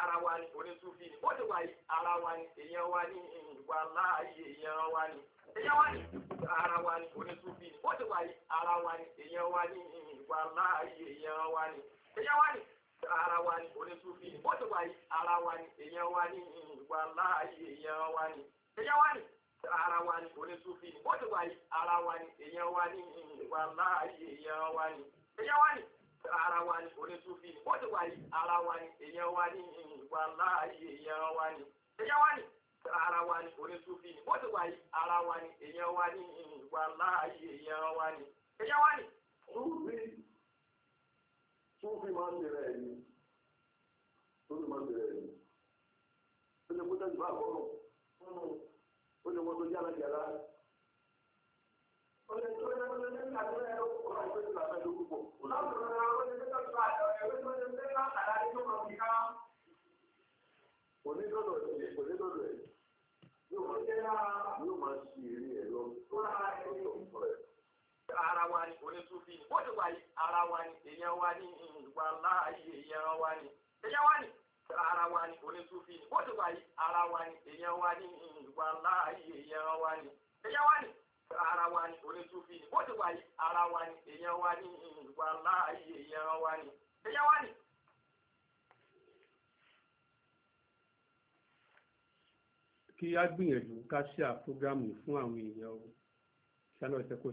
ara wa ni onítúfì ni wọ́n ti wà yí ara wa ni èèyàn wa ni ìwà láàyè èèyàn wa ni èèyàn wá ní ara wa ni onítúbí ni ó ti wà ní ara wa ni èèyàn wá ní ìwà láàyè èèyàn wá ni èèyàn wá ní ara wa ni onítúbí ni ó ti wà ní ara wa ni èèyàn wá ní ìwà láàyè èèyàn wá ni èèyàn wá ní ara wa ni onítúbí ni ó ti wà ní ara wa ni èèyàn wá ní ìwà láàyè èèyàn wá ni èèyàn wá ní ara wa ni onítúbí ni ó ti wà ní ara wa ni èèyàn wá ní ìwà láàyè èèyàn wá ni èèyàn wá ní ara wa ni onísùfì ni wọ́n ti wà yìí ara wa ni èèyàn wa ni ìwà láàyè èèyàn wa ni èèyàn wa ni. Súfì Súfì máa ń bẹ̀rẹ̀ ẹ̀yìn Súfì máa ń bẹ̀rẹ̀ ẹ̀yìn ó lè kó tẹ̀síwá àkọ́rọ̀ ó lè wọ́n tó yára yàrá. Onídọ̀dọ̀ ẹ̀ onídọ̀dọ̀ ẹ̀ yóò máa ṣe eré ẹ lọ lọ́tọ̀ fún rẹ̀. ara wa ni onítúfì ni bó ti wà yìí ara wa ni èèyàn wa ni ìwà láàyè èèyàn wa ni èèyàn wa ni ara wa ni onítúfì ni bó ti wà yìí ara wa ni èèyàn wa ni ìwà láàyè èèyàn wa ni èèyàn wa ni ara wa ni onítúfì ni bó ti wà yìí ara wa ni èèyàn wa ni ìwà láàyè èèyàn wa ni èèyàn wa ni.
kí a gbìyànjú ká ṣe àpógámù fún àwọn èèyàn o ṣáná ìṣẹ́kọ̀ọ́.